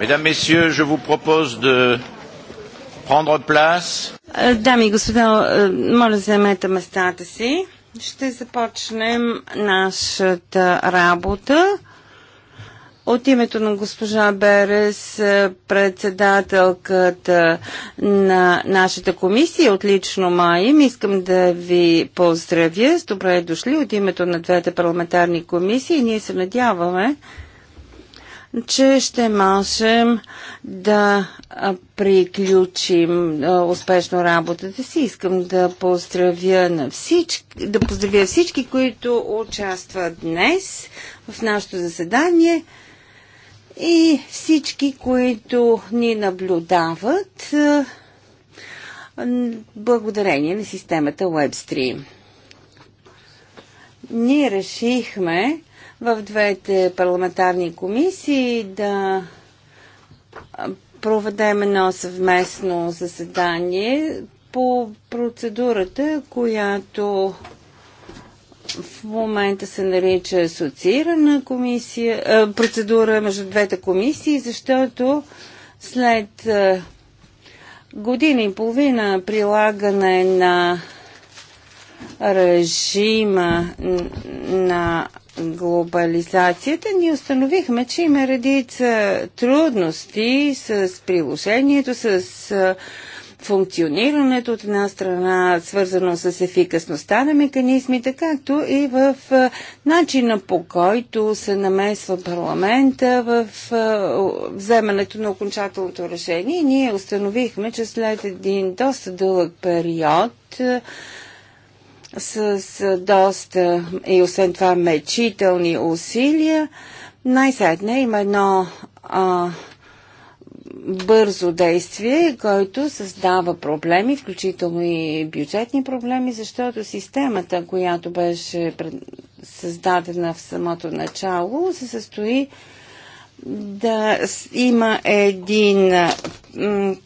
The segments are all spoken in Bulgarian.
Mesdames, Messieurs, je vous propose de prendre place. Е, дами и господа, е, моля заемете местата си. Ще започнем нашата работа. От името на госпожа Берес, е, председателката на нашата комисия отлично май. искам да ви поздравя. С добре дошли от името на двете парламентарни комисии. Ние се надяваме, че ще можем да приключим успешно работата си. Искам да поздравя на всички, да поздравя всички, които участват днес в нашето заседание и всички, които ни наблюдават благодарение на системата WebStream. Ние решихме в двете парламентарни комисии да проведем едно съвместно заседание по процедурата, която в момента се нарича асоциирана комисия, процедура между двете комисии, защото след година и половина прилагане на режима на глобализацията, ние установихме, че има редица трудности с приложението, с функционирането от една страна, свързано с ефикасността на механизмите, както и в начина по който се намесва парламента в вземането на окончателното решение. ние установихме, че след един доста дълъг период с доста и освен това мечителни усилия. Най-сетне има едно а, бързо действие, което създава проблеми, включително и бюджетни проблеми, защото системата, която беше създадена в самото начало, се състои да има един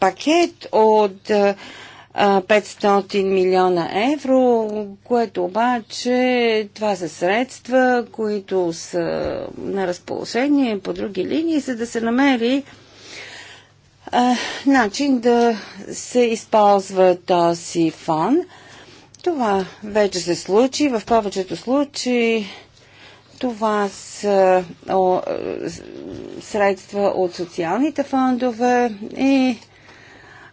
пакет от 500 милиона евро, което обаче това са средства, които са на разположение по други линии, за да се намери а, начин да се използва този фон. Това вече се случи. В повечето случаи това са о, средства от социалните фондове и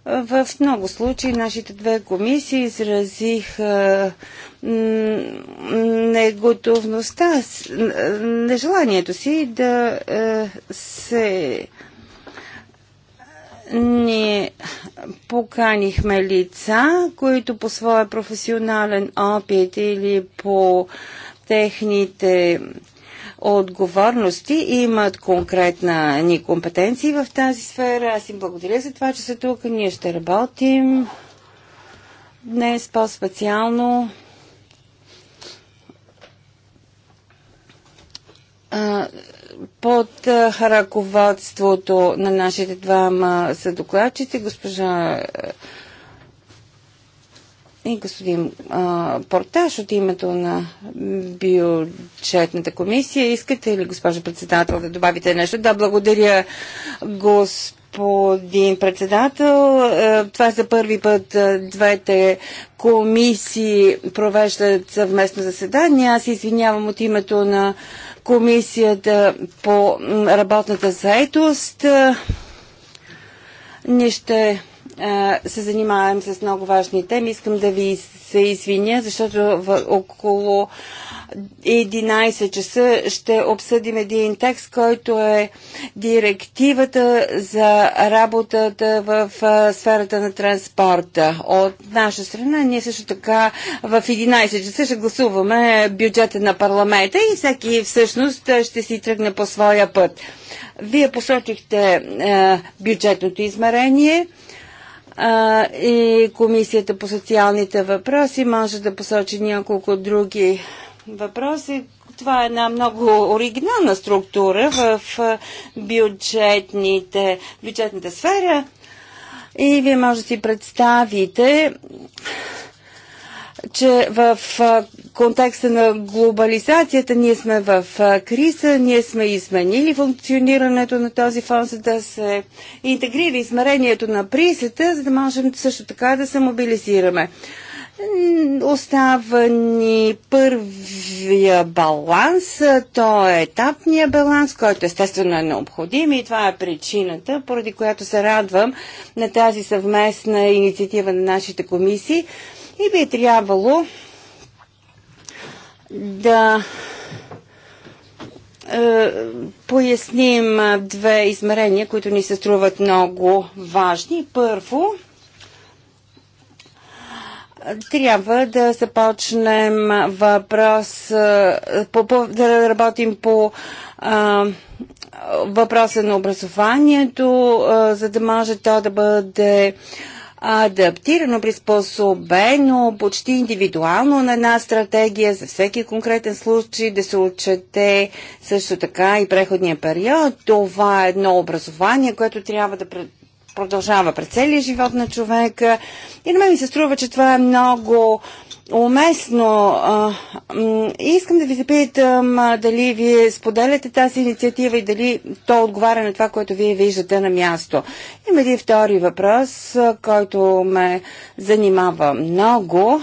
в много случаи нашите две комисии изразиха неготовността, нежеланието си да е, се ни поканихме лица, които по своя професионален опит или по техните отговорности и имат конкретна ни компетенции в тази сфера. Аз им благодаря за това, че са тук. Ние ще работим днес по-специално. под ръководството на нашите двама съдокладчици, госпожа и господин а, Порташ от името на бюджетната комисия. Искате ли, госпожа председател, да добавите нещо? Да, благодаря, господин господин председател. Е, това е за първи път е, двете комисии провеждат съвместно заседание. Аз извинявам от името на комисията по работната заетост. не ще се занимавам с много важни теми. Искам да ви се извиня, защото в около 11 часа ще обсъдим един текст, който е директивата за работата в сферата на транспорта. От наша страна ние също така в 11 часа ще гласуваме бюджета на парламента и всеки всъщност ще си тръгне по своя път. Вие посочихте е, бюджетното измерение а, и Комисията по социалните въпроси може да посочи няколко други въпроси. Това е една много оригинална структура в бюджетните, бюджетната сфера и вие може да си представите че в контекста на глобализацията ние сме в криза, ние сме изменили функционирането на този фонд, за да се интегрира измерението на призата, за да можем също така да се мобилизираме. Остава ни първия баланс, то е етапния баланс, който естествено е необходим и това е причината, поради която се радвам на тази съвместна инициатива на нашите комисии и би трябвало да е, поясним две измерения, които ни се струват много важни. Първо, трябва да започнем въпрос, да работим по въпроса на образованието, за да може то да бъде адаптирано, приспособено, почти индивидуално на една стратегия за всеки конкретен случай, да се отчете също така и преходния период. Това е едно образование, което трябва да продължава през целия живот на човека. И на мен ми се струва, че това е много уместно. Искам да ви запитам дали вие споделяте тази инициатива и дали то отговаря на това, което вие виждате на място. Има един втори въпрос, който ме занимава много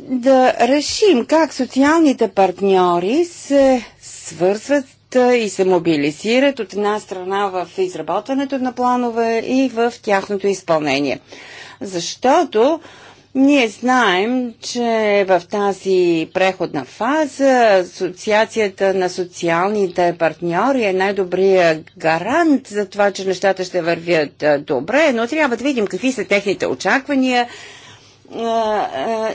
да решим как социалните партньори се свързват и се мобилизират от една страна в изработването на планове и в тяхното изпълнение. Защото ние знаем, че в тази преходна фаза Асоциацията на социалните партньори е най-добрия гарант за това, че нещата ще вървят добре, но трябва да видим какви са техните очаквания.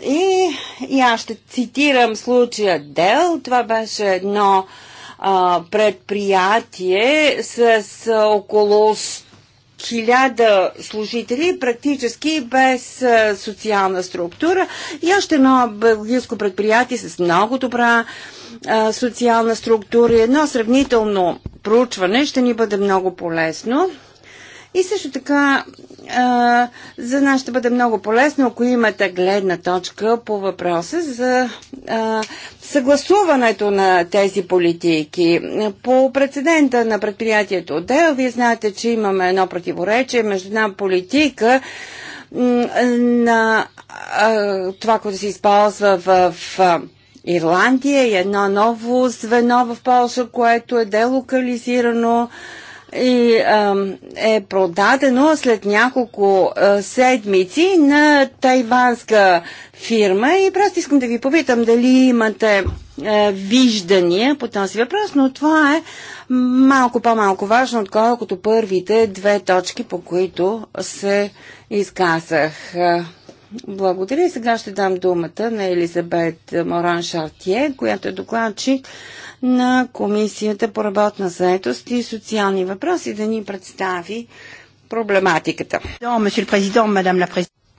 И, и аз ще цитирам случая Дел. Това беше едно а, предприятие с около 1000 служители, практически без а, социална структура и още едно бългийско предприятие с много добра а, социална структура. Едно сравнително проучване ще ни бъде много полезно. И също така а, за нас ще бъде много полезно, ако имате гледна точка по въпроса за а, съгласуването на тези политики. По прецедента на предприятието ДЕЛ, вие знаете, че имаме едно противоречие между една политика на а, това, което се използва в, в Ирландия и едно ново звено в Польша, което е делокализирано и е продадено след няколко седмици на тайванска фирма и просто искам да ви попитам дали имате виждания по този въпрос, но това е малко по-малко важно, отколкото първите две точки, по които се изказах. Благодаря. и Сега ще дам думата на Елизабет Моран Шартие, която е докладчик на Комисията по работна заетост и социални въпроси да ни представи проблематиката.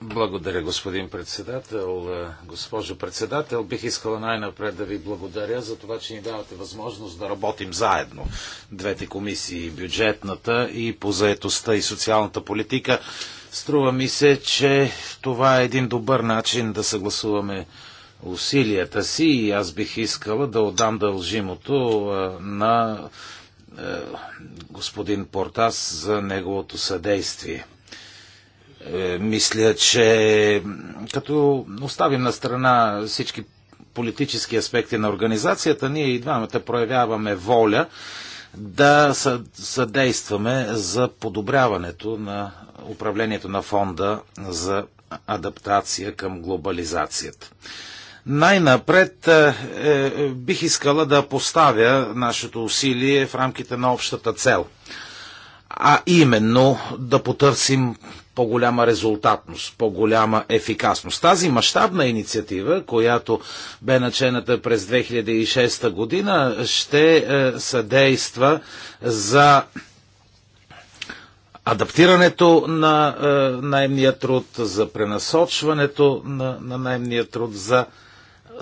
Благодаря, господин председател. Госпожо председател, бих искала най-напред да ви благодаря за това, че ни давате възможност да работим заедно. Двете комисии, бюджетната и по заетостта и социалната политика. Струва ми се, че това е един добър начин да съгласуваме усилията си и аз бих искала да отдам дължимото на господин Портас за неговото съдействие. Е, мисля, че като оставим на страна всички политически аспекти на организацията, ние и двамата проявяваме воля да съдействаме за подобряването на управлението на фонда за адаптация към глобализацията. Най-напред е, е, бих искала да поставя нашето усилие в рамките на общата цел, а именно да потърсим по-голяма резултатност, по-голяма ефикасност. Тази мащабна инициатива, която бе начената през 2006 година, ще е, съдейства за адаптирането на е, наемния труд, за пренасочването на, на наемния труд, за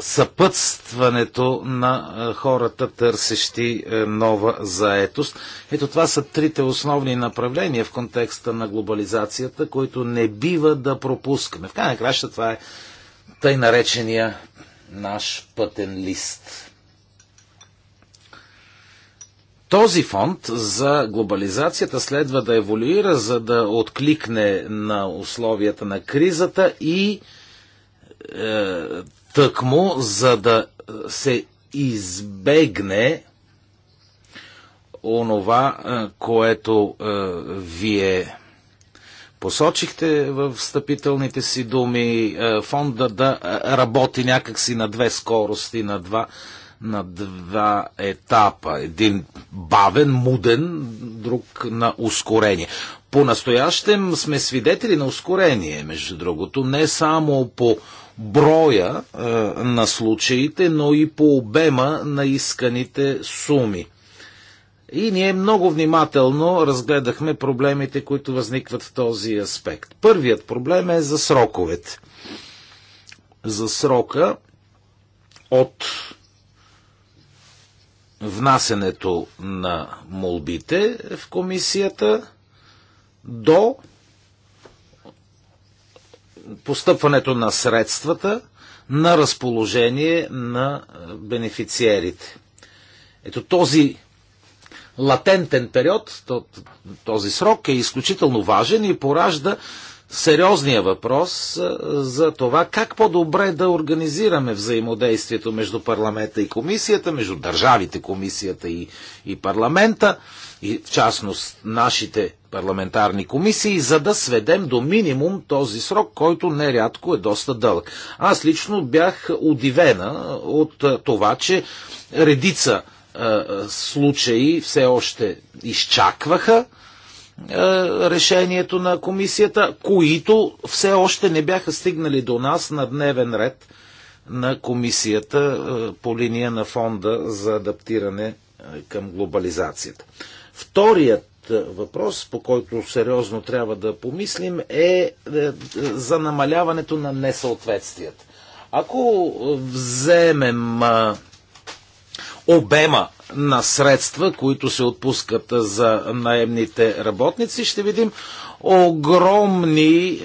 съпътстването на хората, търсещи е, нова заетост. Ето това са трите основни направления в контекста на глобализацията, които не бива да пропускаме. В крайна краща това е тъй наречения наш пътен лист. Този фонд за глобализацията следва да еволюира, за да откликне на условията на кризата и е, Тъкмо, за да е, се избегне онова, е, което е, вие посочихте в встъпителните си думи, фонда да работи някакси на две скорости, на два, на два етапа. Един бавен, муден, друг на ускорение. По-настоящем сме свидетели на ускорение, между другото, не само по броя е, на случаите, но и по обема на исканите суми. И ние много внимателно разгледахме проблемите, които възникват в този аспект. Първият проблем е за сроковете. За срока от внасенето на молбите в комисията до постъпването на средствата на разположение на е, бенефициерите. Ето този латентен период, този срок е изключително важен и поражда сериозния въпрос е, за това как по-добре да организираме взаимодействието между парламента и комисията, между държавите, комисията и, и парламента и в частност нашите парламентарни комисии, за да сведем до минимум този срок, който нерядко е доста дълъг. Аз лично бях удивена от това, че редица е, случаи все още изчакваха решението на комисията, които все още не бяха стигнали до нас на дневен ред на комисията по линия на фонда за адаптиране към глобализацията. Вторият е, въпрос, по който сериозно трябва да помислим, е, е за намаляването на несъответствията. Ако вземем е, обема на средства, които се отпускат за наемните работници, ще видим огромни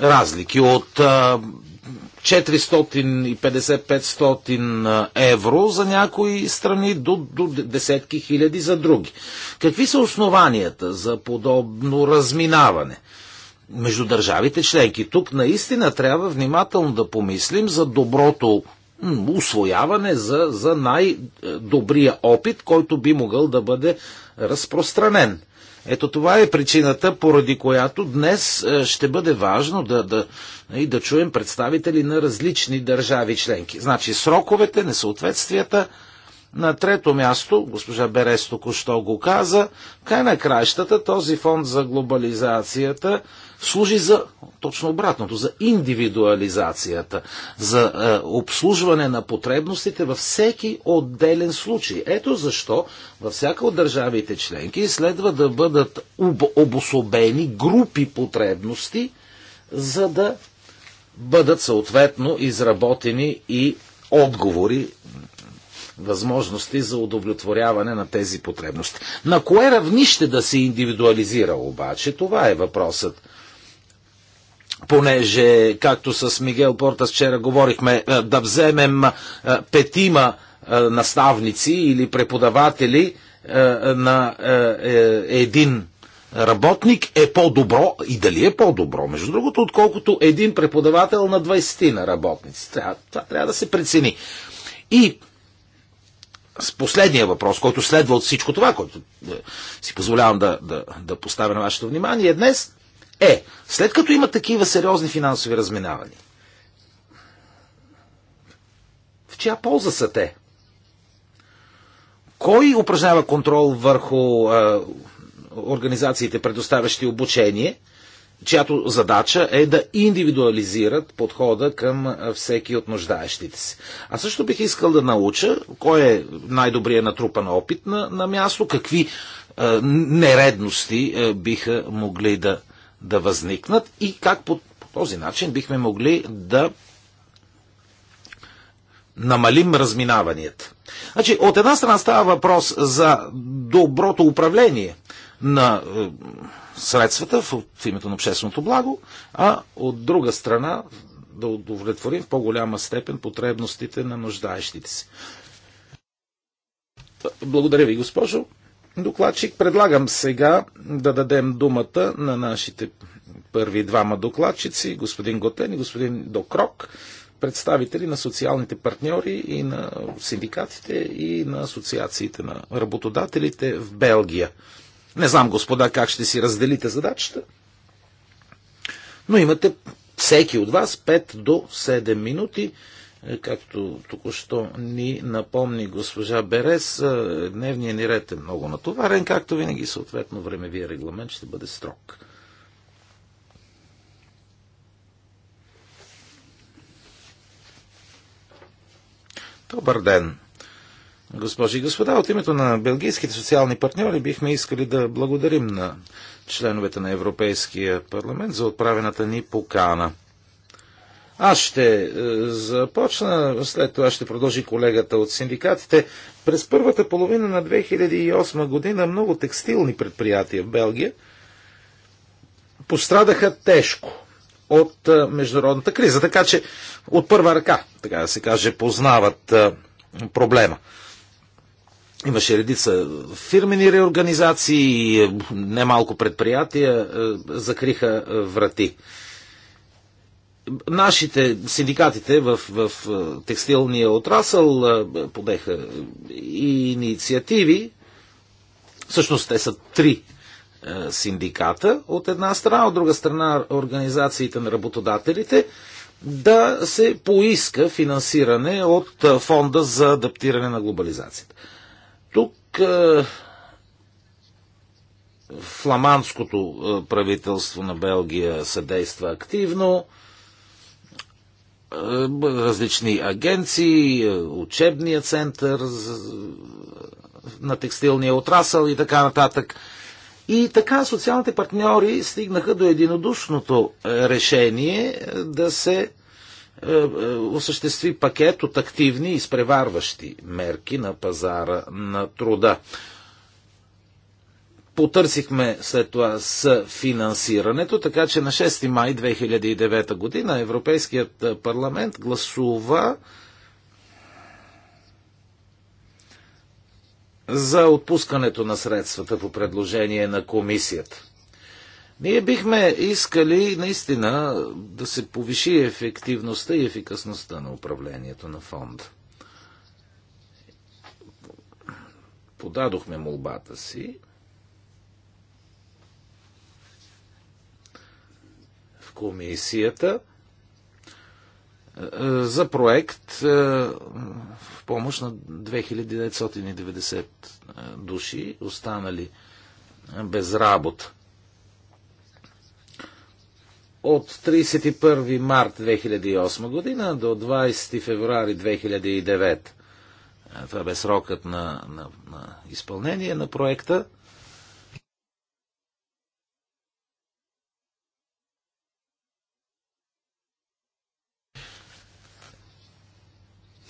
разлики от 450-500 евро за някои страни, до, до десетки хиляди за други. Какви са основанията за подобно разминаване? Между държавите членки. Тук наистина трябва внимателно да помислим за доброто усвояване, за, за най-добрия е, опит, който би могъл да бъде разпространен. Ето това е причината, поради която днес е, ще бъде важно да, да, и да чуем представители на различни държави членки. Значи сроковете, несъответствията, на трето място, госпожа Берес току-що го каза, край на краищата този фонд за глобализацията служи за точно обратното, за индивидуализацията, за е, обслужване на потребностите във всеки отделен случай. Ето защо във всяка от държавите членки следва да бъдат об- обособени групи потребности, за да бъдат съответно изработени и отговори възможности за удовлетворяване на тези потребности. На кое равнище да се индивидуализира обаче? Това е въпросът. Понеже, както с Мигел Портас вчера говорихме, е, да вземем е, петима е, наставници или преподаватели на един работник е по-добро и дали е по-добро, между другото, отколкото един преподавател на 20 на работници. Това, това трябва да се прецени. И с последния въпрос, който следва от всичко това, който е, си позволявам да, да, да поставя на вашето внимание днес, е, след като има такива сериозни финансови разминавания, в чия полза са те? Кой упражнява контрол върху е, организациите, предоставящи обучение – чиято задача е да индивидуализират подхода към всеки от нуждаещите се. А също бих искал да науча кой е най-добрият натрупан опит на, на място, какви е, нередности е, биха могли да, да възникнат и как по, по този начин бихме могли да намалим разминаванията. Значи, от една страна става въпрос за доброто управление на. Е, средствата в, в името на общественото благо, а от друга страна да удовлетворим в по-голяма степен потребностите на нуждаещите се. Благодаря ви, госпожо докладчик. Предлагам сега да дадем думата на нашите първи двама докладчици, господин Готен и господин Докрок, представители на социалните партньори и на синдикатите и на асоциациите на работодателите в Белгия. Не знам, господа, как ще си разделите задачата, но имате всеки от вас 5 до 7 минути е, както току-що ни напомни госпожа Берес, е, дневният ни ред е много натоварен, както винаги съответно времевия регламент ще бъде строг. Добър ден! Госпожи и господа, от името на белгийските социални партньори бихме искали да благодарим на членовете на Европейския парламент за отправената ни покана. Аз ще е, започна, след това ще продължи колегата от синдикатите. През първата половина на 2008 година много текстилни предприятия в Белгия пострадаха тежко от е, международната криза. Така че от първа ръка, така да се каже, познават е, проблема. Имаше редица фирмени реорганизации и е, немалко предприятия е, закриха е, врати. Нашите синдикатите в, в текстилния отрасъл подеха и инициативи. Всъщност те са три синдиката от една страна, от друга страна организациите на работодателите да се поиска финансиране от фонда за адаптиране на глобализацията. Тук е, фламандското е, правителство на Белгия съдейства активно. Е, различни агенции, учебния център на текстилния отрасъл и така нататък. И така социалните партньори стигнаха до единодушното решение да се е, е, осъществи пакет от активни и изпреварващи мерки на пазара на труда. Потърсихме след това с финансирането, така че на 6 май 2009 година Европейският е, парламент гласува за отпускането на средствата по предложение на комисията. Ние бихме искали наистина да се повиши ефективността и ефикасността на управлението на фонда. Подадохме молбата си. В комисията е, за проект е, в помощ на 2990 е, души, останали без работа от 31 март 2008 година до 20 февруари 2009. Това бе срокът на, на, на изпълнение на проекта.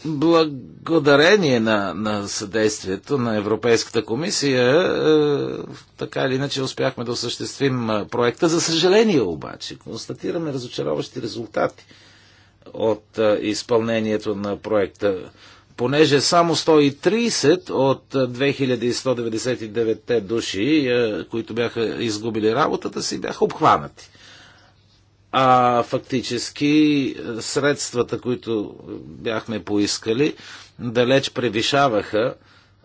благодарение на, на съдействието на Европейската комисия, е, така или иначе успяхме да осъществим е, проекта. За съжаление обаче, констатираме разочароващи резултати от е, изпълнението на проекта. Понеже само 130 от 2199 е, души, е, които бяха изгубили работата си, бяха обхванати а фактически е, средствата, които бяхме поискали, далеч превишаваха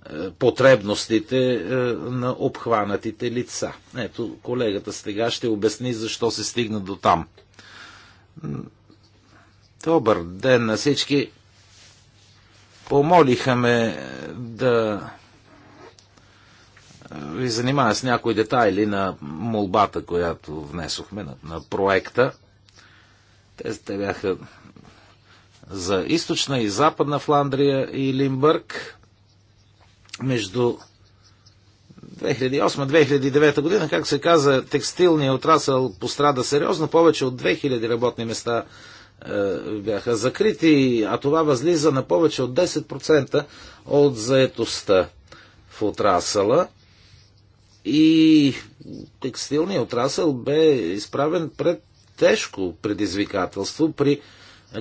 е, потребностите е, на обхванатите лица. Ето, колегата сега ще обясни защо се стигна до там. Добър ден на всички. Помолиха ме да ви занимая с някои детайли на молбата, която внесохме на, на проекта. Те, те бяха за източна и западна Фландрия и Лимбърг между 2008-2009 година, как се каза, текстилният отрасъл пострада сериозно. Повече от 2000 работни места е, бяха закрити, а това възлиза на повече от 10% от заетостта в отрасъла и текстилният отрасъл бе изправен пред тежко предизвикателство при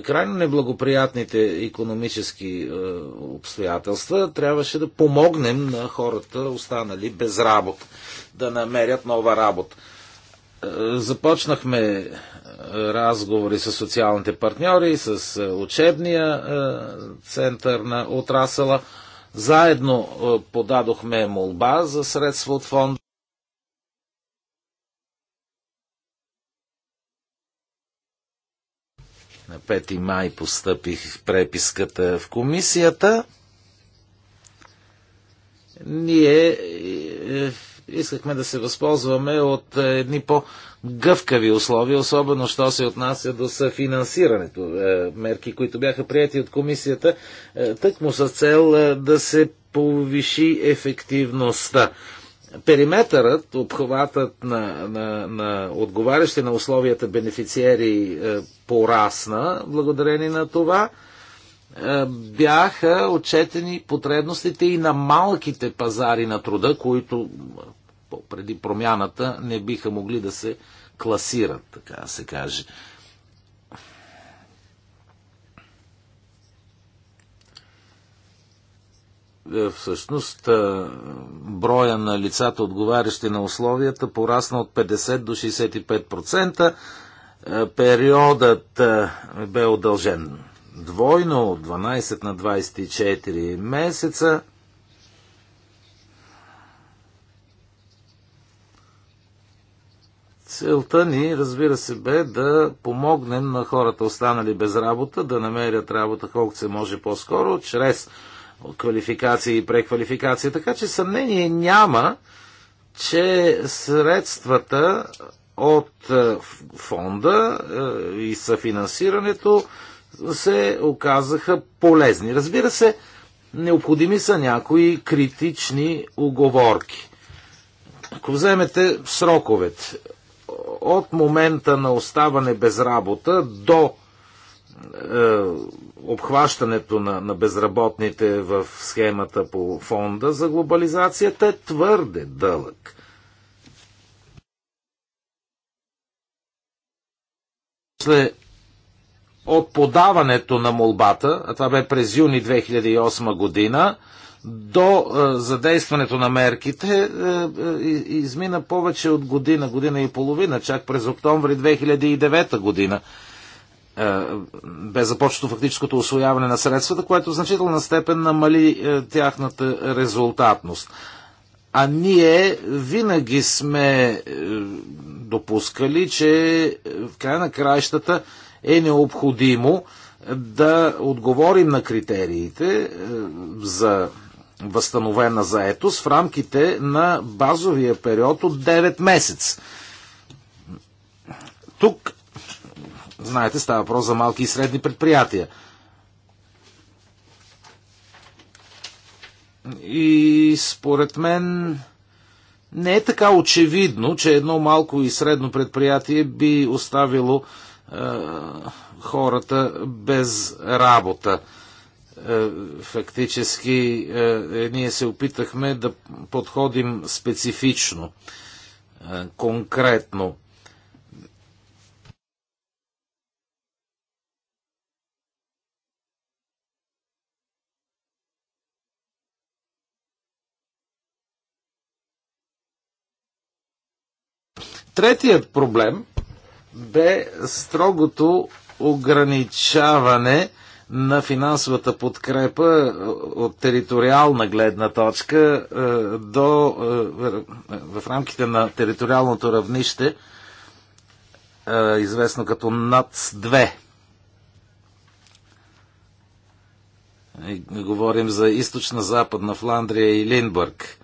крайно неблагоприятните економически е, обстоятелства. Трябваше да помогнем на хората, останали без работа, да намерят нова работа. Е, започнахме е, разговори с социалните партньори, с учебния център на отрасъла. Заедно е, подадохме молба за средства от фонда. На 5 май постъпих преписката в комисията. Ние е, е, искахме да се възползваме от едни по- гъвкави условия, особено що се отнася до съфинансирането. Е, мерки, които бяха прияти от комисията, е, тъкмо с цел е, да се повиши ефективността. Периметърът, обхватът на, на, на отговарящи на условията бенефициери порасна благодарение на това бяха отчетени потребностите и на малките пазари на труда, които преди промяната не биха могли да се класират, така да се каже. Е, всъщност е, броя на лицата, отговарящи на условията, порасна от 50 до 65%. Е, периодът бе удължен двойно от 12 на 24 месеца. Целта ни, разбира се, бе да помогнем на хората, останали без работа, да намерят работа колкото се може по-скоро, чрез квалификация и преквалификация. Така че съмнение няма, че средствата от е, фонда е, и съфинансирането се оказаха полезни. Разбира се, необходими са някои критични оговорки. Ако вземете сроковете, от момента на оставане без работа до е, обхващането на, на безработните в схемата по фонда за глобализацията е твърде дълъг. После от подаването на молбата, а това бе през юни 2008 година, до е, задействането на мерките е, е, измина повече от година, година и половина, чак през октомври 2009 година бе започнато фактическото освояване на средствата, което в значителна степен намали тяхната резултатност. А ние винаги сме допускали, че в края на краищата е необходимо да отговорим на критериите за възстановена заетост в рамките на базовия период от 9 месец. Тук, знаете, става въпрос за малки и средни предприятия. И според мен не е така очевидно, че едно малко и средно предприятие би оставило е, хората без работа. Е, фактически е, е, ние се опитахме да подходим специфично, конкретно. Третият проблем бе строгото ограничаване на финансовата подкрепа е, от териториална гледна точка е, до е, в рамките на териториалното равнище, известно като НАЦ-2. Говорим за източна, западна Фландрия и Линбърг.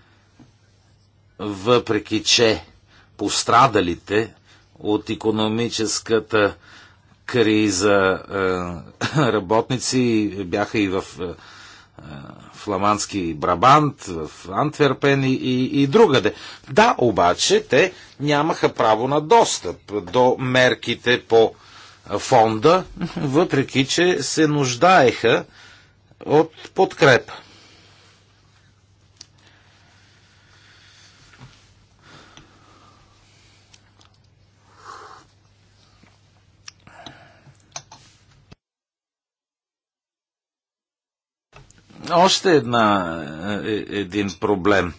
Въпреки, че пострадалите от економическата Кари е, Работници бяха и в е, е, фламандски Брабант, в Антверпен и, и, и другаде. Да, обаче те нямаха право на достъп до мерките по фонда, въпреки че се нуждаеха от подкрепа. Още една, е, един проблем.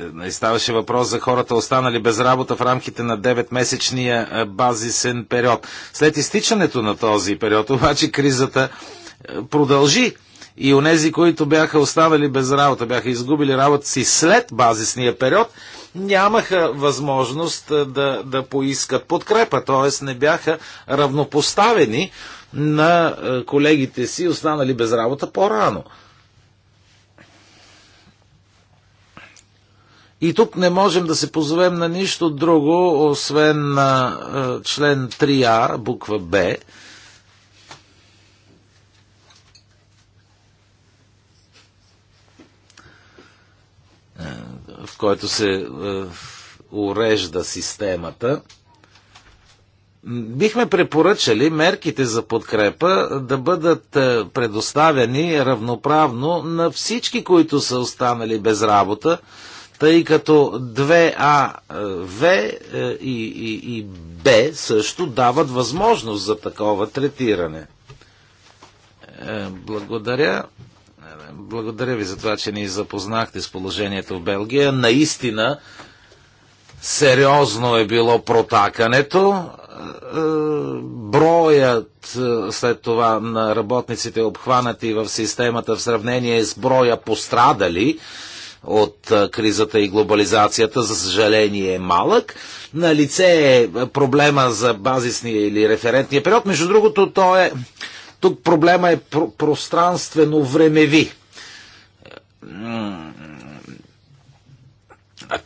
И е, ставаше въпрос за хората останали без работа в рамките на 9-месечния е, базисен период. След изтичането на този период обаче кризата продължи и нези, които бяха останали без работа, бяха изгубили работа си след базисния период, нямаха възможност да, да поискат подкрепа, т.е. не бяха равнопоставени на е, колегите си, останали без работа по-рано. И тук не можем да се позовем на нищо друго, освен на е, член 3А, буква Б. Е, в който се урежда системата. Бихме препоръчали мерките за подкрепа да бъдат е, предоставени равноправно на всички, които са останали без работа, тъй като 2А, е, В е, и, и, и Б също дават възможност за такова третиране. Благодаря. Благодаря ви за това, че ни запознахте с положението в Белгия. Наистина, сериозно е било протакането. Е, броят е, след това на работниците обхванати в системата в сравнение с броя пострадали от е, кризата и глобализацията, за съжаление е малък. На лице е проблема за базисния или референтния период. Между другото, то е, тук проблема е про- пространствено-времеви.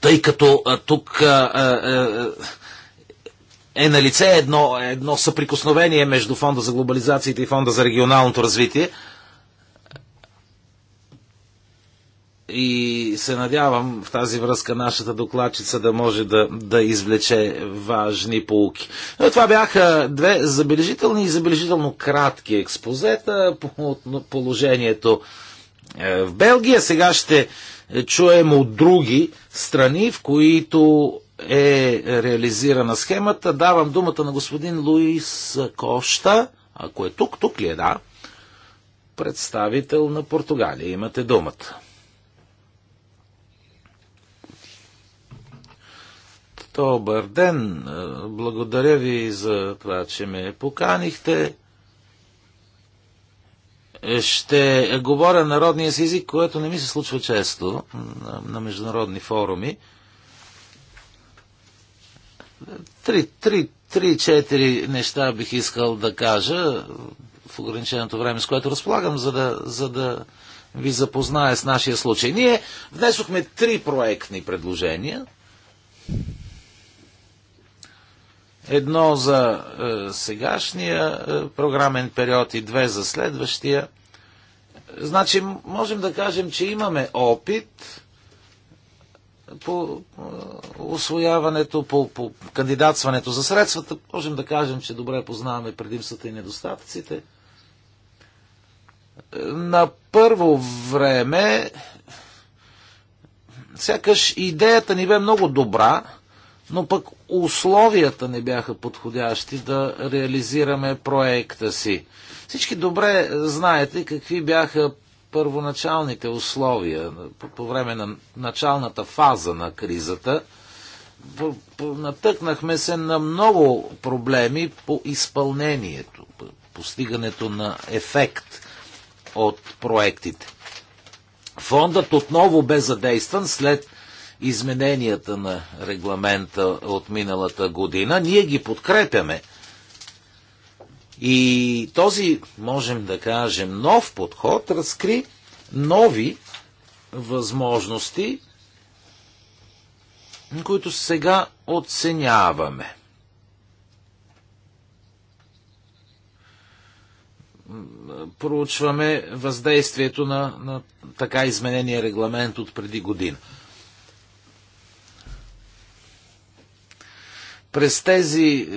Тъй като тук а, а, е на лице едно, едно съприкосновение между Фонда за глобализацията и Фонда за регионалното развитие. И се надявам в тази връзка нашата докладчица да може да, да извлече важни полуки. Но е, това бяха две забележителни и забележително кратки експозета по положението е, в Белгия. Сега ще е, чуем от други страни, в които е реализирана схемата. Давам думата на господин Луис Кошта, ако е тук, тук ли е, да, представител на Португалия. Имате думата. Добър ден! Благодаря ви за това, че ме поканихте. Ще говоря народния си език, което не ми се случва често на международни форуми. Три, три, три, четири неща бих искал да кажа в ограниченото време, с което разполагам, за да, за да ви запозная с нашия случай. Ние внесохме три проектни предложения. Едно за е, сегашния е, програмен период и две за следващия. Значи, можем да кажем, че имаме опит по освояването, по, по кандидатстването за средствата, можем да кажем, че добре познаваме предимствата и недостатъците. На първо време, сякаш идеята ни бе много добра, но пък условията не бяха подходящи да реализираме проекта си. Всички добре знаете какви бяха първоначалните условия, по време на началната фаза на кризата, натъкнахме се на много проблеми по изпълнението, по постигането на ефект от проектите. Фондът отново бе задействан след измененията на регламента от миналата година. Ние ги подкрепяме – и този, можем да кажем, нов подход разкри нови възможности, които сега оценяваме. Проучваме въздействието на, на така изменения регламент от преди година. През, тези,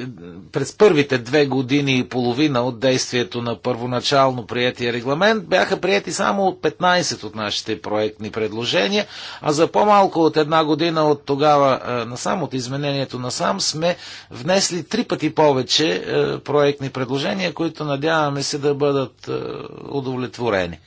през първите две години и половина от действието на първоначално приятия регламент бяха прияти само 15 от нашите проектни предложения, а за по-малко от една година от тогава е, насам, от изменението на САМ сме внесли три пъти повече е, проектни предложения, които надяваме се да бъдат е, удовлетворени.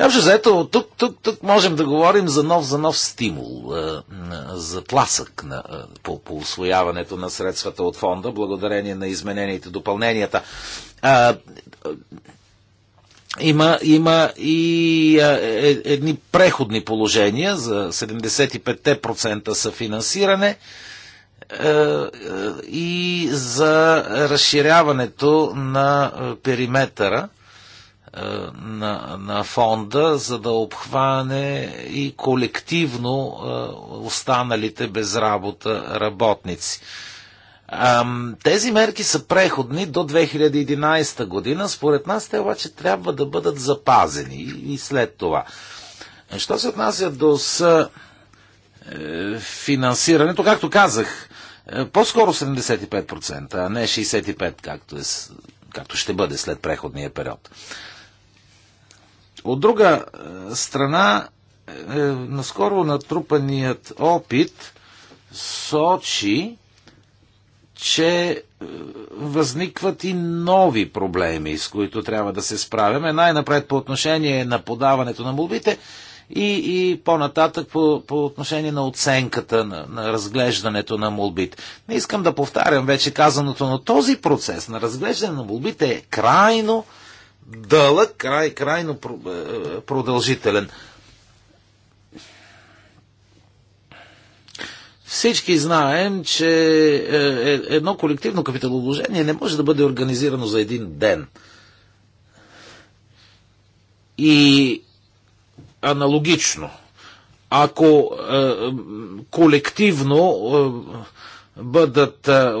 Общо заето, тук, тук, тук можем да говорим за нов, за нов стимул, е, за тласък на, е, по, по освояването на средствата от фонда, благодарение на измененията и допълненията. А, е, има, има и а, е, едни преходни положения за 75% съфинансиране и за разширяването на периметъра е, на, на фонда, за да обхване и колективно е, останалите без работа работници. Тези мерки са преходни до 2011 година. Според нас те обаче трябва да бъдат запазени и след това. Що се отнася до с е, финансирането, както казах, по-скоро 75%, а не 65%, както, е, както ще бъде след преходния период. От друга е, страна, е, наскоро натрупаният опит сочи, че е, възникват и нови проблеми, с които трябва да се справяме. Най-напред по отношение на подаването на молбите и, и по-нататък по, по отношение на оценката, на, на разглеждането на молбите. Не искам да повтарям вече казаното, но този процес на разглеждане на молбите е крайно дълъг, край, крайно е, продължителен. Всички знаем, че е, е, едно колективно капиталовложение не може да бъде организирано за един ден. И аналогично, ако е, колективно е, бъдат е,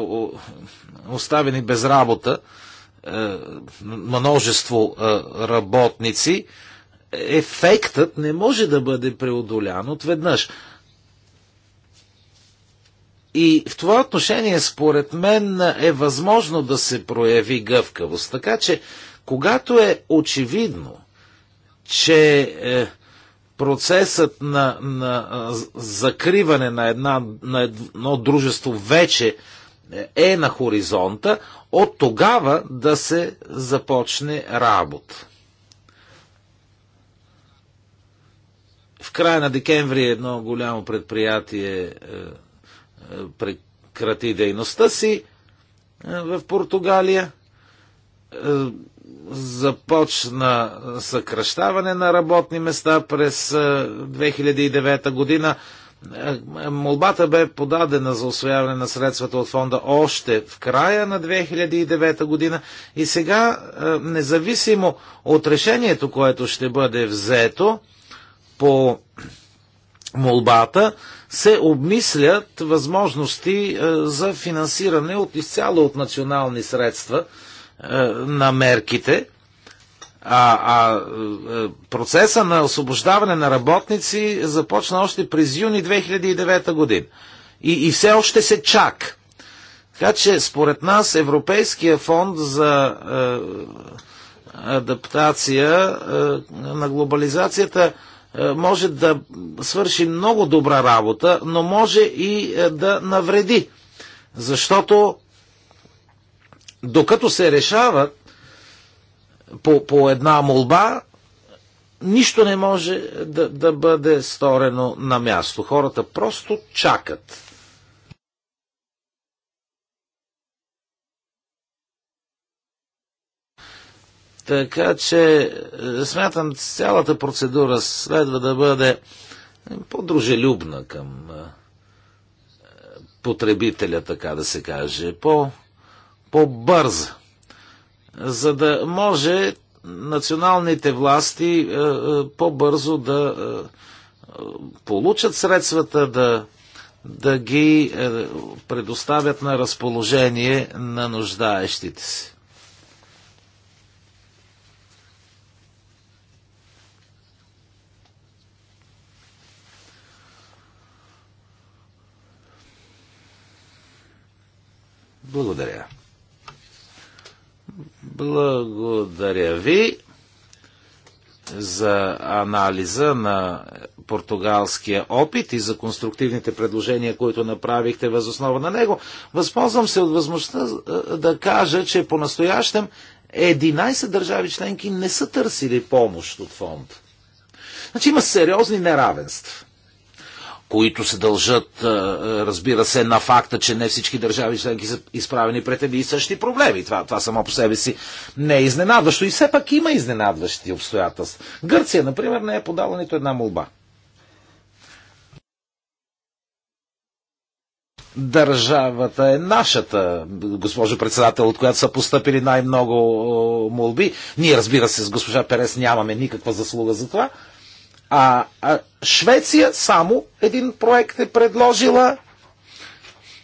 оставени без работа е, множество е, работници, ефектът не може да бъде преодолян отведнъж. И в това отношение, според мен, е възможно да се прояви гъвкавост. Така че, когато е очевидно, че е, процесът на, на закриване на, една, на едно дружество вече е на хоризонта, от тогава да се започне работа. В края на декември едно голямо предприятие е, е, прекрати дейността си е, в Португалия. Започна съкръщаване на работни места през 2009 година. Е, е, молбата бе подадена за освояване на средствата от фонда още в края на 2009 година и сега, е, независимо от решението, което ще бъде взето по молбата, се обмислят възможности за финансиране от изцяло от национални средства на мерките – а, а е, процеса на освобождаване на работници започна още през юни 2009 година. И, и все още се чак. Така че, според нас, Европейския фонд за е, адаптация е, на глобализацията е, може да свърши много добра работа, но може и е, да навреди. Защото докато се решават по, по една молба, нищо не може да, да бъде сторено на място. Хората просто чакат. Така че е, смятам, цялата процедура следва да бъде по-дружелюбна към е, потребителя, така да се каже, по, по-бърза за да може националните власти е, е, по-бързо да е, получат средствата, да, да ги предоставят на разположение на нуждаещите се. Благодаря. Благодаря ви за анализа на португалския опит и за конструктивните предложения, които направихте възоснова на него. Възползвам се от възможността е, да кажа, че по-настоящем 11 държави членки не са търсили помощ от фонд. Значи има сериозни неравенства които се дължат, разбира се, на факта, че не всички държави членки са изправени пред едни и същи проблеми. Това, това само по себе си не е изненадващо. И все пак има изненадващи обстоятелства. Гърция, например, не е подала нито една молба. държавата е нашата, госпожо председател, от която са поступили най-много молби. Ние, разбира се, с госпожа Перес нямаме никаква заслуга за това. А, а Швеция само един проект е предложила,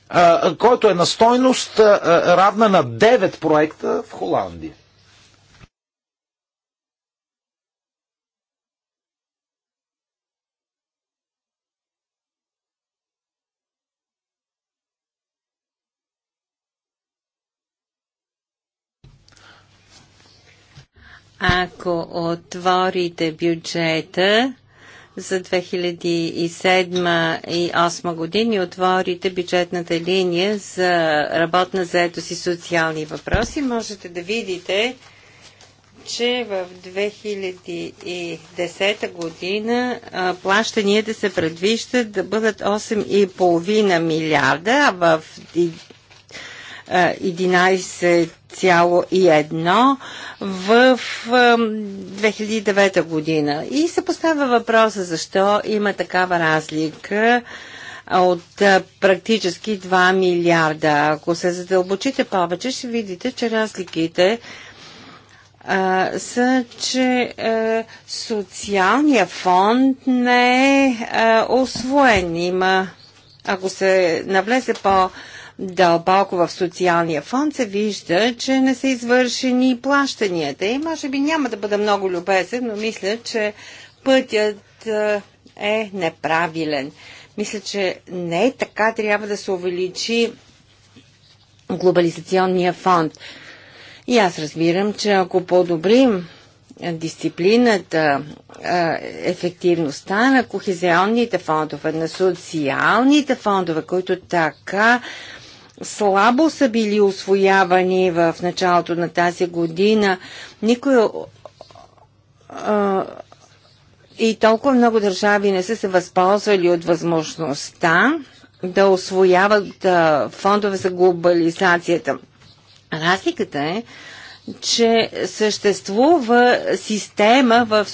а, който е на стойност а, равна на 9 проекта в Холандия. Ако отворите бюджета за 2007 и 2008 години, отворите бюджетната линия за работна заетост и социални въпроси, можете да видите, че в 2010 година плащанията се предвиждат да бъдат 8,5 милиарда, а в 11,1 в 2009 година. И се поставя въпроса защо има такава разлика от практически 2 милиарда. Ако се задълбочите повече, ще видите, че разликите са, че социалния фонд не е освоен. Има, ако се навлезе по- дълбоко в социалния фонд, се вижда, че не са извършени плащанията. И може би няма да бъда много любезен, но мисля, че пътят е неправилен. Мисля, че не е така трябва да се увеличи глобализационния фонд. И аз разбирам, че ако подобрим дисциплината, ефективността на кохезионните фондове, на социалните фондове, които така слабо са били освоявани в началото на тази година. Никой а, и толкова много държави не са се възползвали от възможността да освояват а, фондове за глобализацията. Разликата е, че съществува система в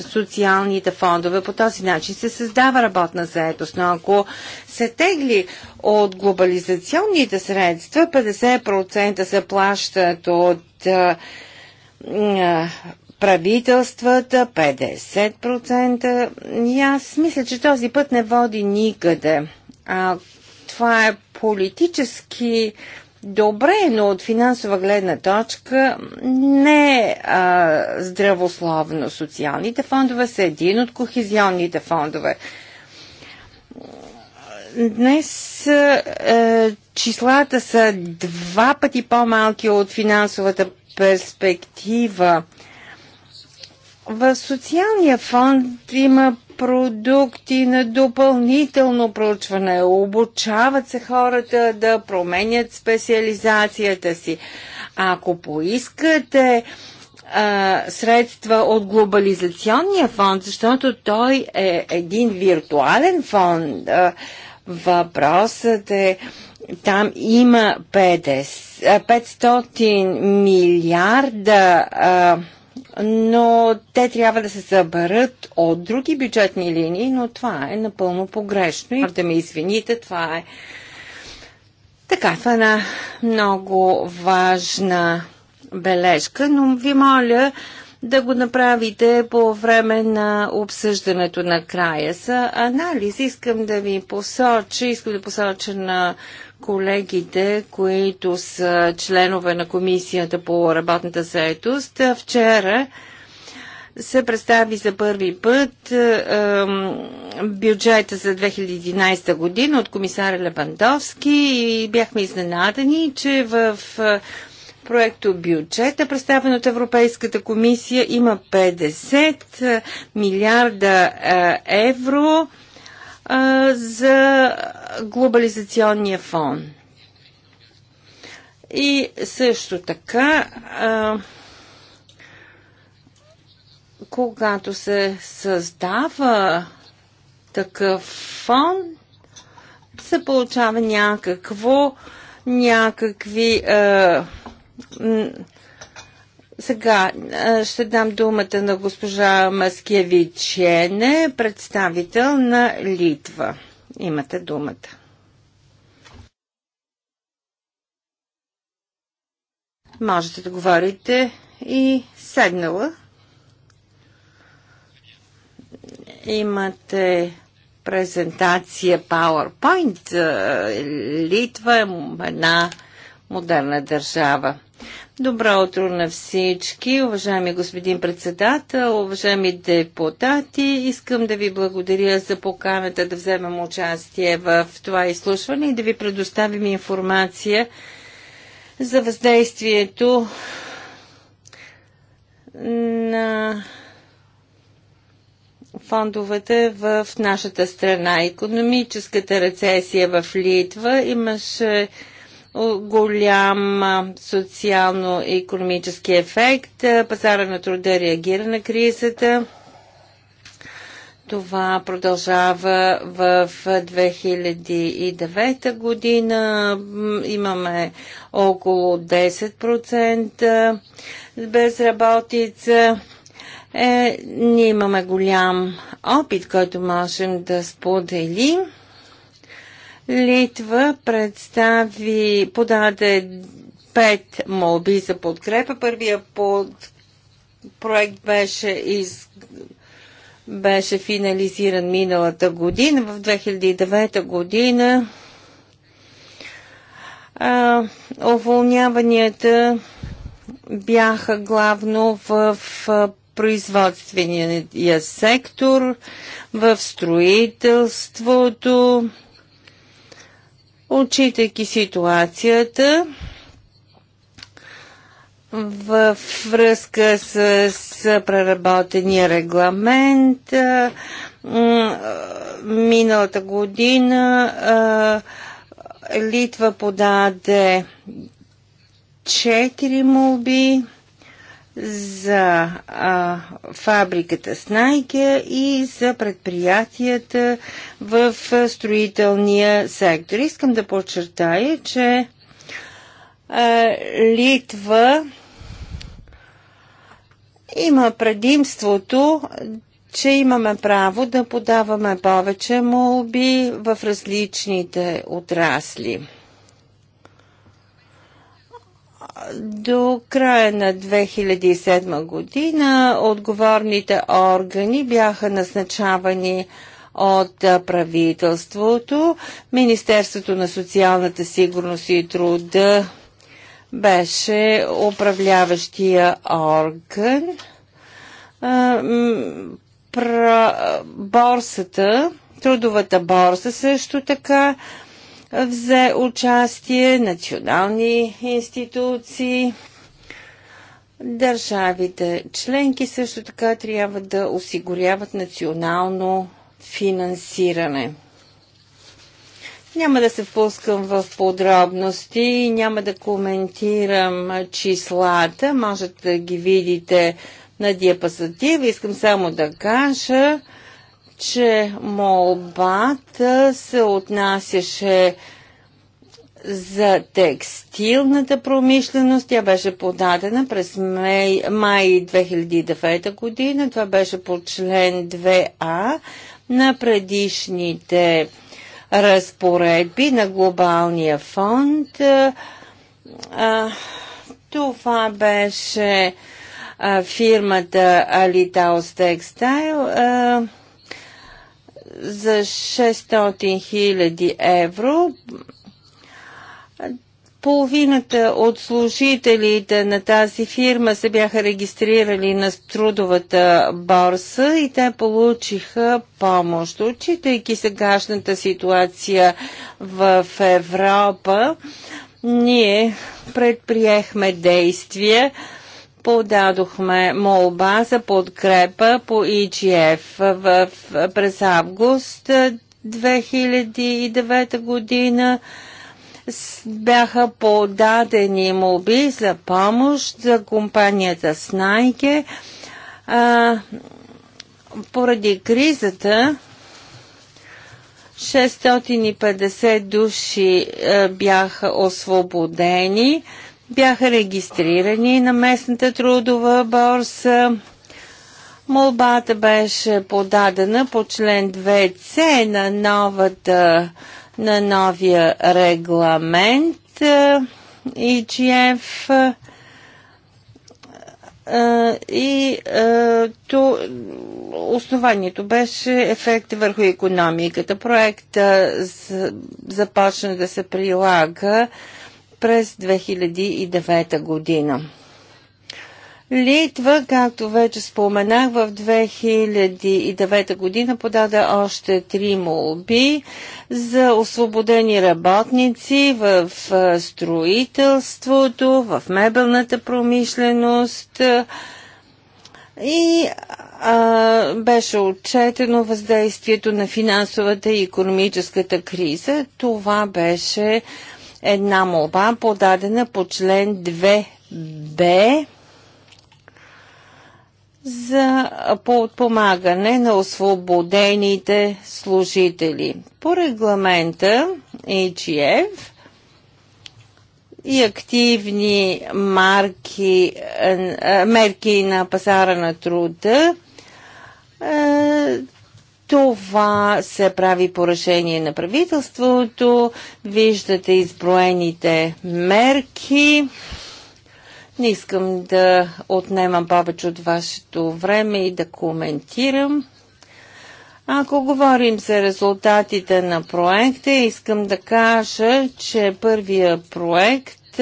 социалните фондове. По този начин се създава работна заедост. но ако се тегли от глобализационните средства, 50% се плащат от правителствата, 50%. И аз мисля, че този път не води никъде. А, това е политически добре, но от финансова гледна точка не е здравословно. Социалните фондове са един от кохезионните фондове. Днес е, числата са два пъти по-малки от финансовата перспектива. В социалния фонд има продукти на допълнително проучване. Обучават се хората да променят специализацията си. Ако поискате а, средства от глобализационния фонд, защото той е един виртуален фонд, а, въпросът е там има 50, 500 милиарда а, но те трябва да се съберат от други бюджетни линии, но това е напълно погрешно. И да ме извините, това е. Така, това е една много важна бележка, но ви моля да го направите по време на обсъждането на края. За анализ искам да ви посоча, искам да посоча на колегите, които са членове на комисията по работната заетост. Вчера се представи за първи път е, бюджета за 2011 година от комисаря Левандовски и бяхме изненадани, че в проекто бюджета, представен от Европейската комисия, има 50 милиарда евро за глобализационния фон. И също така, а, когато се създава такъв фон, се получава някакво, някакви. А, сега ще дам думата на госпожа Маскевичене, представител на Литва. Имате думата. Можете да говорите и седнала. Имате презентация PowerPoint. Литва е една модерна държава. Добро утро на всички, уважаеми господин председател, уважаеми депутати. Искам да ви благодаря за поканата да вземем участие в това изслушване и да ви предоставим информация за въздействието на фондовете в нашата страна. Економическата рецесия в Литва имаше голям социално-економически ефект. Пазара на труда реагира на кризата. Това продължава в 2009 година. Имаме около 10% безработица. Е, ние имаме голям опит, който можем да споделим. Литва представи, подаде пет молби за подкрепа. Първия под проект беше из беше финализиран миналата година, в 2009 година. А, уволняванията бяха главно в, в производствения сектор, в строителството, отчитайки ситуацията в връзка с, с преработения регламент. Миналата година Литва подаде четири молби за а, фабриката Снайкер и за предприятията в строителния сектор. Искам да подчертая, че а, Литва има предимството че имаме право да подаваме повече молби в различните отрасли. До края на 2007 година отговорните органи бяха назначавани от правителството. Министерството на социалната сигурност и труда беше управляващия орган. Борсата, трудовата борса също така взе участие, национални институции, държавите членки също така трябва да осигуряват национално финансиране. Няма да се впускам в подробности, няма да коментирам числата, можете да ги видите на диапазатива. Искам само да кажа, че молбата се отнасяше за текстилната промишленост. Тя беше подадена през май, май 2009 година. Това беше по член 2А на предишните разпоредби на глобалния фонд. А, това беше а, фирмата Alitaus Textile. А, за 600 000 евро. Половината от служителите на тази фирма се бяха регистрирали на трудовата борса и те получиха помощ. Отчитайки сегашната ситуация в Европа, ние предприехме действия подадохме молба за подкрепа по EGF в, в, през август 2009 година бяха подадени молби за помощ за компанията Снайке. А, поради кризата 650 души а, е, бяха освободени. А, бяха регистрирани на местната трудова борса. Молбата беше подадена по член 2c на, новата, на новия регламент ИЧФ е, и е, е, то, основанието беше ефект върху економиката. Проектът започна да се прилага през 2009 година. Литва, както вече споменах, в 2009 година подаде още три молби за освободени работници в строителството, в мебелната промишленост и а, беше отчетено въздействието на финансовата и економическата криза. Това беше а, една молба, подадена по член 2б за подпомагане на освободените служители. По регламента HEF и активни марки, е, мерки на пазара на труда е, това се прави по решение на правителството. Виждате изброените мерки. Не искам да отнемам повече от вашето време и да коментирам. Ако говорим за резултатите на проекта, искам да кажа, че първия проект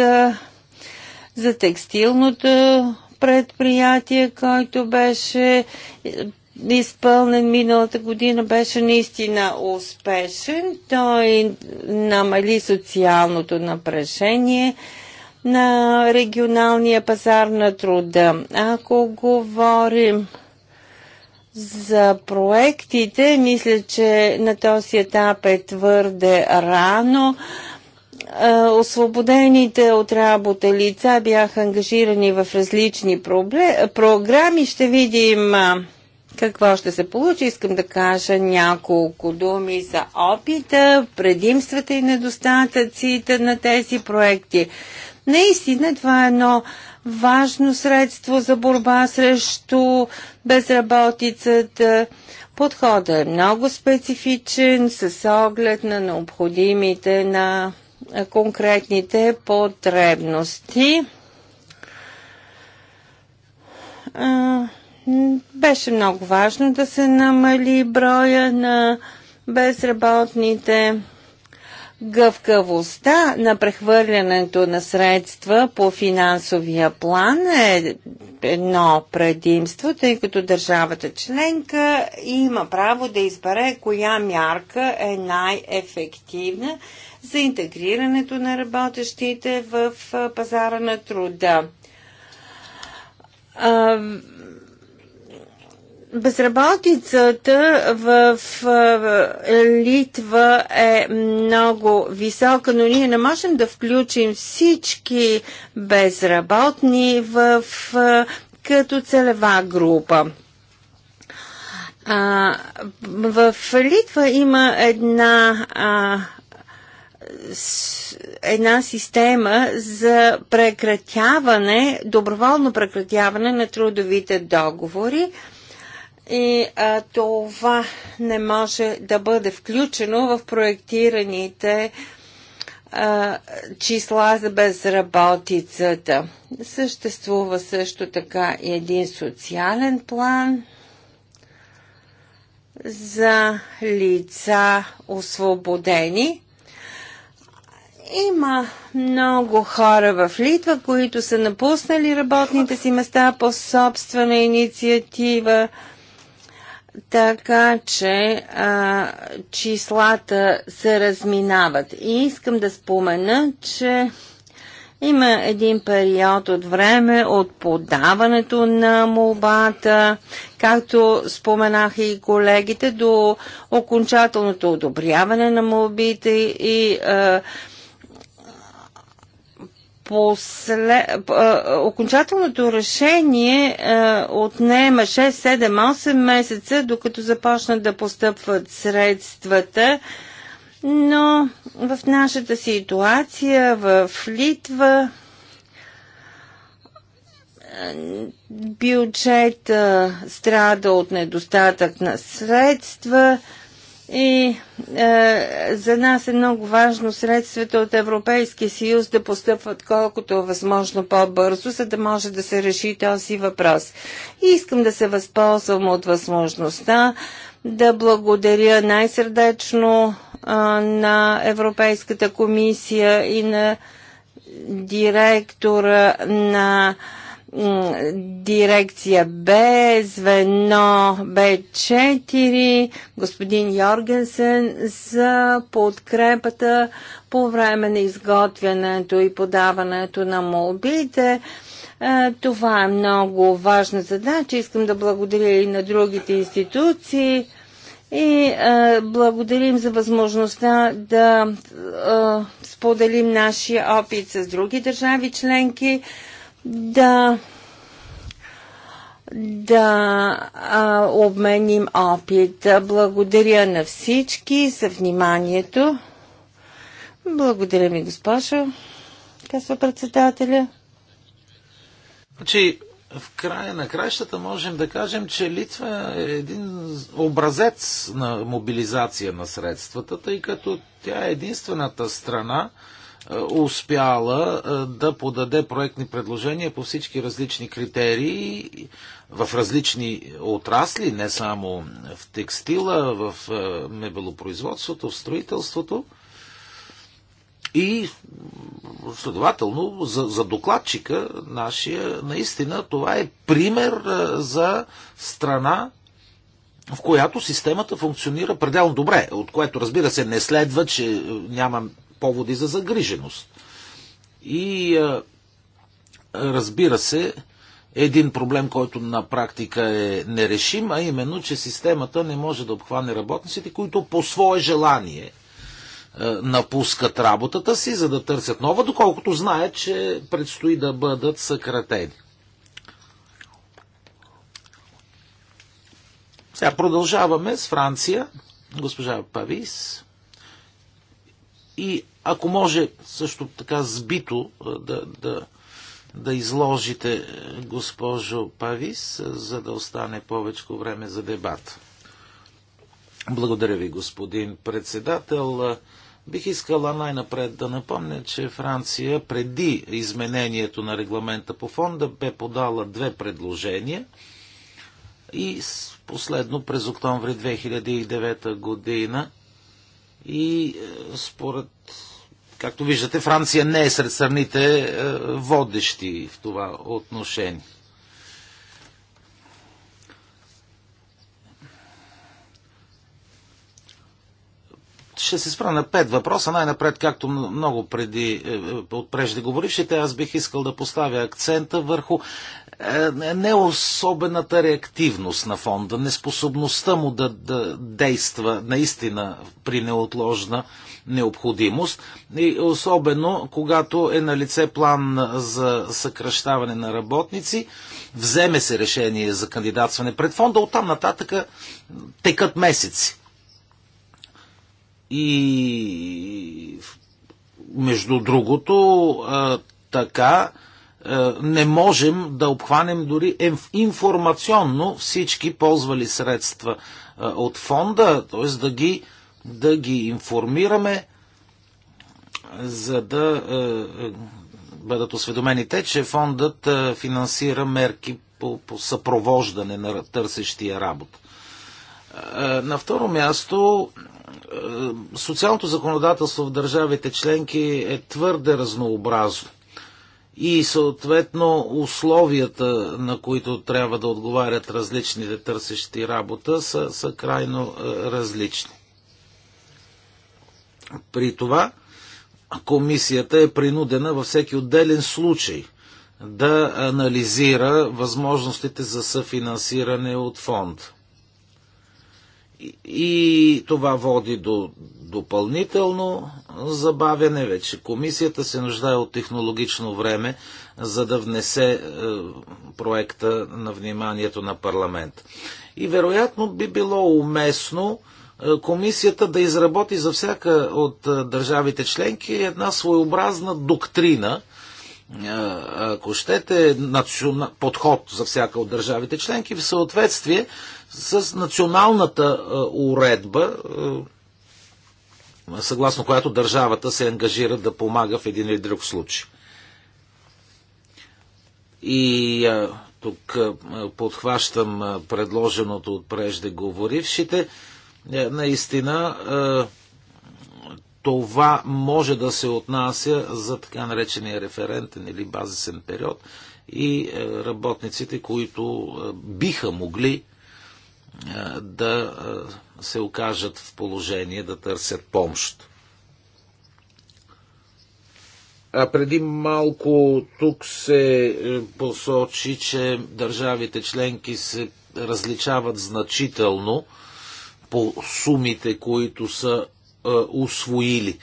за текстилното предприятие, който беше изпълнен миналата година, беше наистина успешен. Той намали социалното напрежение на регионалния пазар на труда. Ако говорим за проектите, мисля, че на този етап е твърде рано. Е, освободените от работа лица бяха ангажирани в различни проблем... програми. Ще видим е, какво ще се получи. Искам да кажа няколко думи за опита, предимствата и недостатъците на тези проекти. Наистина това е едно важно средство за борба срещу безработицата. Подходът е много специфичен с оглед на необходимите на конкретните потребности. Беше много важно да се намали броя на безработните. Гъвкавостта на прехвърлянето на средства по финансовия план е едно предимство, тъй като държавата членка има право да избере коя мярка е най-ефективна за интегрирането на работещите в пазара на труда Безработицата в Литва е много висока, но ние не можем да включим всички безработни в, като целева група. в Литва има една една система за прекратяване, доброволно прекратяване на трудовите договори и а, това не може да бъде включено в проектираните а, числа за безработицата. Съществува също така и един социален план за лица освободени. Има много хора в Литва, които са напуснали работните си места по собствена инициатива така че а, числата се разминават. И искам да спомена, че има един период от време от подаването на молбата, както споменах и колегите, до окончателното одобряване на молбите и а, после, окончателното решение отнема 6-7-8 месеца, докато започнат да постъпват средствата, но в нашата ситуация в Литва бюджет страда от недостатък на средства, и е, за нас е много важно средствата от Европейския съюз да постъпват колкото е възможно по-бързо, за да може да се реши този въпрос. И искам да се възползвам от възможността да благодаря най-сърдечно е, на Европейската комисия и на директора на е, дирекция Б, звено Б4, господин Йоргенсен за подкрепата по време на изготвянето и подаването на молбите. Е, това е много важна задача. Искам да благодаря и на другите институции и е, благодарим за възможността да е, споделим нашия опит с други държави членки да да а, обменим опит. Благодаря на всички за вниманието. Благодаря ми госпожо, казва председателя. Значи, в края на краищата можем да кажем, че Литва е един образец на мобилизация на средствата, тъй като тя е единствената страна, е, успяла е, да подаде проектни предложения по всички различни критерии в различни отрасли, не само в текстила, в е, мебелопроизводството, в строителството. И, следователно, за, за докладчика нашия, наистина това е пример за страна, в която системата функционира пределно добре, от което, разбира се, не следва, че няма поводи за загриженост. И разбира се, един проблем, който на практика е нерешим, а именно, че системата не може да обхване работниците, които по свое желание напускат работата си, за да търсят нова, доколкото знаят, че предстои да бъдат съкратени. Сега продължаваме с Франция, госпожа Павис. И ако може също така сбито да, да, да изложите, е, госпожо Павис, за да остане повече време за дебат. Благодаря ви, господин председател. Бих искала най-напред да напомня, че Франция преди изменението на регламента по фонда бе подала две предложения и последно през октомври 2009 година и е, според Както виждате, Франция не е сред страните е, водещи в това отношение. Ще се спра на пет въпроса. Най-напред, както много преди е, е, от преждеговорившите, аз бих искал да поставя акцента върху е, не особената реактивност на фонда, неспособността му да, да действа наистина при неотложна необходимост и особено когато е на лице план за съкръщаване на работници, вземе се решение за кандидатстване пред фонда, оттам нататъка текат месеци и между другото, така не можем да обхванем дори информационно всички ползвали средства от фонда, т.е. да ги, да ги информираме, за да бъдат осведомени те, че фондът финансира мерки по, по съпровождане на търсещия работа. На второ място е, социалното законодателство в държавите членки е твърде разнообразно и съответно условията, на които трябва да отговарят различните търсещи работа, са, са крайно е, различни. При това комисията е принудена във всеки отделен случай да анализира възможностите за съфинансиране от фонд и това води до допълнително забавяне. Вече комисията се нуждае от технологично време, за да внесе е, проекта на вниманието на парламент. И вероятно би било уместно е, комисията да изработи за всяка от е, държавите членки една своеобразна доктрина, ако щете, подход за всяка от държавите членки в съответствие с националната уредба, съгласно която държавата се ангажира да помага в един или друг случай. И тук подхващам предложеното от преждеговорившите. Е, наистина, това може да се отнася за така наречения референтен или базисен период и е, работниците, които е, биха могли да се окажат в положение да търсят помощ. А преди малко тук се е, посочи, че държавите членки се различават значително по сумите, които са е, усвоили.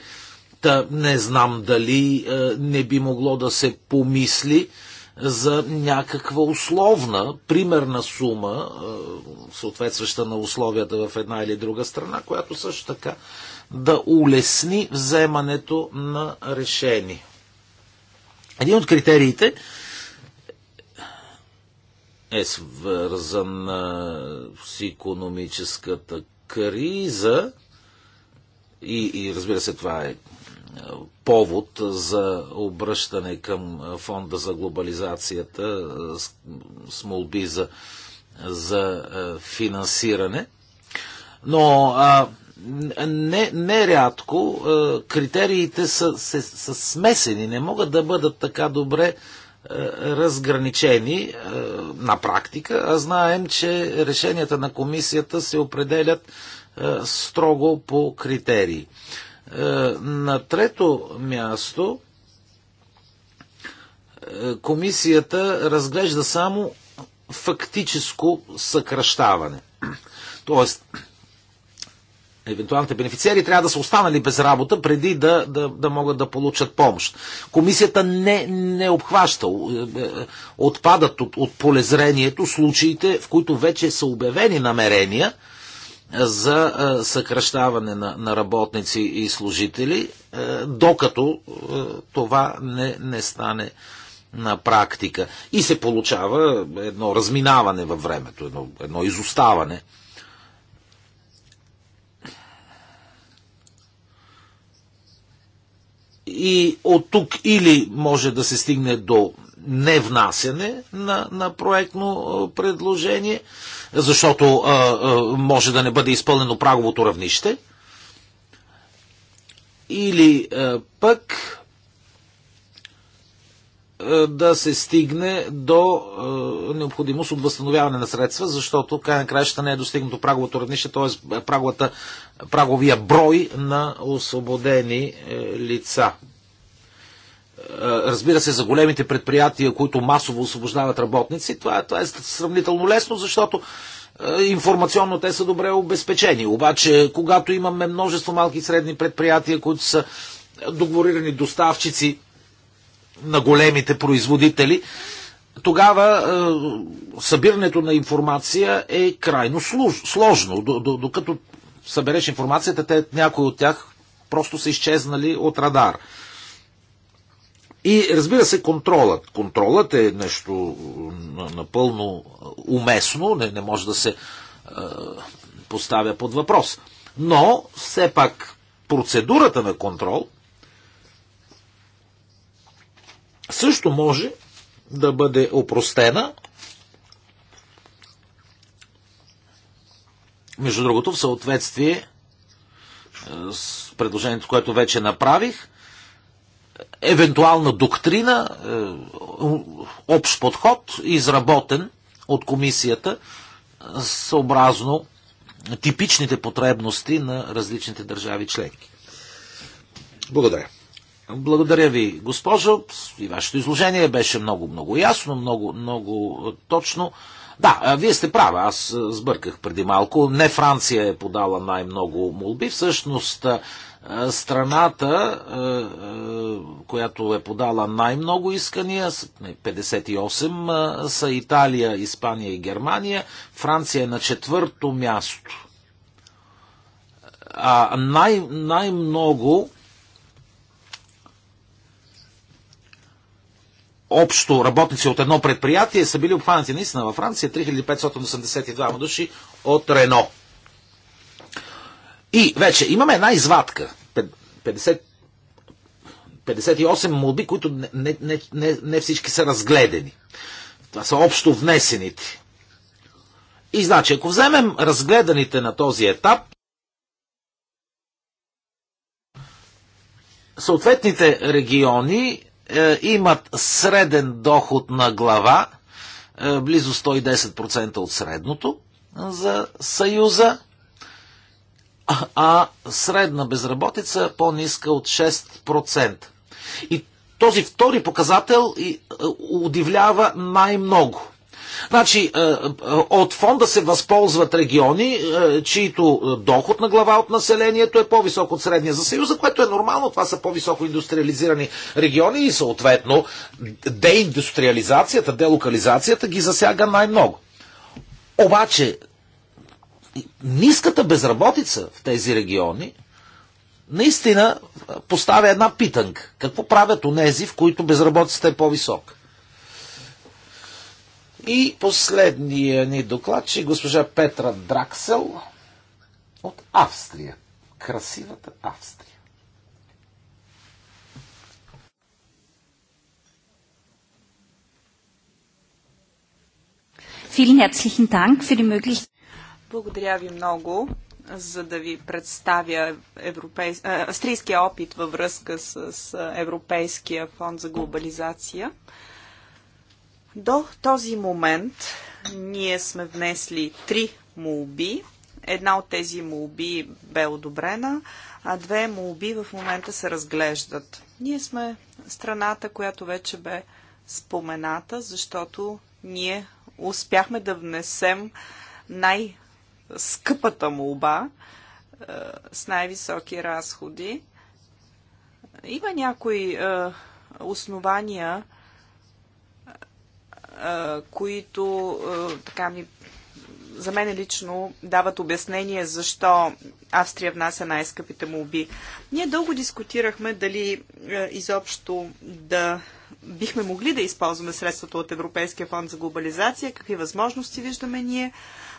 Та не знам дали е, не би могло да се помисли за някаква условна, примерна сума, съответстваща на условията в една или друга страна, която също така да улесни вземането на решение. Един от критериите е свързан с економическата криза и, и разбира се, това е повод за обръщане към фонда за глобализацията е, с молби за, за е, финансиране. Но а, не, нерядко а, е, критериите са, се, са смесени, не могат да бъдат така добре а, разграничени а, на практика, а знаем, че решенията на комисията се определят а, строго по критерии. А, е, на трето място е, комисията разглежда само фактическо съкръщаване. Тоест, евентуалните бенефициери трябва да са останали без работа преди да, да, да могат да получат помощ. Комисията не, не обхваща, е, отпадат от, от полезрението случаите, в които вече са обявени намерения – за е, съкръщаване на, на работници и служители, е, докато е, това не, не стане на практика. И се получава едно разминаване във времето, едно, едно изоставане. И от тук или може да се стигне до невнасяне на, на проектно предложение, защото а, а, може да не бъде изпълнено праговото равнище. Или а, пък да се стигне до а, необходимост от възстановяване на средства, защото край на краищата не е достигнато праговото равнище, т.е. праговия брой на освободени е, лица. Е, разбира се, за големите предприятия, които масово освобождават работници, това, това е сравнително лесно, защото е, информационно те са добре обезпечени. Обаче, когато имаме множество малки и средни предприятия, които са договорирани доставчици на големите производители, тогава е, събирането на информация е крайно сложно. Докато събереш информацията, те, някои от тях просто са изчезнали от радар. И разбира се, контролът. Контролът е нещо напълно уместно, не, не може да се е, поставя под въпрос. Но, все пак, процедурата на контрол също може да бъде опростена. Между другото, в съответствие с предложението, което вече направих, евентуална доктрина, е, общ подход, изработен от комисията, съобразно типичните потребности на различните държави членки. Благодаря. Благодаря ви, госпожо. И вашето изложение беше много, много ясно, много, много точно. Да, вие сте права, аз сбърках преди малко. Не Франция е подала най-много молби. Всъщност, страната, която е подала най-много искания, 58 са Италия, Испания и Германия, Франция е на четвърто място. А най- най-много общо работници от едно предприятие са били обхванати наистина във Франция 3582 души от Рено. И вече имаме една извадка. 50, 58 молби, които не, не, не, не всички са разгледани. Това са общо внесените. И значи, ако вземем разгледаните на този етап, съответните региони е, имат среден доход на глава, е, близо 110% от средното за Съюза, а средна безработица е по-ниска от 6%. И този втори показател е, удивлява най-много. Значи, е, от фонда се възползват региони, чието доход на глава от населението е по-висок от средния за Съюза, което е нормално. Това са по-високо индустриализирани региони и съответно деиндустриализацията, делокализацията ги засяга най-много. Обаче, ниската безработица в тези региони наистина поставя една питанка. Какво правят онези, в които безработицата е по-висока? И последния ни доклад, че госпожа Петра Драксел от Австрия. Красивата Австрия. Vielen herzlichen Dank für die Möglichkeit. Благодаря ви много за да ви представя европейс... австрийския опит във връзка с Европейския фонд за глобализация. До този момент ние сме внесли три молби. Една от тези молби бе одобрена, а две молби в момента се разглеждат. Ние сме страната, която вече бе спомената, защото ние успяхме да внесем най- скъпата молба е, с най-високи разходи. Има някои е, основания, е, които така ми за мен лично дават обяснение защо Австрия внася най-скъпите молби. Ние дълго дискутирахме дали изобщо да бихме могли да използваме средствата от Европейския фонд за глобализация, какви възможности виждаме ние.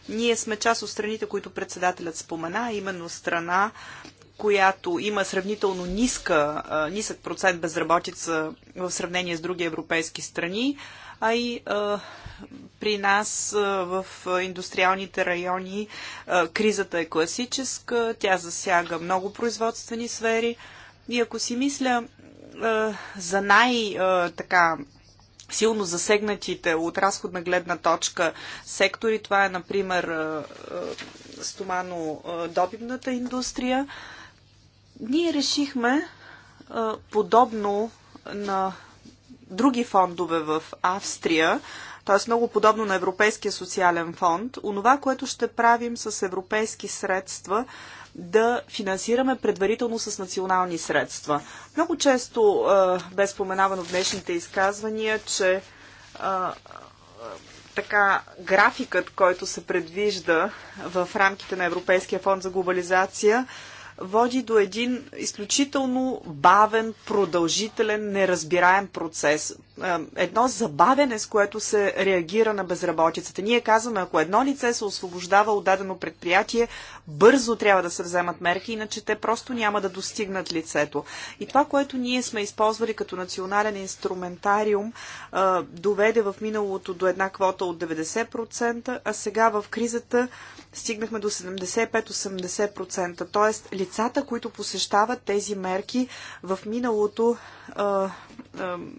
Ние сме част от страните, които председателят спомена, именно страна, която има сравнително ниска, нисък процент безработица в сравнение с други европейски страни, а и а, при нас а, в индустриалните райони а, кризата е класическа, тя засяга много производствени сфери. И ако си мисля а, за най-така силно засегнатите от разходна гледна точка сектори. Това е, например, стомано-добивната индустрия. Ние решихме, подобно на други фондове в Австрия, т.е. много подобно на Европейския социален фонд, онова, което ще правим с европейски средства, да финансираме предварително с национални средства. Много често бе споменавано в днешните изказвания, че така графикът, който се предвижда в рамките на Европейския фонд за глобализация, води до един изключително бавен, продължителен, неразбираем процес едно забавене, с което се реагира на безработицата. Ние казваме, ако едно лице се освобождава от дадено предприятие, бързо трябва да се вземат мерки, иначе те просто няма да достигнат лицето. И това, което ние сме използвали като национален инструментариум, доведе в миналото до една квота от 90%, а сега в кризата стигнахме до 75-80%. Тоест, лицата, които посещават тези мерки, в миналото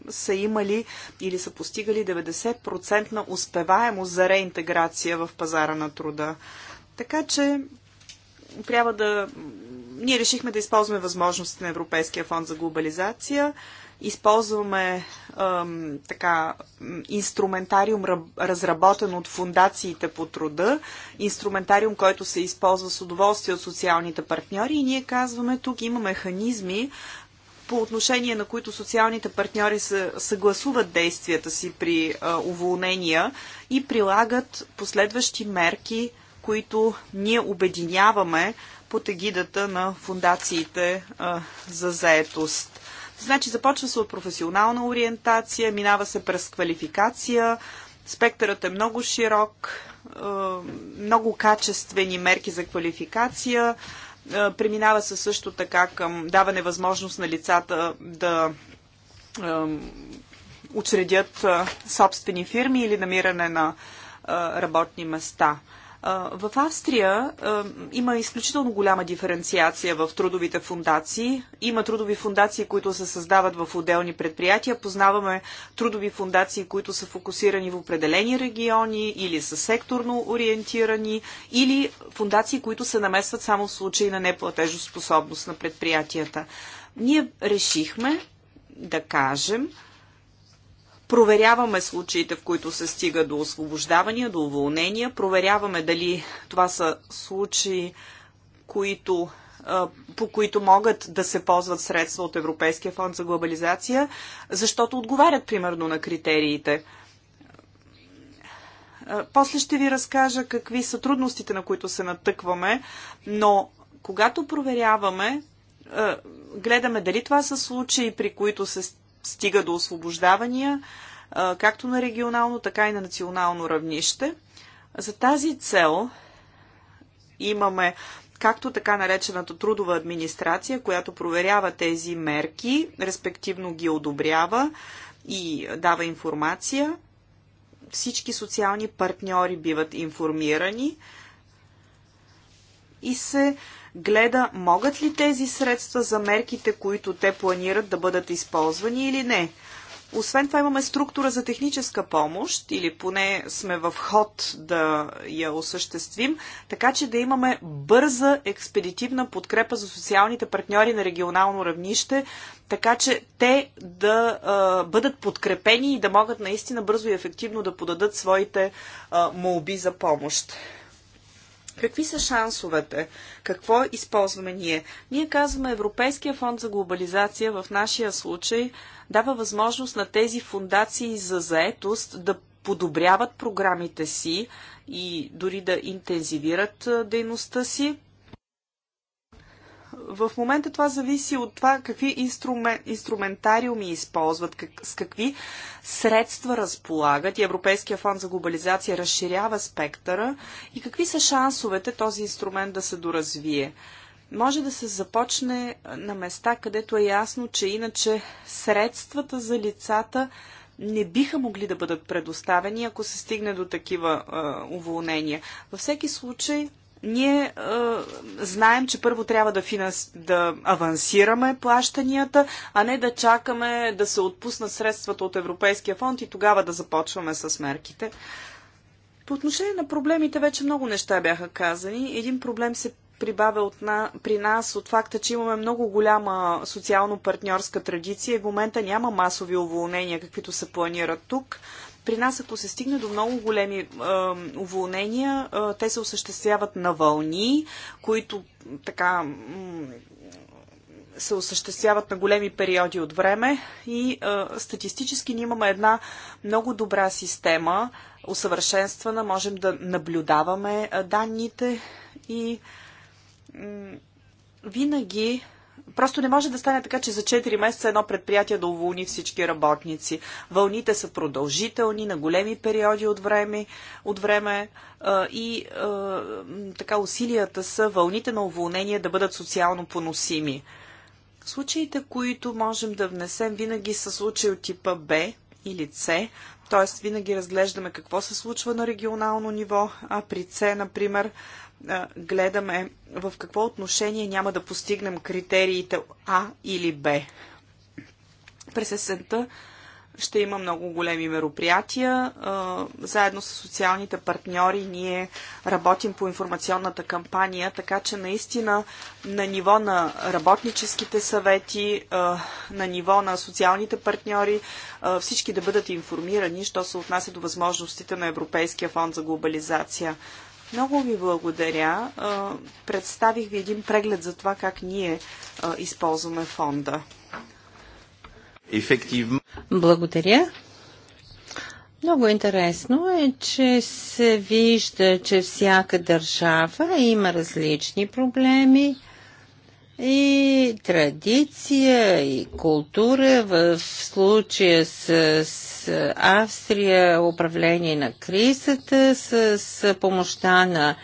са имали постигнали или са постигали 90% на успеваемост за реинтеграция в пазара на труда. Така че трябва да. Ние решихме да използваме възможностите на Европейския фонд за глобализация. Използваме ем, така, инструментариум, разработен от фундациите по труда, инструментариум, който се използва с удоволствие от социалните партньори и ние казваме, тук има механизми, по отношение на които социалните партньори съгласуват действията си при уволнения и прилагат последващи мерки, които ние обединяваме под егидата на фундациите за заетост. Значи започва се от професионална ориентация, минава се през квалификация, спектърът е много широк, много качествени мерки за квалификация, е, преминава се също така към даване възможност на лицата да учредят е, собствени фирми или намиране на е, работни места. В Австрия има изключително голяма диференциация в трудовите фундации. Има трудови фундации, които се създават в отделни предприятия. Познаваме трудови фундации, които са фокусирани в определени региони или са секторно ориентирани, или фундации, които се намесват само в случай на неплатежоспособност на предприятията. Ние решихме да кажем, Проверяваме случаите, в които се стига до освобождавания, до уволнения. Проверяваме дали това са случаи, които, по които могат да се ползват средства от Европейския фонд за глобализация, защото отговарят примерно на критериите. После ще ви разкажа какви са трудностите, на които се натъкваме, но когато проверяваме, гледаме дали това са случаи, при които се стига до освобождавания, както на регионално, така и на национално равнище. За тази цел имаме както така наречената трудова администрация, която проверява тези мерки, респективно ги одобрява и дава информация. Всички социални партньори биват информирани и се гледа могат ли тези средства за мерките, които те планират да бъдат използвани или не. Освен това имаме структура за техническа помощ, или поне сме в ход да я осъществим, така че да имаме бърза експедитивна подкрепа за социалните партньори на регионално равнище, така че те да а, бъдат подкрепени и да могат наистина бързо и ефективно да подадат своите а, молби за помощ. Какви са шансовете? Какво използваме ние? Ние казваме Европейския фонд за глобализация в нашия случай дава възможност на тези фундации за заетост да подобряват програмите си и дори да интензивират дейността си в момента това зависи от това какви инструмен, инструментариуми използват, как, с какви средства разполагат и Европейския фонд за глобализация разширява спектъра и какви са шансовете този инструмент да се доразвие. Може да се започне на места, където е ясно, че иначе средствата за лицата не биха могли да бъдат предоставени, ако се стигне до такива е, уволнения. Във всеки случай ние е, знаем, че първо трябва да, финанс... да авансираме плащанията, а не да чакаме да се отпуснат средствата от Европейския фонд и тогава да започваме с мерките. По отношение на проблемите вече много неща бяха казани. Един проблем се прибавя от на, при нас от факта, че имаме много голяма социално-партньорска традиция и в момента няма масови уволнения, каквито се планират тук. При нас, ако се стигне до много големи е, уволнения, е, те се осъществяват на вълни, които така се осъществяват на големи периоди от време и е, статистически ние имаме една много добра система, усъвършенствана, можем да наблюдаваме данните и винаги Просто не може да стане така, че за 4 месеца едно предприятие да уволни всички работници. Вълните са продължителни, на големи периоди от време, от време и така усилията са вълните на уволнение да бъдат социално поносими. Случаите, които можем да внесем, винаги са случаи от типа Б или С, т.е. винаги разглеждаме какво се случва на регионално ниво, а при С, например, гледаме в какво отношение няма да постигнем критериите А или Б. През есента ще има много големи мероприятия. Заедно с социалните партньори ние работим по информационната кампания, така че наистина на ниво на работническите съвети, на ниво на социалните партньори, всички да бъдат информирани, що се отнася до възможностите на Европейския фонд за глобализация. Много ви благодаря. Представих ви един преглед за това как ние използваме фонда. Ефективно. Благодаря. Много интересно е, че се вижда, че всяка държава има различни проблеми и традиция, и култура. В случая с, Австрия управление на кризата с, с помощта на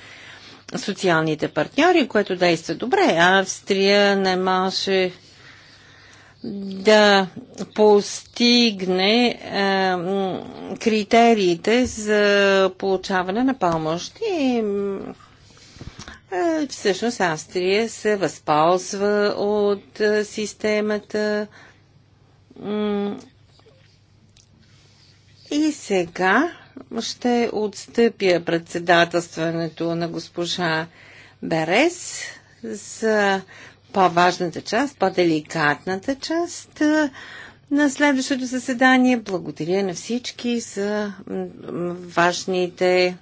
социалните партньори, което действа добре. Австрия не може да постигне е, критериите за получаване на помощ. И е, всъщност Австрия се възползва от е, системата. И сега ще отстъпя председателстването на госпожа Берес за по-важната част, по-деликатната част на следващото заседание. Благодаря на всички за важните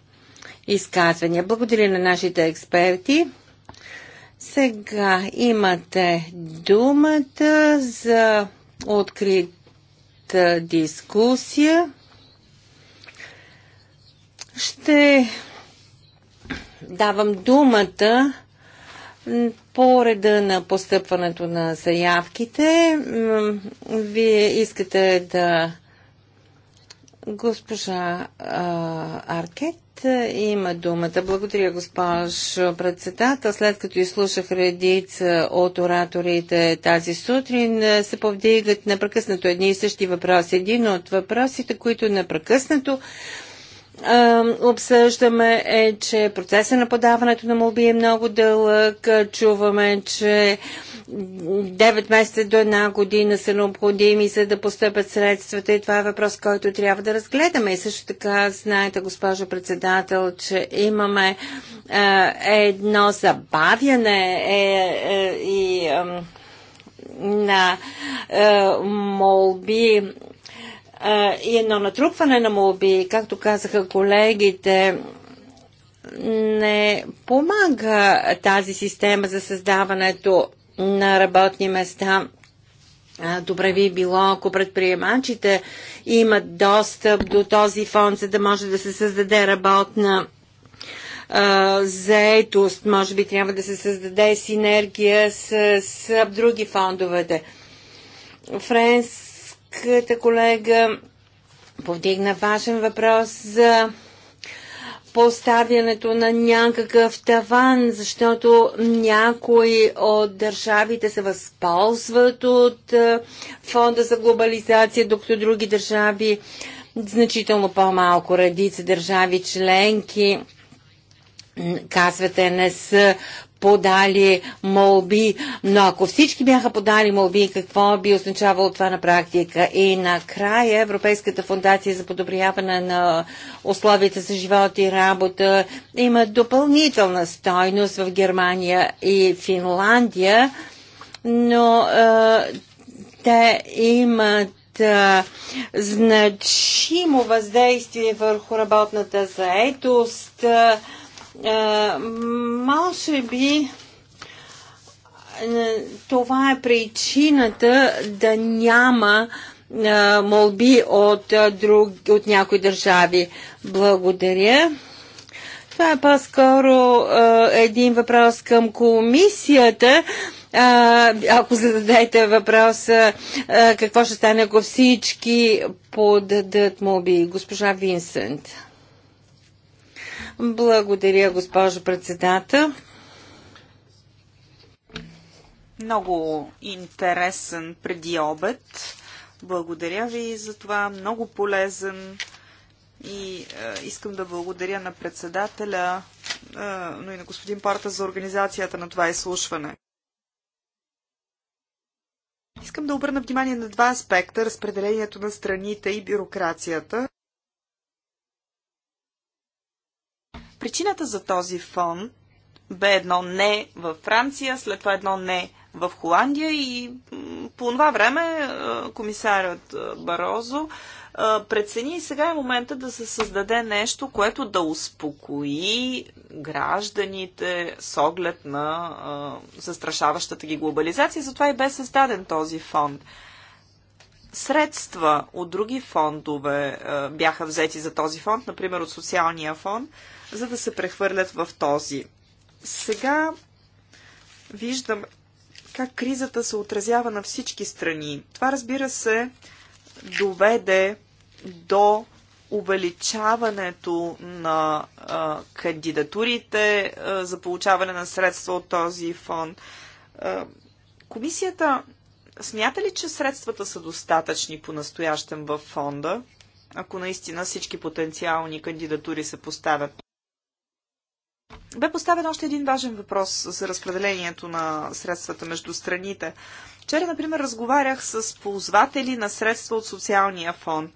изказвания. Благодаря на нашите експерти. Сега имате думата за открита дискусия. Ще давам думата по реда на постъпването на заявките. Вие искате да Госпожа а, Аркет има думата. Благодаря, госпожо председател. След като изслушах редица от ораторите тази сутрин, се повдигат непрекъснато едни и същи въпроси. Един от въпросите, които непрекъснато обсъждаме е, че процесът на подаването на молби е много дълъг. Чуваме, че 9 месеца до една година са необходими, за да постъпят средствата и това е въпрос, който трябва да разгледаме. И също така, знаете, госпожо председател, че имаме е, едно забавяне и е, е, на е, молби и едно натрупване на молби, както казаха колегите, не помага тази система за създаването на работни места. Добре ви било, ако предприемачите имат достъп до този фонд, за да може да се създаде работна заетост. Може би трябва да се създаде синергия с, с други фондовете. Френс Полската колега повдигна важен въпрос за поставянето на някакъв таван, защото някои от държавите се възползват от е, фонда за глобализация, докато други държави значително по-малко редица държави членки казвате не са подали молби, но ако всички бяха подали молби, какво би означавало това на практика? И накрая Европейската фундация за подобряване на условията за живот и работа има допълнителна стойност в Германия и Финландия, но а, те имат значимо въздействие върху работната заетост, е, може би е, това е причината да няма е, молби от, друг, от някои държави. Благодаря. Това е по-скоро един въпрос към комисията. А, ако зададете въпроса какво ще стане, ако всички подадат моби. Госпожа Винсент. Благодаря, госпожо председател. Много интересен преди обед. Благодаря ви за това. Много полезен. И е, искам да благодаря на председателя, е, но и на господин Парта за организацията на това изслушване. Искам да обърна внимание на два аспекта разпределението на страните и бюрокрацията. Причината за този фон бе едно не във Франция, след това едно не в Холандия и по това време е, комисарят е, Барозо е, прецени и сега е момента да се създаде нещо, което да успокои гражданите с оглед на застрашаващата ги глобализация. Затова и бе създаден този фонд. Средства от други фондове бяха взети за този фонд, например от социалния фонд за да се прехвърлят в този. Сега виждам как кризата се отразява на всички страни. Това, разбира се, доведе до увеличаването на а, кандидатурите а, за получаване на средства от този фонд. А, комисията смята ли, че средствата са достатъчни по-настоящем в фонда, ако наистина всички потенциални кандидатури се поставят? Бе поставен още един важен въпрос за разпределението на средствата между страните. Вчера, например, разговарях с ползватели на средства от социалния фонд.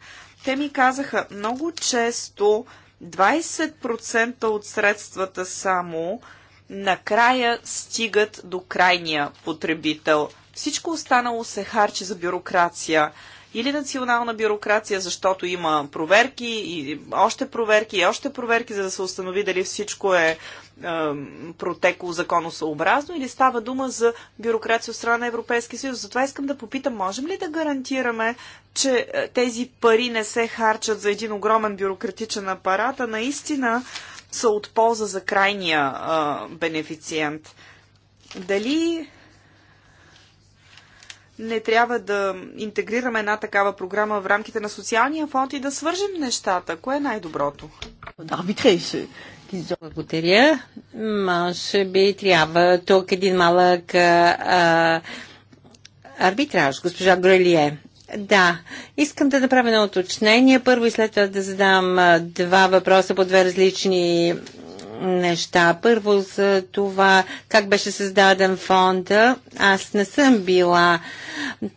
Те ми казаха, много често 20% от средствата само накрая стигат до крайния потребител. Всичко останало се харчи за бюрокрация или национална бюрокрация, защото има проверки и още проверки и още проверки, за да се установи дали всичко е, протекло законосъобразно, или става дума за бюрокрация от страна на Европейския съюз. Затова искам да попитам, можем ли да гарантираме, че е, тези пари не се харчат за един огромен бюрократичен апарат, а наистина са от полза за крайния а, бенефициент. Дали не трябва да интегрираме една такава програма в рамките на социалния фонд и да свържем нещата? Кое е най-доброто? Благодаря. Може би трябва тук един малък а, арбитраж, госпожа Грелие. Да, искам да направя едно уточнение. Първо и след това да задам два въпроса по две различни неща. Първо за това как беше създаден фонда. Аз не съм била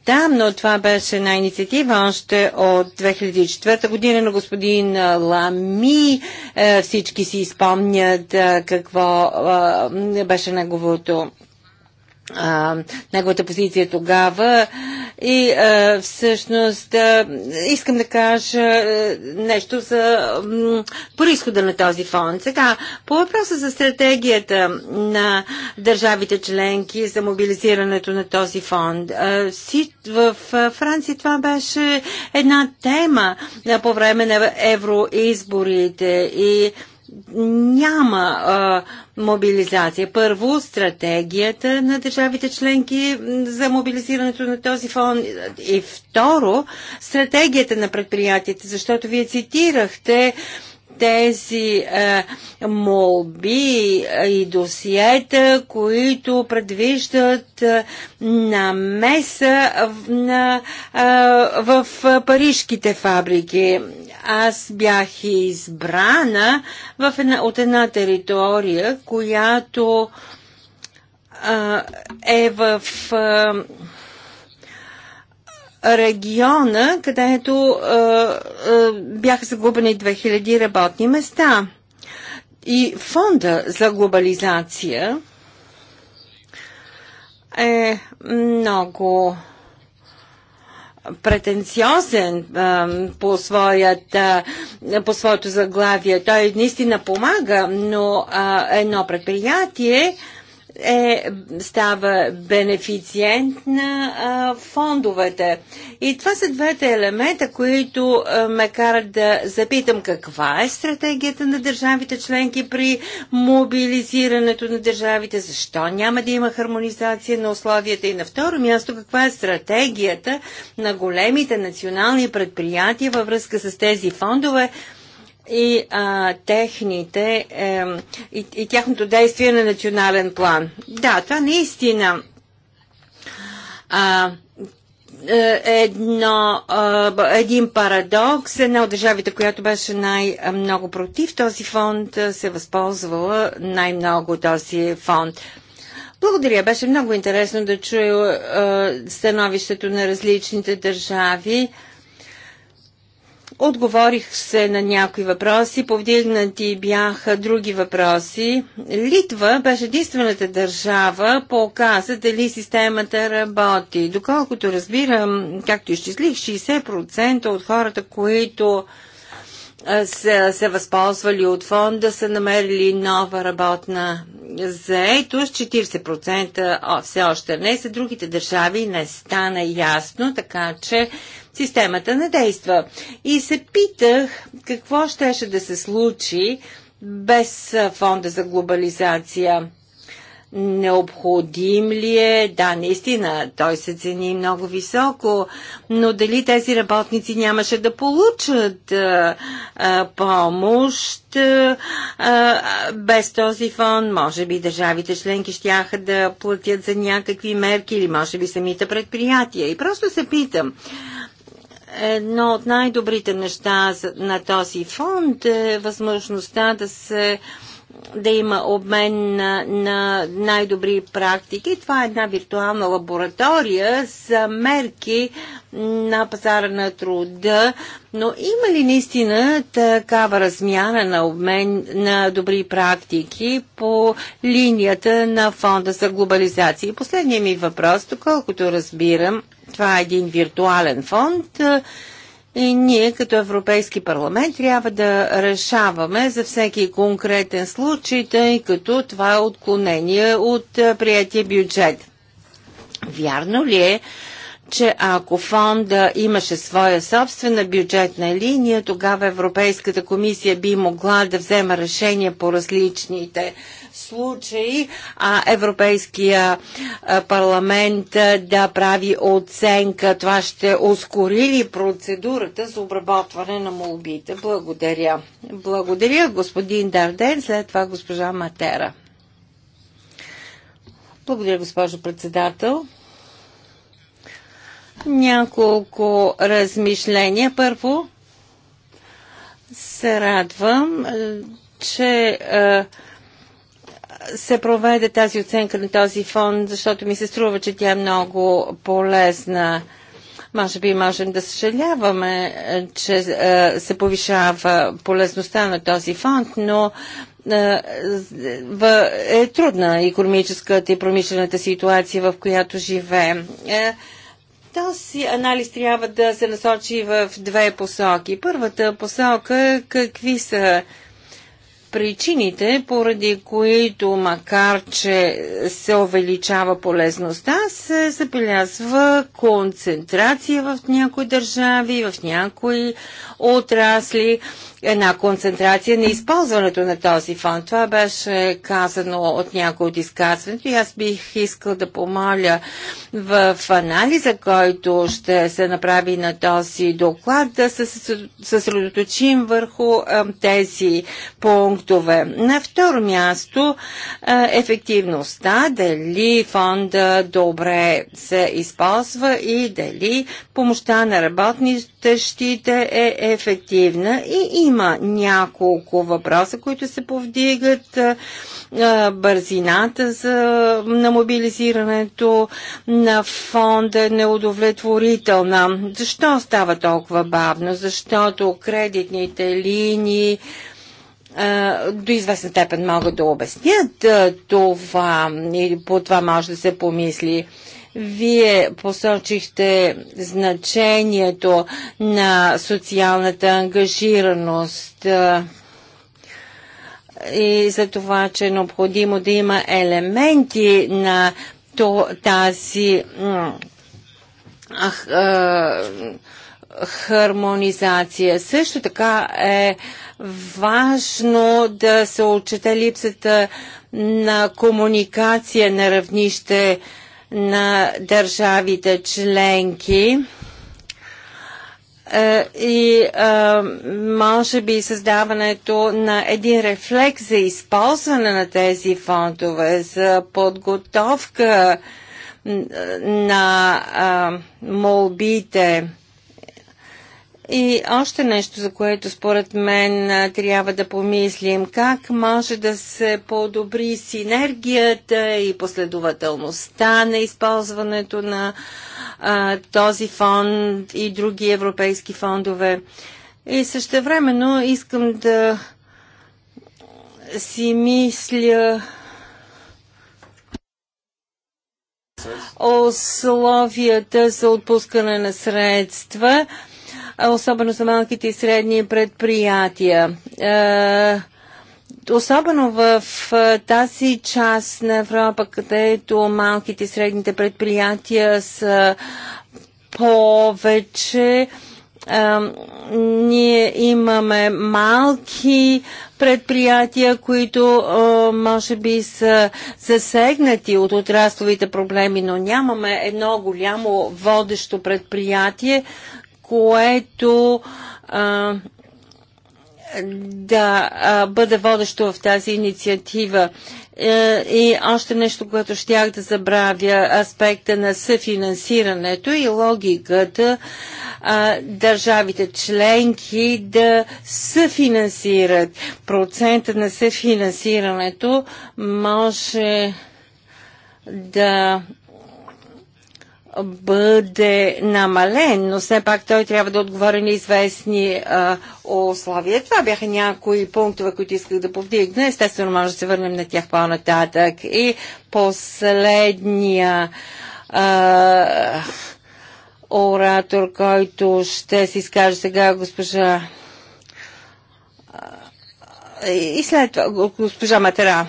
там, но това беше една инициатива още от 2004 година на господин Лами. Е, всички си спомнят е, какво е, беше неговото а, неговата позиция тогава и а, всъщност а, искам да кажа а, нещо за происхода на този фонд. Сега, по въпроса за стратегията на държавите членки за мобилизирането на този фонд. А, си, в а, Франция това беше една тема а, по време на евроизборите и а, няма а, мобилизация. Първо, стратегията на държавите членки за мобилизирането на този фон и второ, стратегията на предприятията, защото вие цитирахте тези е, молби и досиета, които предвиждат е, намеса в, на, е, в парижките фабрики аз бях избрана в една, от една територия, която а, е в а, региона, където а, а, бяха загубени 2000 работни места. И фонда за глобализация е много претенциозен по, своята, по своето заглавие. Той наистина помага, но едно предприятие е, става бенефициент на а, фондовете. И това са двете елемента, които а, ме карат да запитам каква е стратегията на държавите членки при мобилизирането на държавите, защо няма да има хармонизация на условията и на второ място каква е стратегията на големите национални предприятия във връзка с тези фондове, и, а, техните, е, и, и тяхното действие на национален план. Да, това наистина а, е, едно, един парадокс. Една от държавите, която беше най-много против този фонд, се възползвала най-много този фонд. Благодаря. Беше много интересно да чуя становището на различните държави. Отговорих се на някои въпроси, повдигнати бяха други въпроси. Литва беше единствената държава, по оказа дали системата работи. Доколкото разбирам, както изчислих, 60% от хората, които са се възползвали от фонда, са намерили нова работна заетост. 40% все още не са. Другите държави не стана ясно, така че системата не действа. И се питах какво щеше да се случи без фонда за глобализация. Необходим ли е? Да, наистина, той се цени много високо, но дали тези работници нямаше да получат а, а, помощ а, а, без този фон? Може би държавите членки щяха да платят за някакви мерки или може би самите предприятия. И просто се питам, Едно от най-добрите неща на този фонд е възможността да се да има обмен на, на най-добри практики. Това е една виртуална лаборатория за мерки на пазара на труда, но има ли наистина такава размяна на обмен на добри практики по линията на фонда за глобализация? И последният ми въпрос, доколкото разбирам, това е един виртуален фонд и ние като Европейски парламент трябва да решаваме за всеки конкретен случай, тъй като това е отклонение от приятия бюджет. Вярно ли е, че ако фонда имаше своя собствена бюджетна линия, тогава Европейската комисия би могла да взема решение по различните случай, а Европейския парламент да прави оценка. Това ще ускори ли процедурата за обработване на молбите? Благодаря. Благодаря, господин Дарден. След това госпожа Матера. Благодаря, госпожо председател. Няколко размишления. Първо, се радвам, че е, се проведе тази оценка на този фонд, защото ми се струва, че тя е много полезна. Може би можем да съжаляваме, че е, се повишава полезността на този фонд, но е, е трудна економическата и промишлената ситуация, в която живеем. Е, този анализ трябва да се насочи в две посоки. Първата посока е какви са Причините, поради които, макар че се увеличава полезността, се забелязва концентрация в някои държави, в някои отрасли една концентрация на използването на този фонд. Това беше казано от някой от изказването и аз бих искал да помоля в анализа, който ще се направи на този доклад, да се съсредоточим върху тези пунктове. На второ място ефективността, дали фонда добре се използва и дали помощта на работнищите е ефективна и има има няколко въпроса, които се повдигат. Бързината за, на мобилизирането на фонда е неудовлетворителна. Защо става толкова бавно? Защото кредитните линии до известен степен могат да обяснят това и по това може да се помисли. Вие посочихте значението на социалната ангажираност и за това, че е необходимо да има елементи на тази хармонизация. Също така е важно да се отчете липсата на комуникация на равнище на държавите членки е, и е, може би създаването на един рефлекс за използване на тези фондове, за подготовка на е, молбите и още нещо, за което според мен трябва да помислим. Как може да се подобри синергията и последователността на използването на а, този фонд и други европейски фондове. И също времено искам да си мисля условията за отпускане на средства особено за малките и средни предприятия. Е, особено в е, тази част на Европа, където малките и средните предприятия са повече, е, ние имаме малки предприятия, които може би са засегнати от отрасловите проблеми, но нямаме едно голямо водещо предприятие, което а, да а, бъде водещо в тази инициатива. Е, и още нещо, което щях да забравя, аспекта на съфинансирането и логиката а, държавите членки да съфинансират. Процента на съфинансирането може да бъде намален, но все пак той трябва да отговори на известни а, условия. Това бяха някои пунктове, които исках да повдигна. Естествено, може да се върнем на тях по-нататък. И последния а, оратор, който ще се изкаже сега, госпожа и след това госпожа Матера.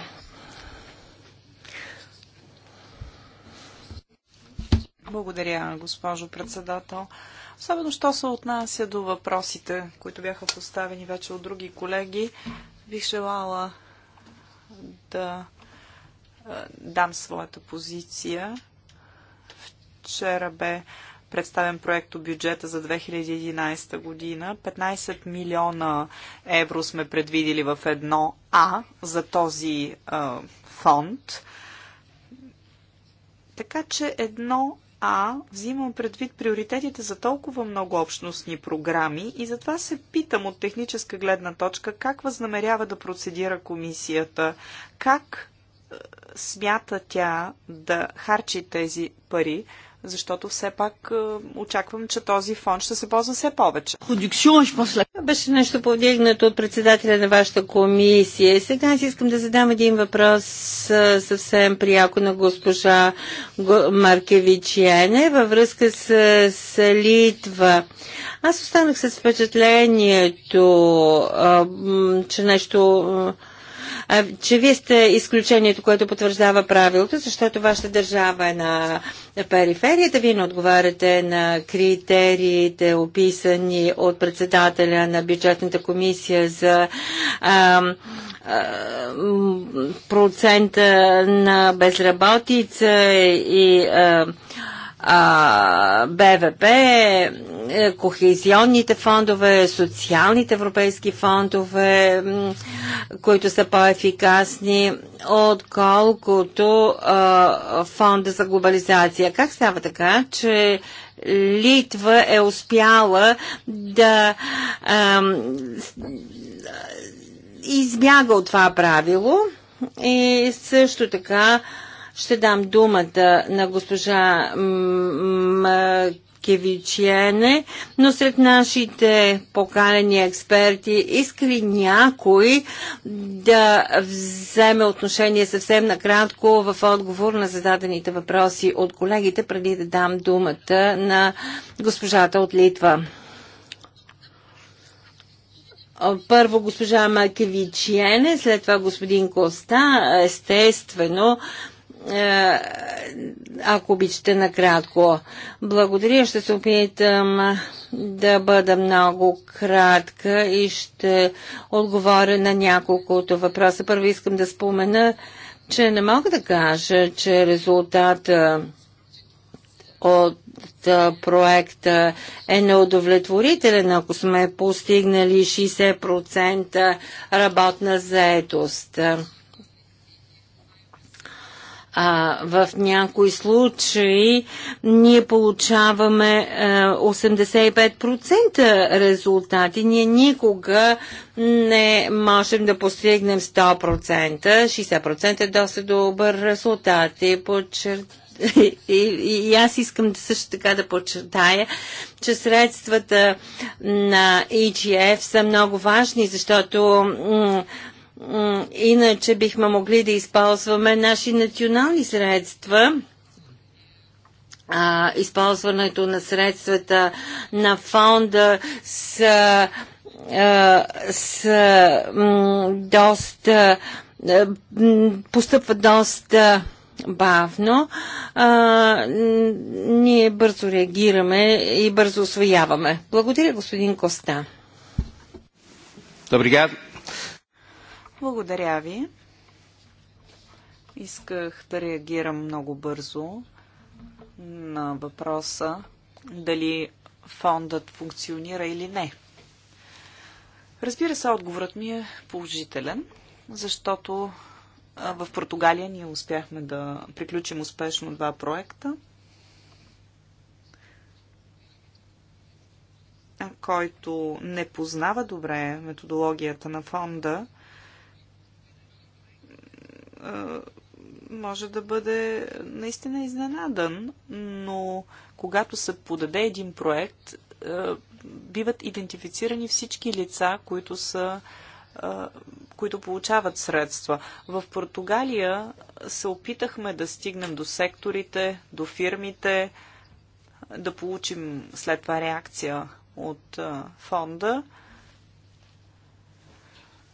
Благодаря, госпожо председател. Особено, що се отнася до въпросите, които бяха поставени вече от други колеги, бих желала да дам своята позиция. Вчера бе представен проект бюджета за 2011 година. 15 милиона евро сме предвидили в едно А за този а, фонд. Така че едно а взимам предвид приоритетите за толкова много общностни програми и затова се питам от техническа гледна точка как възнамерява да процедира комисията, как е, смята тя да харчи тези пари, защото все пак е, очаквам, че този фонд ще се ползва все повече. Беше нещо повдигнато от председателя на вашата комисия. Сега аз искам да задам един въпрос е, съвсем прияко на госпожа Маркевичиене във връзка с, с Литва. Аз останах с впечатлението, е, че нещо че вие сте изключението, което потвърждава правилото, защото вашата държава е на периферията. Вие не отговаряте на критериите, описани от председателя на бюджетната комисия за процента на безработица и а, а, БВП, е, кохезионните фондове, социалните европейски фондове, които са по-ефикасни, отколкото а, фонда за глобализация. Как става така, че Литва е успяла да а, избяга от това правило и също така ще дам думата на госпожа Кевичиене, но сред нашите поканени експерти иска ли някой да вземе отношение съвсем накратко в отговор на зададените въпроси от колегите, преди да дам думата на госпожата от Литва? първо госпожа Макевичиене, след това господин Коста, естествено е, ако обичате накратко. Благодаря, ще се опитам да бъда много кратка и ще отговоря на няколкото въпроса. Първо искам да спомена, че не мога да кажа, че резултата от проекта е неудовлетворителен, ако сме постигнали 60% работна заетост. А, в някои случаи ние получаваме е, а, 85% резултати. Ние никога не можем да постигнем 100%. 60% е доста добър резултат. И, подчер... и, и, и аз искам да също така да подчертая, че средствата на EGF са много важни, защото Иначе бихме могли да използваме наши национални средства а, използването на средствата на фонда с, а, с м, доста постъпва доста бавно. А, ние бързо реагираме и бързо освояваме. Благодаря, господин Коста. Добре, благодаря ви. Исках да реагирам много бързо на въпроса дали фондът функционира или не. Разбира се, отговорът ми е положителен, защото в Португалия ние успяхме да приключим успешно два проекта, който не познава добре методологията на фонда може да бъде наистина изненадан, но когато се подаде един проект, биват идентифицирани всички лица, които са които получават средства. В Португалия се опитахме да стигнем до секторите, до фирмите, да получим след това реакция от фонда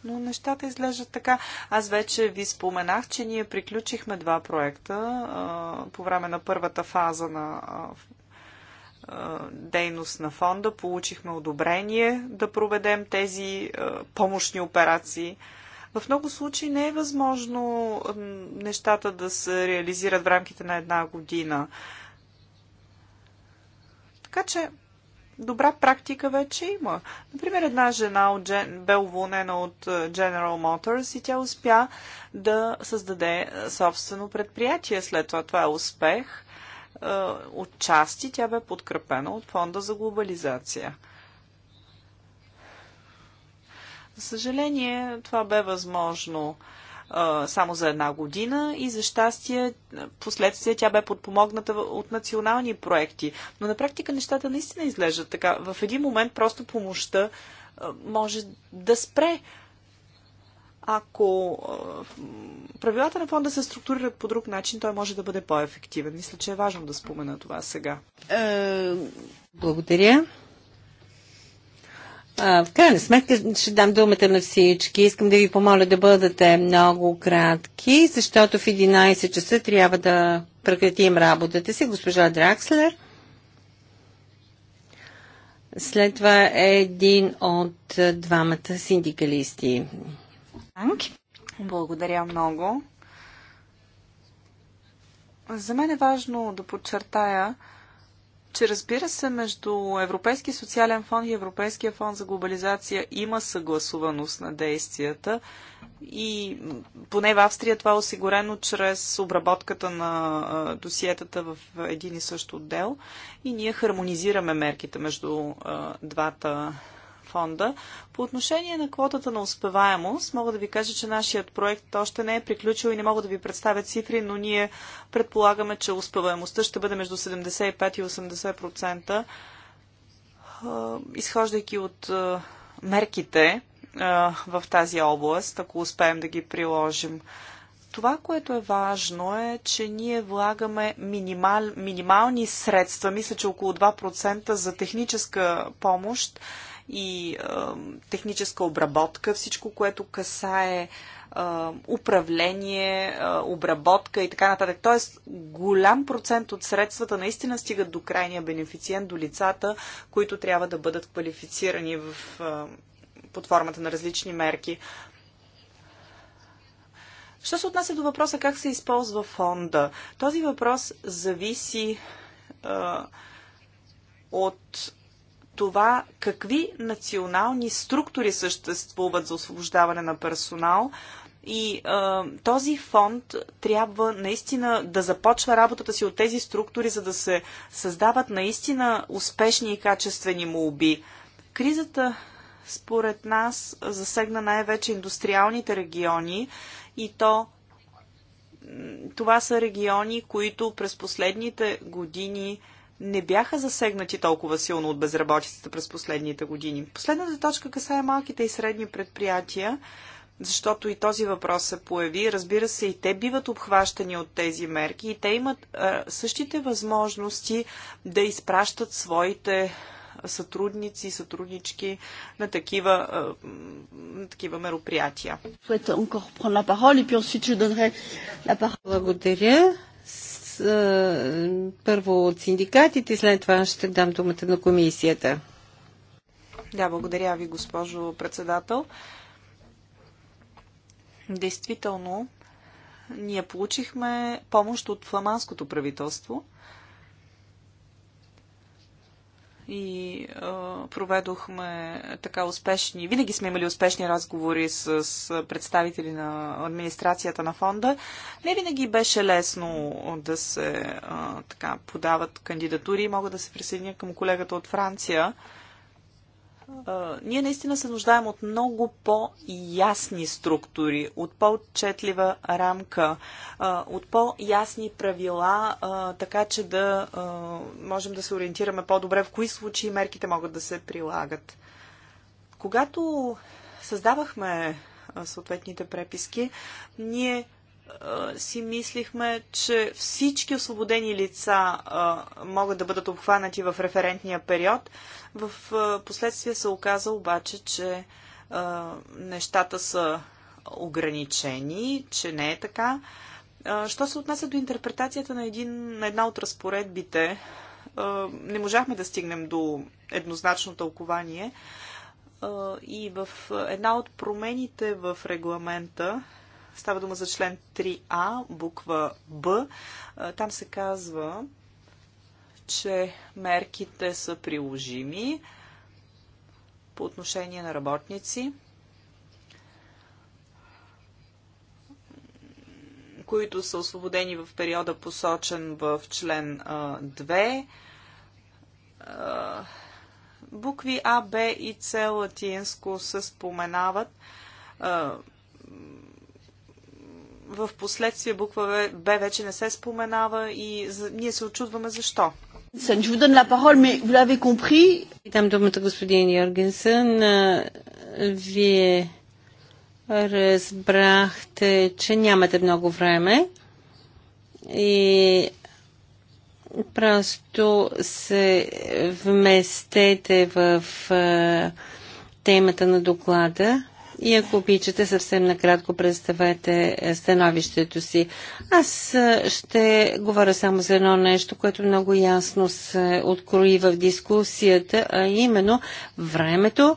но нещата изглеждат така. Аз вече ви споменах, че ние приключихме два проекта а, по време на първата фаза на а, дейност на фонда. Получихме одобрение да проведем тези а, помощни операции. В много случаи не е възможно нещата да се реализират в рамките на една година. Така че добра практика вече има. Например, една жена от Джен, бе уволнена от е, General Motors и тя успя да създаде е, собствено предприятие. След това това е успех. Е, от части тя бе подкрепена от Фонда за глобализация. За съжаление, това бе възможно само за една година и за щастие последствие тя бе подпомогната от национални проекти. Но на практика нещата наистина изглеждат така. В един момент просто помощта може да спре ако правилата на фонда се структурират по друг начин, той може да бъде по-ефективен. Мисля, че е важно да спомена това сега. Благодаря в крайна сметка ще дам думата на всички. Искам да ви помоля да бъдете много кратки, защото в 11 часа трябва да прекратим работата си. Госпожа Дракслер. След това е един от двамата синдикалисти. Благодаря много. За мен е важно да подчертая, че разбира се, между Европейския социален фонд и Европейския фонд за глобализация има съгласуваност на действията и поне в Австрия това е осигурено чрез обработката на досиетата в един и също отдел и ние хармонизираме мерките между двата фонда. По отношение на квотата на успеваемост, мога да ви кажа, че нашият проект още не е приключил и не мога да ви представя цифри, но ние предполагаме, че успеваемостта ще бъде между 75 и 80%, изхождайки от мерките в тази област, ако успеем да ги приложим. Това, което е важно е, че ние влагаме минимал, минимални средства, мисля, че около 2% за техническа помощ и а, техническа обработка, всичко, което касае а, управление, а, обработка и така нататък. Тоест, голям процент от средствата наистина стигат до крайния бенефициент, до лицата, които трябва да бъдат квалифицирани в, а, под формата на различни мерки. Що се отнася до въпроса как се използва фонда? Този въпрос зависи а, от това какви национални структури съществуват за освобождаване на персонал. И а, този фонд трябва наистина да започва работата си от тези структури, за да се създават наистина успешни и качествени молби. Кризата, според нас, засегна най-вече индустриалните региони и то това са региони, които през последните години не бяха засегнати толкова силно от безработицата през последните години. Последната точка касае малките и средни предприятия, защото и този въпрос се появи. Разбира се, и те биват обхващани от тези мерки и те имат а, същите възможности да изпращат своите сътрудници, сътруднички на такива, на такива мероприятия. Благодаря първо от синдикатите, след това ще дам думата на комисията. Да, благодаря ви, госпожо председател. Действително, ние получихме помощ от фламандското правителство – и а, проведохме така успешни, винаги сме имали успешни разговори с, с представители на администрацията на фонда. Не винаги беше лесно да се а, така подават кандидатури. Мога да се присъединя към колегата от Франция ние наистина се нуждаем от много по-ясни структури, от по-отчетлива рамка, от по-ясни правила, така че да можем да се ориентираме по-добре в кои случаи мерките могат да се прилагат. Когато създавахме съответните преписки, ние си мислихме, че всички освободени лица могат да бъдат обхванати в референтния период. В последствие се оказа обаче, че нещата са ограничени, че не е така. Що се отнася до интерпретацията на, един, на една от разпоредбите, не можахме да стигнем до еднозначно тълкование. И в една от промените в регламента Става дума за член 3А, буква Б. Там се казва, че мерките са приложими по отношение на работници, които са освободени в периода посочен в член 2. Букви А, Б и С латинско се споменават в последствие буква Б вече не се споменава и ние се очудваме защо. Je vous donne la parole, mais vous l'avez compris. думата господин Йоргенсън. Вие разбрахте, че нямате много време и просто се вместете в темата на доклада. И ако обичате, съвсем накратко представете е, становището си. Аз е, ще говоря само за едно нещо, което много ясно се открои в дискусията, а именно времето,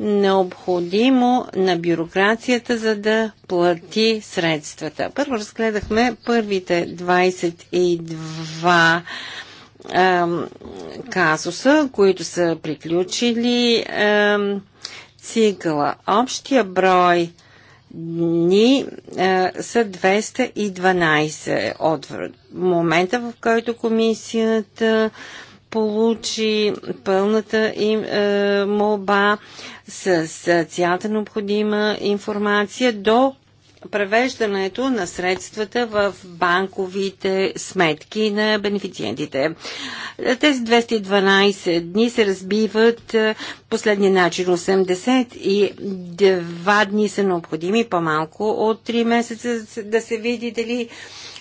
необходимо на бюрокрацията, за да плати средствата. Първо разгледахме първите 22 казуса, които са приключили цикъла. Общия брой дни е, са 212 от момента, в който комисията получи пълната им е, молба с, с цялата необходима информация до превеждането на средствата в банковите сметки на бенефициентите. Тези 212 дни се разбиват е, последния начин 80 и 2 дни са необходими, по-малко от 3 месеца да се види дали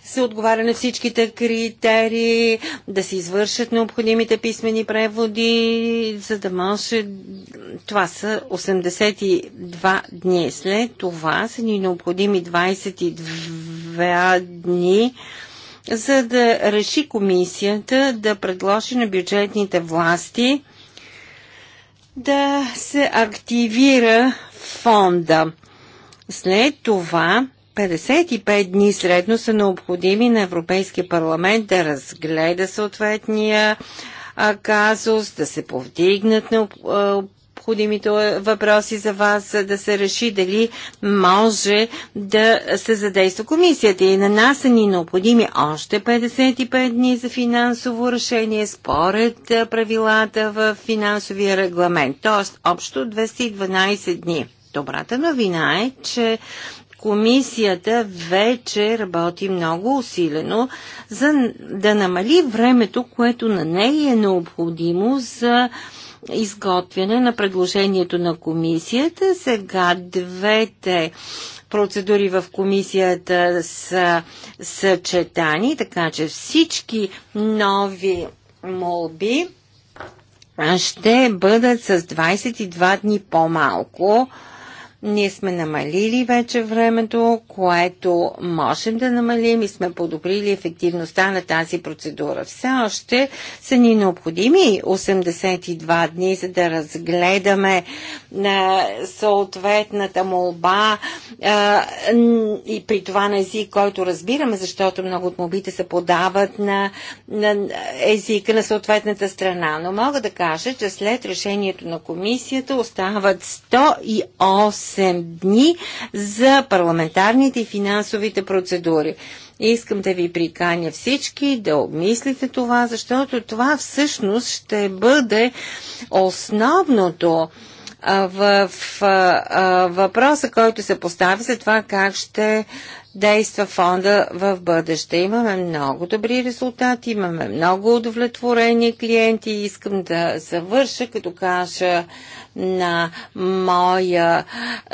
се отговаря на всичките критерии, да се извършат необходимите писмени преводи, за да може. Това са 82 дни. След това са ни необходими 22 дни за да реши комисията да предложи на бюджетните власти да се активира фонда. След това 55 дни средно са необходими на Европейския парламент да разгледа съответния казус, да се повдигнат необходимите въпроси за вас, да се реши дали може да се задейства комисията. И на нас са ни необходими още 55 дни за финансово решение според правилата в финансовия регламент, т.е. общо 212 дни. Добрата новина е, че Комисията вече работи много усилено за да намали времето, което на нея е необходимо за изготвяне на предложението на комисията. Сега двете процедури в комисията са съчетани, така че всички нови молби ще бъдат с 22 дни по-малко ние сме намалили вече времето, което можем да намалим и сме подобрили ефективността на тази процедура. Все още са ни необходими 82 дни, за да разгледаме на съответната молба а, и при това на език, който разбираме, защото много от молбите се подават на, на езика на съответната страна. Но мога да кажа, че след решението на комисията остават 108 7 дни за парламентарните и финансовите процедури. Искам да ви приканя всички да обмислите това, защото това всъщност ще бъде основното в въпроса, който се постави за това как ще действа фонда в бъдеще. Имаме много добри резултати, имаме много удовлетворени клиенти искам да завърша, като кажа на моя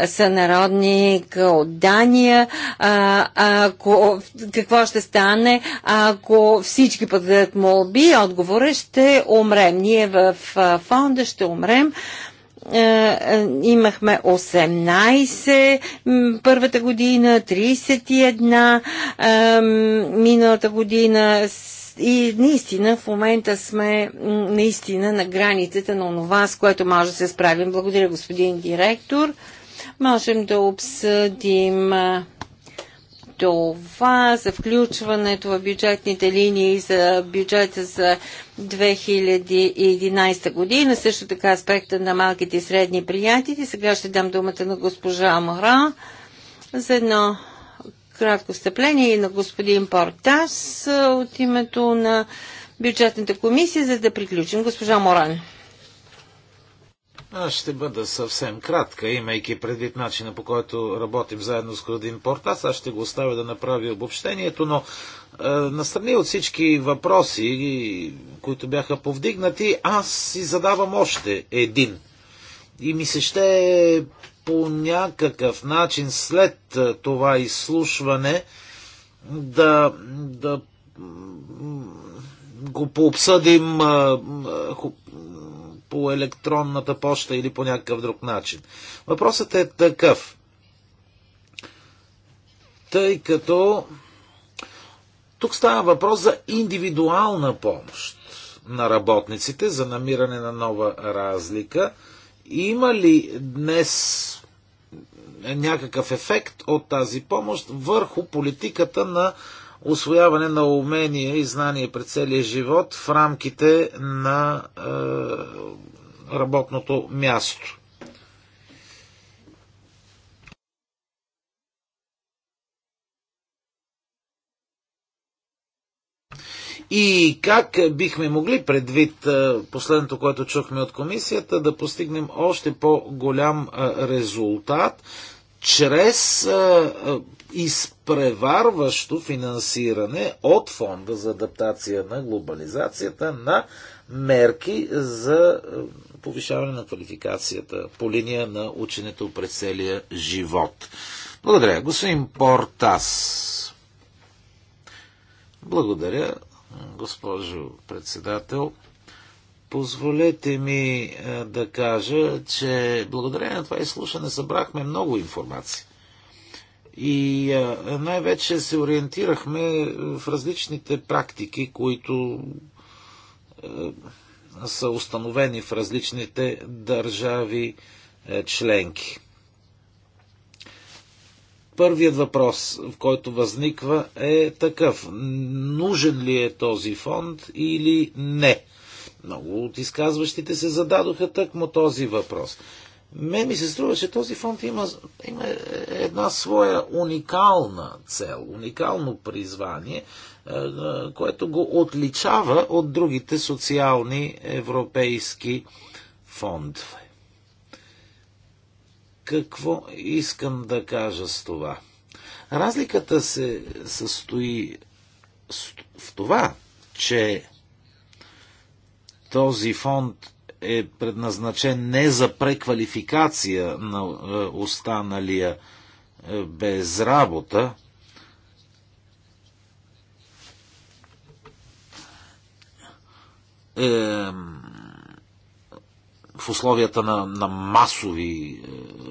сънародник от Дания, а, ако, какво ще стане, ако всички подадат молби, отговора ще умрем. Ние в фонда ще умрем. Е, е, имахме 18 първата година, 31 е, миналата година и наистина в момента сме наистина на границата на онова, с което може да се справим. Благодаря, господин директор. Можем да обсъдим това за включването в бюджетните линии за бюджета за 2011 година, също така аспекта на малките и средни приятели. Сега ще дам думата на госпожа Мора за едно кратко встъпление и на господин Портас от името на бюджетната комисия, за да приключим. Госпожа Моран. Аз ще бъда съвсем кратка, имайки предвид начина по който работим заедно с Кладин Портас. Аз ще го оставя да направи обобщението, но е, настрани от всички въпроси, които бяха повдигнати, аз си задавам още един. И ми се ще по някакъв начин след е, това изслушване да, да го пообсъдим е, е, по електронната почта или по някакъв друг начин. Въпросът е такъв. Тъй като тук става въпрос за индивидуална помощ на работниците за намиране на нова разлика. Има ли днес някакъв ефект от тази помощ върху политиката на освояване на умения и знания пред целия живот в рамките на е, работното място. И как бихме могли, предвид е, последното, което чухме от комисията, да постигнем още по-голям е, резултат чрез изпреварващо финансиране от фонда за адаптация на глобализацията на мерки за повишаване на квалификацията по линия на ученето през целия живот. Благодаря. Господин Портас. Благодаря, госпожо председател. Позволете ми е, да кажа, че благодарение на това изслушане събрахме много информация. И е, най-вече се ориентирахме в различните практики, които е, са установени в различните държави членки. Първият въпрос, в който възниква, е такъв. Нужен ли е този фонд или не? Много от изказващите се зададоха тъкмо този въпрос. Мен ми се струва, че този фонд има, има една своя уникална цел, уникално призвание, е, което го отличава от другите социални европейски фондове. Какво искам да кажа с това? Разликата се състои в това, че този фонд е предназначен не за преквалификация на е, останалия е, без работа, е, в условията на, на масови е,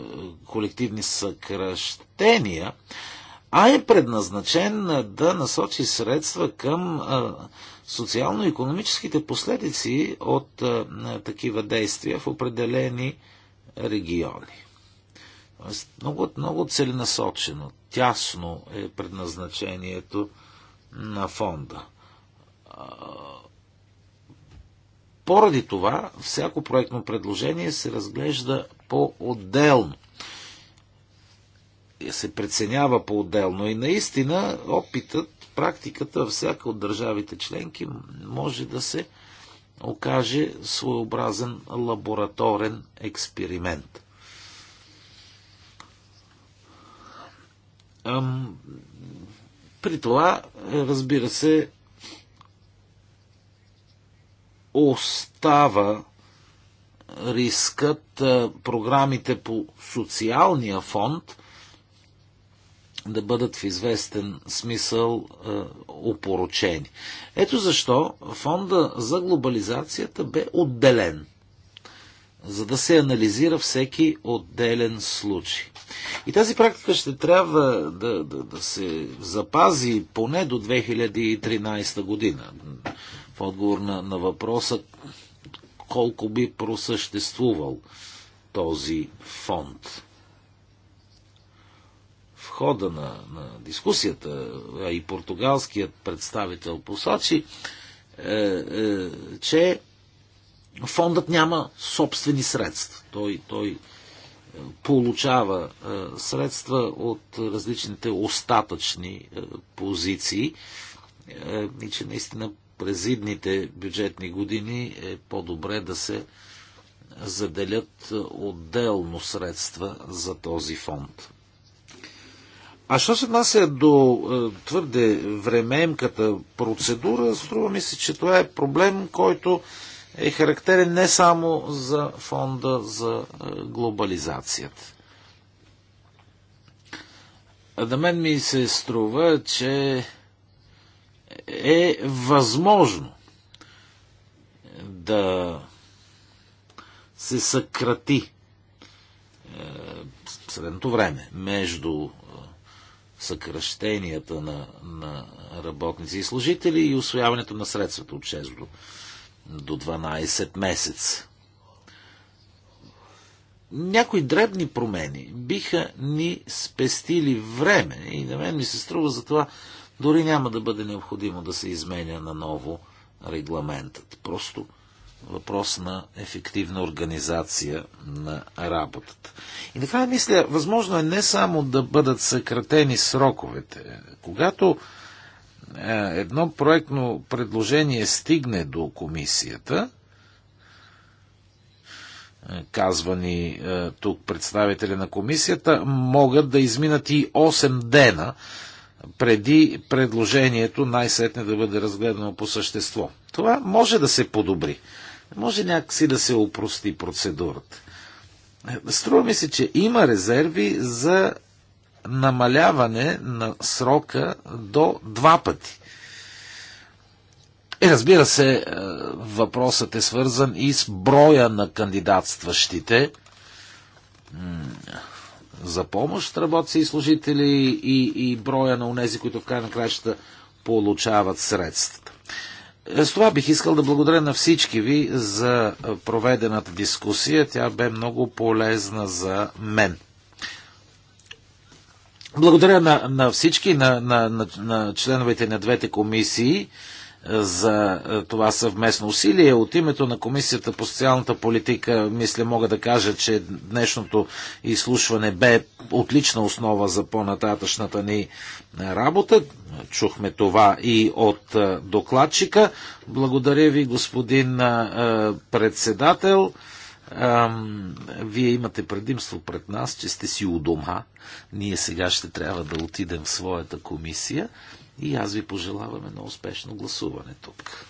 колективни съкръщения, а е предназначен е, да насочи средства към е, социално-економическите последици от а, е, е, такива действия в определени региони. Тоест, много, много целенасочено, тясно е предназначението на фонда. Поради това, всяко проектно предложение се разглежда по-отделно. Се преценява по-отделно. И наистина опитът практиката всяка от държавите членки може да се окаже своеобразен лабораторен експеримент. При това, разбира се, остава рискът програмите по социалния фонд да бъдат в известен смисъл е, опорочени. Ето защо фонда за глобализацията бе отделен, за да се анализира всеки отделен случай. И тази практика ще трябва да, да, да се запази поне до 2013 година. В отговор на, на въпроса колко би просъществувал този фонд хода на, на дискусията, а и португалският представител посочи, е, е, че фондът няма собствени средства. Той, той е, получава е, средства от различните остатъчни е, позиции е, и че наистина през идните бюджетни години е по-добре да се заделят е, отделно средства за този фонд. А що се отнася до е, твърде времеемката процедура, струва ми се, че това е проблем, който е характерен не само за фонда за е, глобализацията. А на мен ми се струва, че е възможно да се съкрати е, средното време между съкръщенията на, на работници и служители и освояването на средствата от 6 до, до 12 месец. Някои дребни промени биха ни спестили време и на мен ми се струва за това дори няма да бъде необходимо да се изменя наново регламентът. Просто въпрос на ефективна организация на работата. И така мисля, възможно е не само да бъдат съкратени сроковете. Когато е, едно проектно предложение стигне до комисията, е, казвани е, тук представители на комисията, могат да изминат и 8 дена преди предложението най-сетне да бъде разгледано по същество. Това може да се подобри. Може някакси да се опрости процедурата. Е, струва ми се, че има резерви за намаляване на срока до два пъти. И е, разбира се, е, въпросът е свързан и с броя на кандидатстващите за помощ, работци и служители и, и броя на унези, които в край на краища получават средствата. Е, с това бих искал да благодаря на всички ви за проведената дискусия. Тя бе много полезна за мен. Благодаря на, на всички, на, на, на, на членовете на двете комисии за е, това съвместно усилие. От името на Комисията по социалната политика, мисля, мога да кажа, че днешното изслушване бе отлична основа за по-нататъчната ни е, работа. Чухме това и от е, докладчика. Благодаря ви, господин председател. Вие имате предимство пред нас, че сте си у дома. Ние сега ще трябва да отидем в своята комисия. И аз ви пожелавам едно успешно гласуване тук.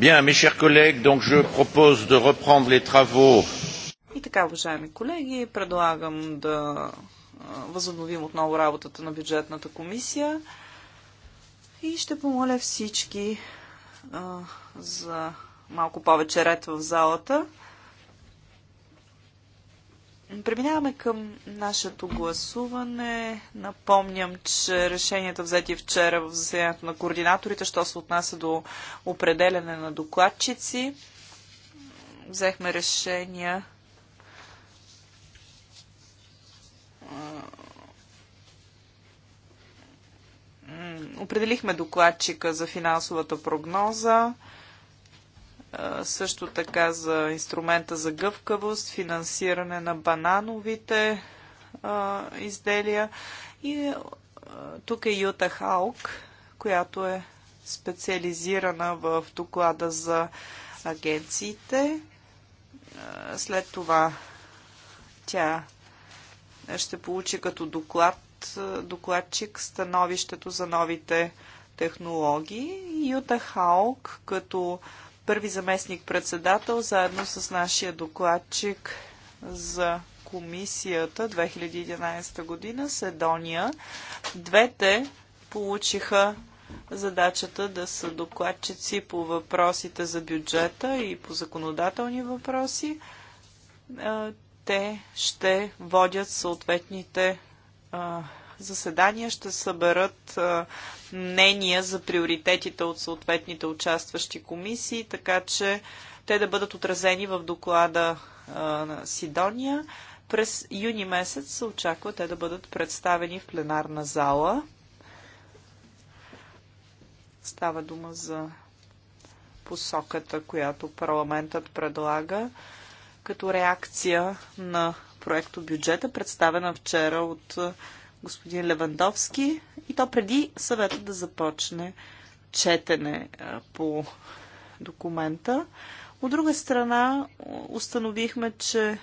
mes chers collègues, donc je propose de reprendre les travaux. И така, уважаеми колеги, предлагам да възобновим отново работата на бюджетната комисия и ще помоля всички а, за малко повече ред в залата. Преминаваме към нашето гласуване. Напомням, че решенията взети вчера в заседанието на координаторите, що се отнася до определене на докладчици, взехме решения определихме докладчика за финансовата прогноза също така за инструмента за гъвкавост, финансиране на банановите а, изделия. И а, тук е Юта Хаук, която е специализирана в доклада за агенциите. А, след това тя ще получи като доклад, докладчик становището за новите технологии. Юта Хаук като първи заместник председател, заедно с нашия докладчик за комисията 2011 година, Седония. Двете получиха задачата да са докладчици по въпросите за бюджета и по законодателни въпроси. Е, те ще водят съответните е, заседания ще съберат мнения за приоритетите от съответните участващи комисии, така че те да бъдат отразени в доклада на Сидония. През юни месец се очаква те да бъдат представени в пленарна зала. Става дума за посоката, която парламентът предлага като реакция на проекто бюджета, представена вчера от господин Левандовски и то преди съвета да започне четене по документа. От друга страна, установихме, че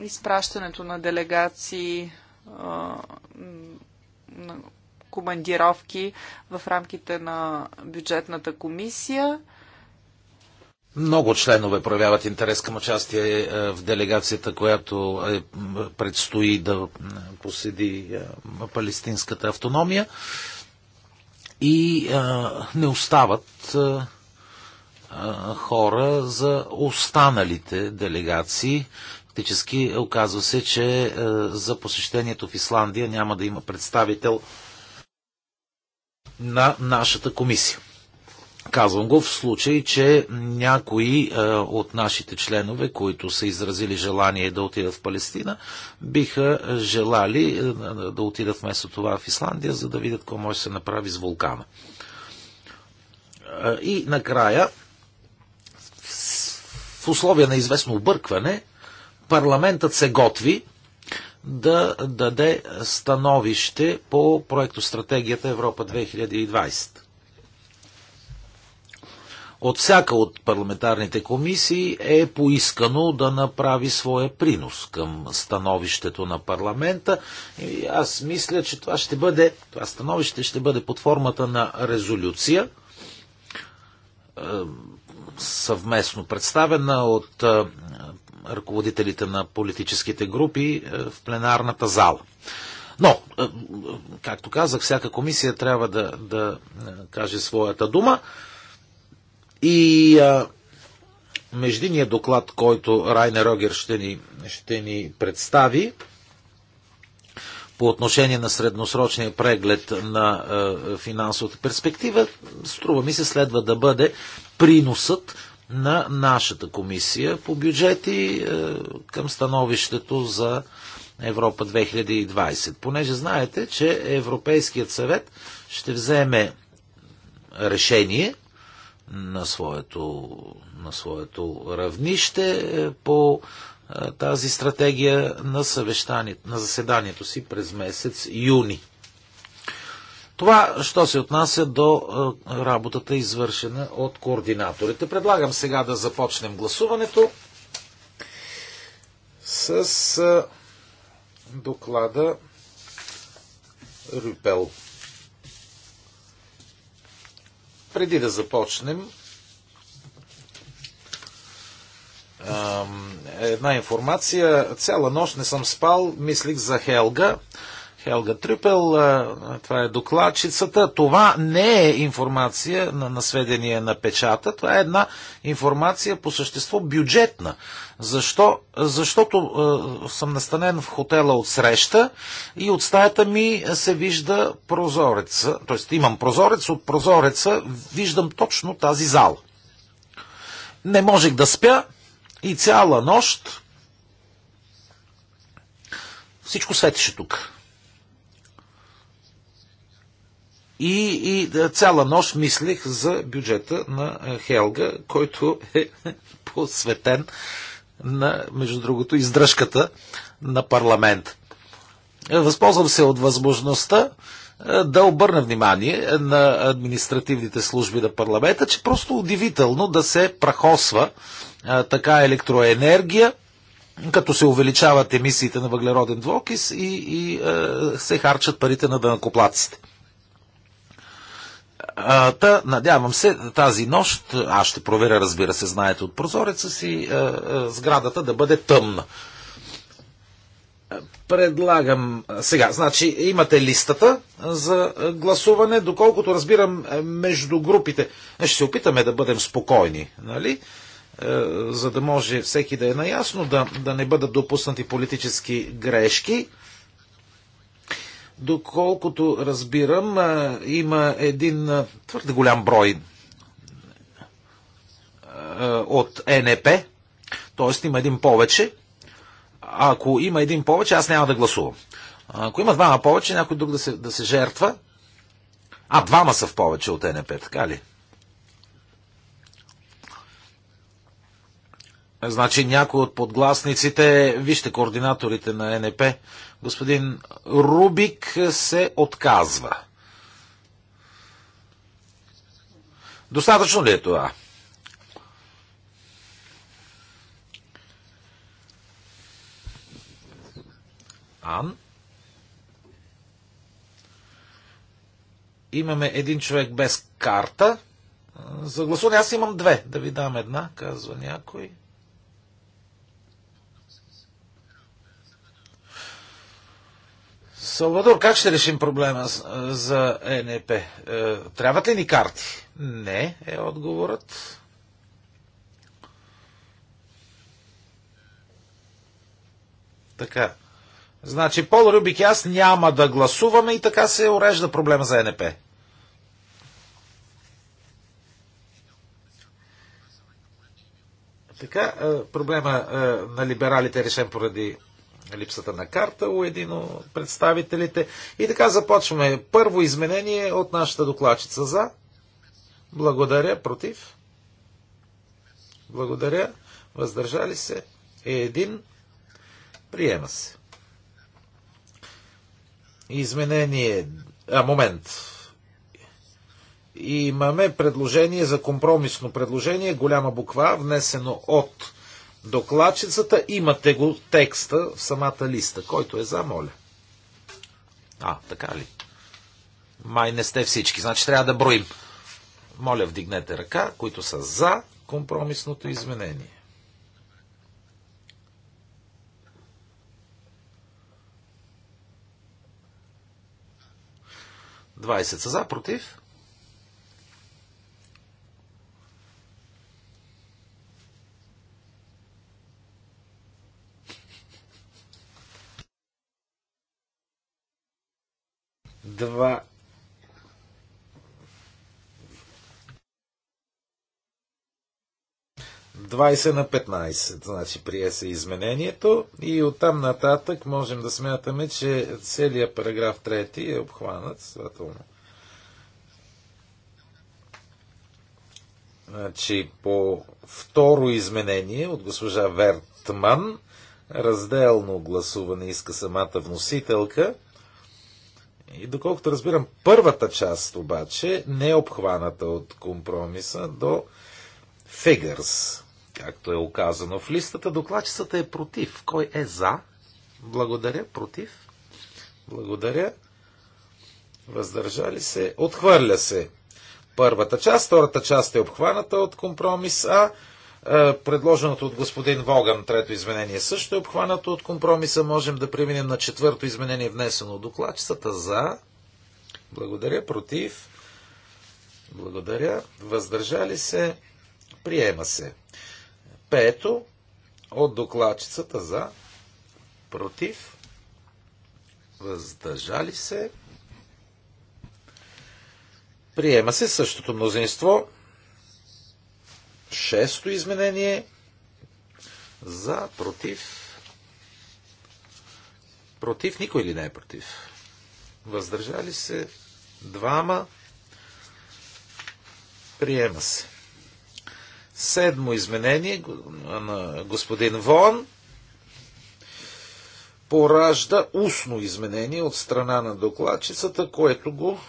изпращането на делегации на командировки в рамките на бюджетната комисия – много членове проявяват интерес към участие е, в делегацията, която е, предстои да поседи е, палестинската автономия и не остават хора за останалите делегации. Фактически оказва се, че за посещението в Исландия няма да има представител на нашата комисия. Казвам го в случай, че някои е, от нашите членове, които са изразили желание да отидат в Палестина, биха желали е, да отидат вместо това в Исландия, за да видят какво може да се направи с вулкана. Е, и накрая, в условия на известно объркване, парламентът се готви да даде становище по проекто стратегията Европа 2020 от всяка от парламентарните комисии е поискано да направи своя принос към становището на парламента. И аз мисля, че това ще бъде, това становище ще бъде под формата на резолюция, съвместно представена от е, ръководителите на политическите групи е, в пленарната зала. Но, е, както казах, всяка комисия трябва да, да каже своята дума. И а, междиния доклад, който Райнер Рогер ще ни, ще ни представи по отношение на средносрочния преглед на а, финансовата перспектива, струва ми се следва да бъде приносът на нашата комисия по бюджети а, към становището за Европа 2020. Понеже знаете, че Европейският съвет ще вземе решение на своето, на своето равнище е, по е, тази стратегия на, на заседанието си през месец юни. Това, що се отнася до е, работата, извършена от координаторите. Предлагам сега да започнем гласуването с доклада Рюпел. Преди да започнем, една информация. Цяла нощ не съм спал, мислих за Хелга. Хелга Трюпел, това е докладчицата. Това не е информация на, на сведения на печата, това е една информация по същество бюджетна. Защо? Защото е, съм настанен в хотела от среща и от стаята ми се вижда прозореца, т.е. имам прозорец, от прозореца виждам точно тази зала. Не можех да спя и цяла нощ всичко светеше тук. И, и цяла нощ мислих за бюджета на е, Хелга, който е посветен на, между другото, издръжката на парламент. Е, възползвам се от възможността е, да обърна внимание на административните служби на парламента, че просто удивително да се прахосва така електроенергия, като се увеличават емисиите на въглероден двокис и, и се харчат парите на дънакоплаците та, надявам се, тази нощ, аз ще проверя, разбира се, знаете от прозореца си, сградата да бъде тъмна. Предлагам сега, значи имате листата за гласуване, доколкото разбирам между групите. Ще се опитаме да бъдем спокойни, нали? за да може всеки да е наясно, да, да не бъдат допуснати политически грешки. Доколкото разбирам, има един твърде голям брой от НП, т.е. има един повече. Ако има един повече, аз няма да гласувам. Ако има двама повече, някой друг да се, да се жертва. А, двама са в повече от НП, така ли? Значи някой от подгласниците, вижте координаторите на НП, Господин Рубик се отказва. Достатъчно ли е това? Ан. Имаме един човек без карта. За гласуване аз имам две. Да ви дам една, казва някой. Салвадор, как ще решим проблема за ЕНП? Е, трябват ли ни карти? Не, е отговорът. Така. Значи, Пол Рюбик и аз няма да гласуваме и така се урежда проблема за ЕНП. Така, проблема на либералите е решен поради липсата на карта у един от представителите. И така започваме. Първо изменение от нашата докладчица за. Благодаря. Против. Благодаря. Въздържали се. Е един. Приема се. Изменение. А, момент. Имаме предложение за компромисно предложение, голяма буква, внесено от докладчицата. Имате го текста в самата листа. Който е за, моля. А, така ли? Май не сте всички, значи трябва да броим. Моля, вдигнете ръка, които са за компромисното изменение. Двайсет са за, против. два. 20 на 15, значи прие се изменението и оттам нататък можем да смятаме, че целият параграф 3 е обхванат, следователно. Значи по второ изменение от госпожа Вертман, разделно гласуване иска самата вносителка – и доколкото разбирам, първата част обаче не е обхваната от компромиса до фигърс, както е оказано в листата. Докладчицата е против. Кой е за? Благодаря. Против? Благодаря. Въздържали се. Отхвърля се. Първата част, втората част е обхваната от компромис А. Е, предложеното от господин Воган трето изменение също е обхванато от компромиса. Можем да преминем на четвърто изменение, внесено от докладчицата за. Благодаря. Против. Благодаря. Въздържали се. Приема се. Пето от докладчицата за. Против. Въздържали се. Приема се същото мнозинство. Шесто изменение за против. Против никой ли не е против? Въздържали се двама. Приема се. Седмо изменение на господин Вон поражда устно изменение от страна на докладчицата, което го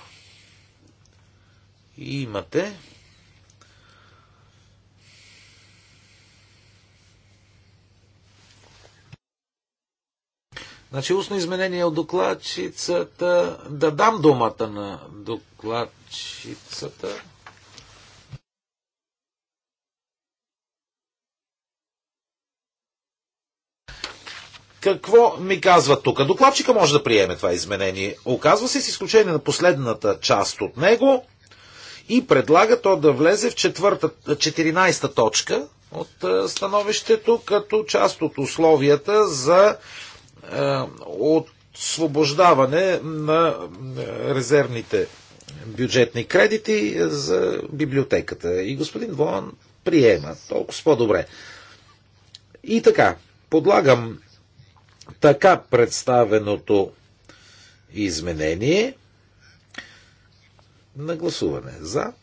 имате. Значи устно изменение от докладчицата. Да дам думата на докладчицата. Какво ми казва тук? Докладчика може да приеме това изменение. Оказва се с изключение на последната част от него и предлага то да влезе в 14-та точка от становището като част от условията за от е, освобождаване на е, резервните бюджетни кредити за библиотеката. И господин Волан приема толкова по-добре. И така, подлагам така представеното изменение на гласуване за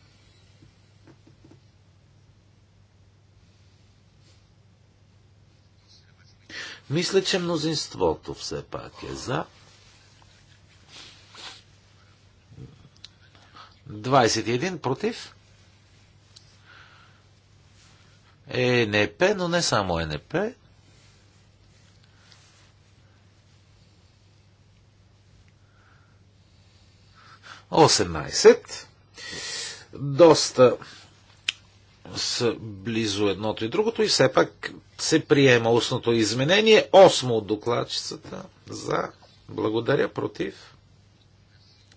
Мисля, че мнозинството все пак е за. 21 против. ЕНП, но не само ЕНП. Осемнайсет. Доста са близо едното и другото и все пак се приема устното изменение. Осмо от докладчицата за благодаря против.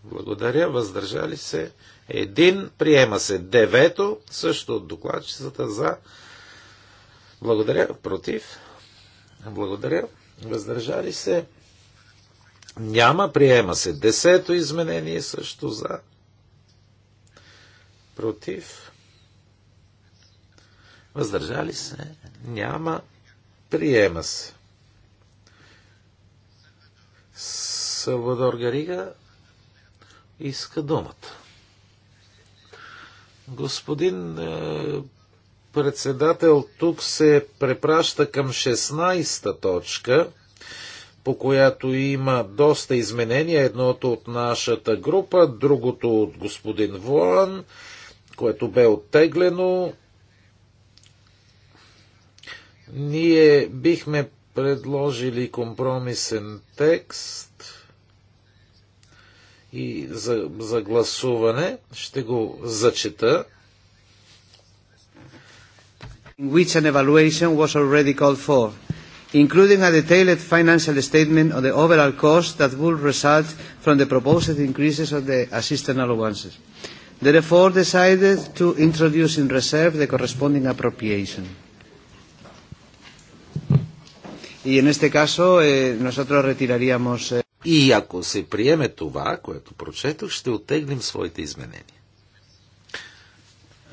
Благодаря, въздържали се. Един, приема се. Девето, също от докладчицата за благодаря против. Благодаря, въздържали се. Няма, приема се. Десето изменение също за против. Въздържали се? Няма. Приема се. Салвадор Гарига иска думата. Господин е, председател, тук се препраща към 16-та точка, по която има доста изменения. Едното от нашата група, другото от господин Воан, което бе оттеглено. Ние бихме предложили компромисен текст и за, за гласуване. Ще го зачета. In which an evaluation was already called for, including a detailed financial statement of the overall cost that would result from the proposed increases of the assistance allowances. Therefore, decided to introduce in reserve the corresponding appropriation. И в este caso, eh, nosotros retiraríamos... Eh, и ако се приеме това, което прочетох, ще оттеглим своите изменения.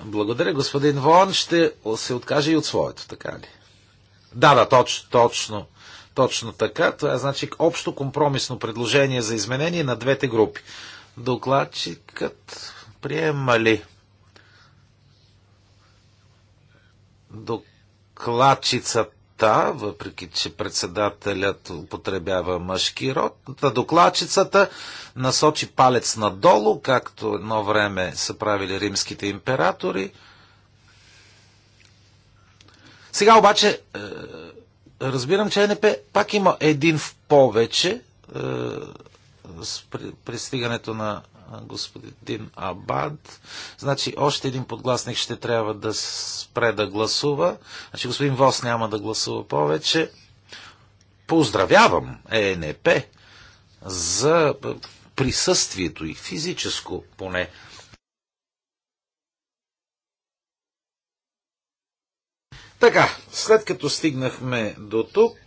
Благодаря, господин Вон. Ще се откаже и от своето, така ли? Да, да, точно, точно. Точно така. Това е значи общо компромисно предложение за изменение на двете групи. Докладчикът приема ли? Докладчицата та, въпреки че председателят употребява мъжки род, на докладчицата насочи палец надолу, както едно време са правили римските императори. Сега обаче е, разбирам, че НП пак има един в повече е, пристигането на господин Абад. Значи още един подгласник ще трябва да спре да гласува. Значи господин Вос няма да гласува повече. Поздравявам е ЕНП за присъствието и физическо поне Така, след като стигнахме до тук,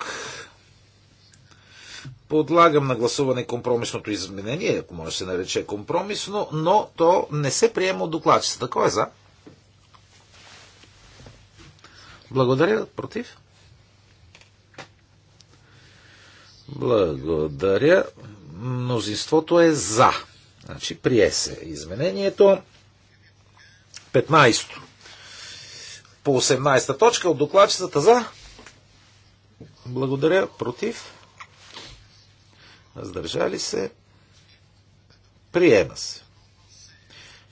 Подлагам на гласуване компромисното изменение, ако може да се нарече компромисно, но то не се приема от докладчицата. Кой е за? Благодаря. Против? Благодаря. Мнозинството е за. Значи прие се изменението. 15. По 18 та точка от докладчицата за. Благодаря. Против? въздържали се, приема се.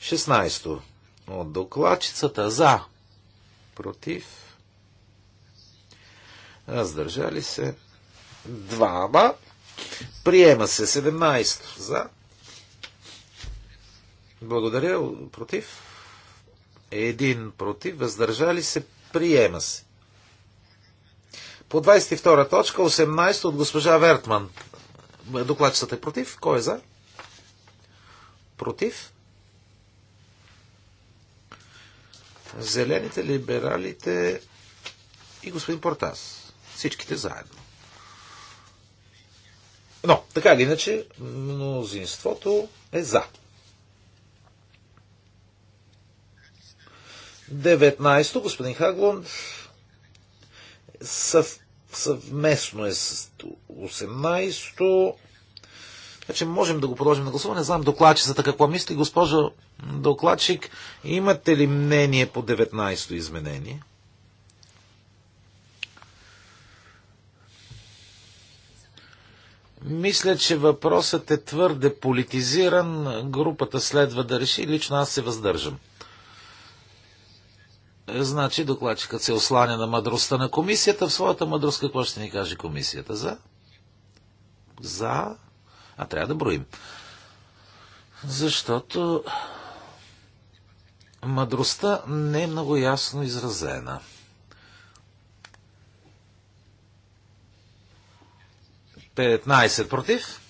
16. От докладчицата за, против, въздържали се, двама, приема се. 17. За, благодаря, против, един против, въздържали се, приема се. По 22 точка, 18 от госпожа Вертман. Докладчицата е против. Кой е за? Против. Зелените, либералите и господин Портас. Всичките заедно. Но, така или иначе, мнозинството е за. 19 господин Хаглунд, съв съвместно е с 18-то. Значи можем да го продължим на гласуване. Знам докладчицата какво мисли. Госпожо докладчик, имате ли мнение по 19-то изменение? Мисля, че въпросът е твърде политизиран. Групата следва да реши. Лично аз се въздържам. Значи докладчикът се осланя на мъдростта на комисията. В своята мъдрост какво ще ни каже комисията? За? За? А трябва да броим. Защото мъдростта не е много ясно изразена. Петнайсет против.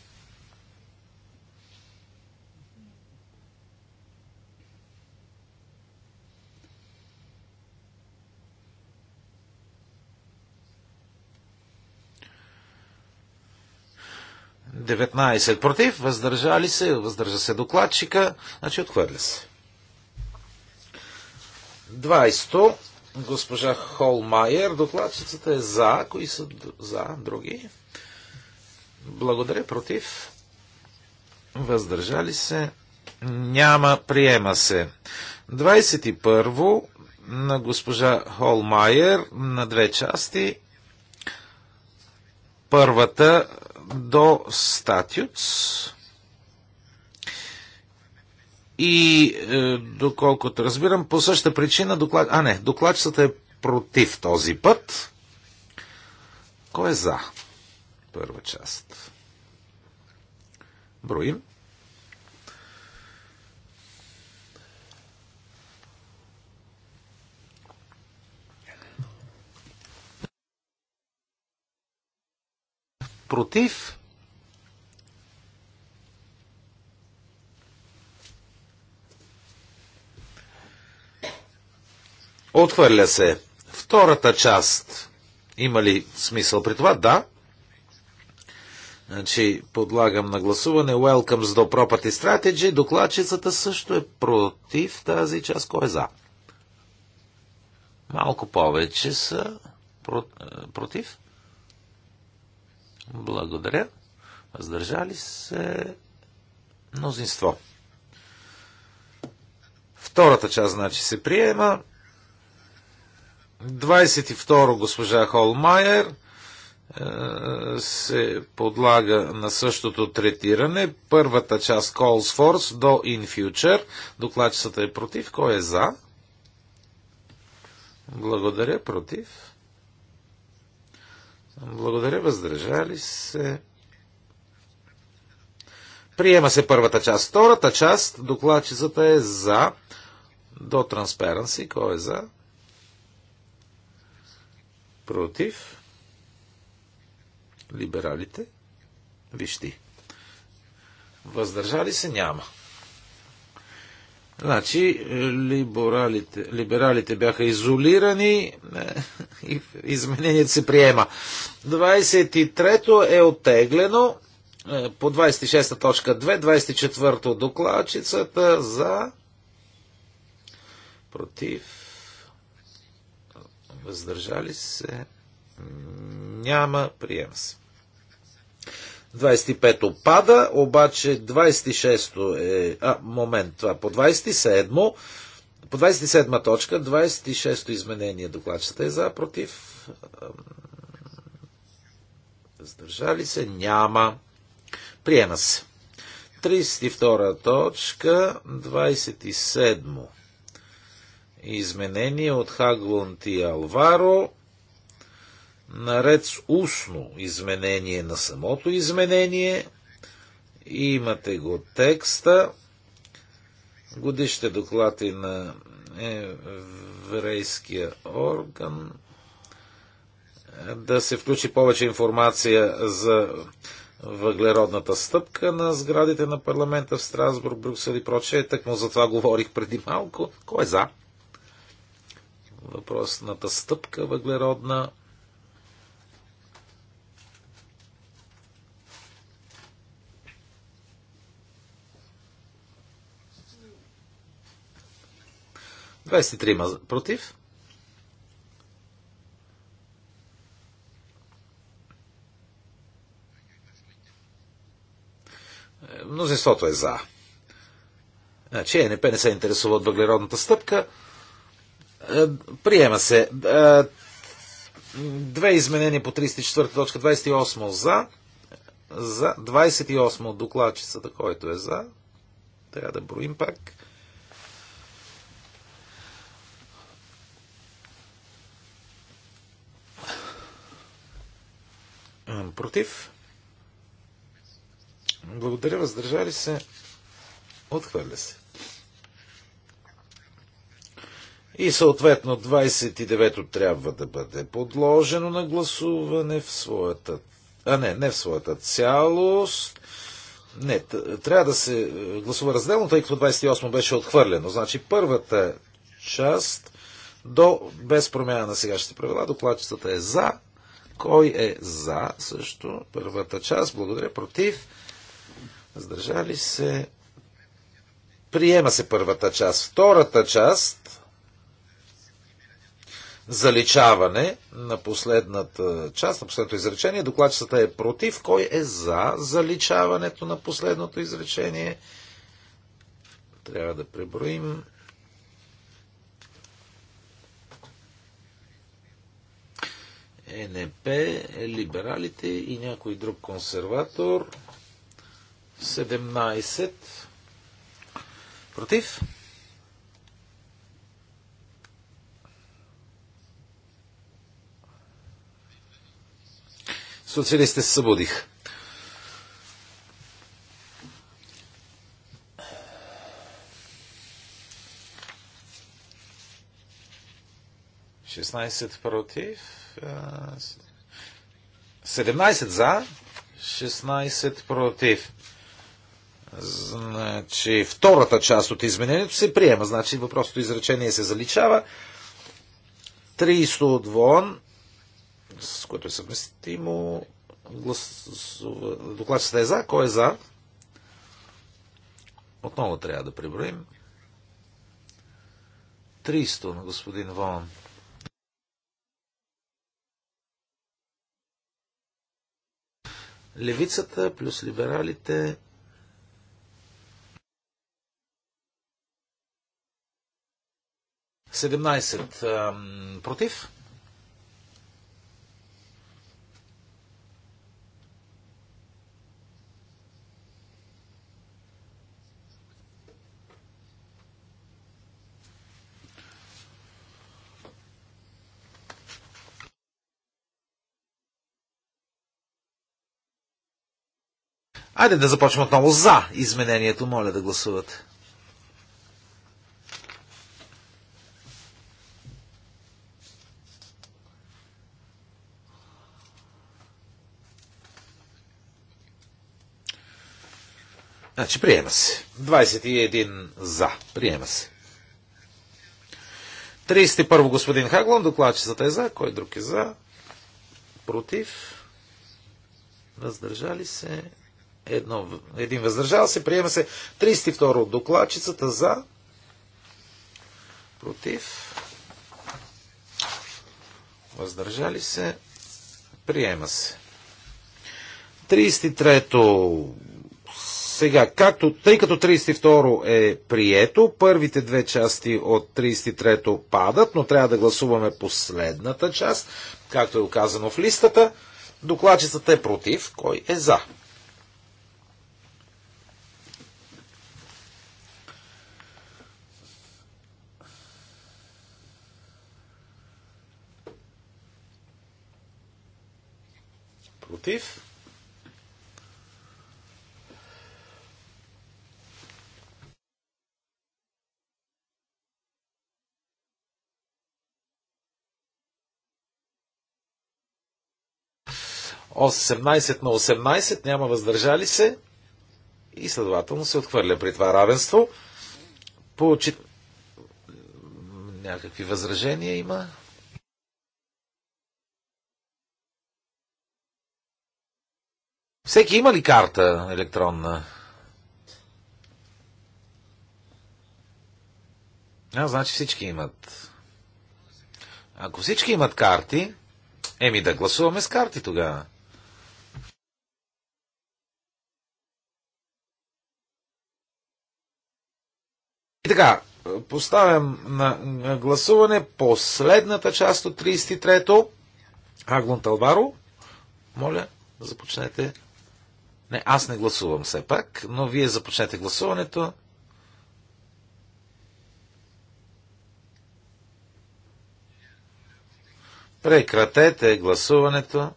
19 против, въздържали се, въздържа се докладчика, значи отхвърля се. 20. Госпожа Холмайер, докладчицата е за. Кои са за? Други. Благодаря, против. Въздържали се. Няма, приема се. 21 на госпожа Холмайер на две части. Първата до статют и е, доколкото разбирам, по същата причина доклад... А, не, докладчицата е против този път. Кой е за? Първа част. Броим. 1. Против. Отхвърля се. Втората част. Има ли смисъл при това? Да. Значи, подлагам на гласуване Welcome to Property Strategy. Докладчицата също е против тази част. Кой е за? Малко повече са против. Благодаря. Въздържали се мнозинство. Втората част, значи, се приема. 22 госпожа Холмайер е, се подлага на същото третиране. Първата част Calls Force до In Future. Докладчицата е против. Кой е за? Благодаря. Против. Благодаря, въздържали се. Приема се първата част. Втората част, докладчицата е за до Transparency. Кой е за? Против. Либералите. Виж Въздържали се няма. Значи, е, либералите, либералите бяха изолирани е, и изменението се приема. 23-то е оттеглено е, по 26-та точка 2, 24-то докладчицата за против въздържали се няма, приема се. 25-то пада, обаче 26-то е... А, момент, това по 27-то по 27 точка, 26-то изменение докладчета е за, против. Сдържали се? Няма. Приема се. 32 точка, 27 изменение от Хаглунт и Алваро наред с устно изменение на самото изменение, имате го текста, годишните доклади на еврейския орган, да се включи повече информация за въглеродната стъпка на сградите на парламента в Страсбург, Брюксел и прочее. му за това говорих преди малко. Кой е за? Въпросната стъпка въглеродна 23 против. Мнозинството е за. Значи ЕНП не се интересува от въглеродната стъпка. Е, приема се. Е, две изменения по 34 точка 28 за. За 28 от докладчицата, който е за. Трябва да броим пак. Против. Благодаря, въздържали се. Отхвърля се. И съответно 29-то трябва да бъде подложено на гласуване в своята... А не, не в своята цялост. Не, трябва да се е, гласува разделно, тъй като 28 беше отхвърлено. Значи първата част до без промяна на сегашните правила, докладчицата е за, кой е за също първата част? Благодаря. Против? Въздържали се. Приема се първата част. Втората част заличаване на последната част, на последното изречение. Докладчицата е против. Кой е за заличаването на последното изречение? Трябва да преброим. Е ЕНП, либералите и някой друг консерватор. 17. Против? Социалистите се събудих. 16 против, 17 за, 16 против. Значи, втората част от изменението се приема. Значи, въпросното изречение се заличава. 300 от ВОН, с което е съвместимо, докладчета е за. Кой е за? Отново трябва да преброим. 300 на господин Вон. левицата плюс либералите Седемнайсет против. Айде да започнем отново за изменението. Моля да гласувате. Значи приема се. 21 за. Приема се. 31 господин Хаглон, докладчицата е за. Кой друг е за? Против? Въздържали се? едно, един въздържал се, приема се 32 от докладчицата за, против, въздържали се, приема се. 33-то сега, както, тъй като 32 е прието, първите две части от 33-то падат, но трябва да гласуваме последната част, както е оказано в листата. Докладчицата е против. Кой е за? против. О, 17 на 18 няма въздържали се и следователно се отхвърля при това равенство. Получи... Някакви възражения има? Всеки има ли карта електронна? А, значи всички имат. Ако всички имат карти, еми да гласуваме с карти тогава. И така, поставям на гласуване последната част от 33-то. Аглон Талваро, моля, започнете не, аз не гласувам все пак, но вие започнете гласуването. Прекратете гласуването.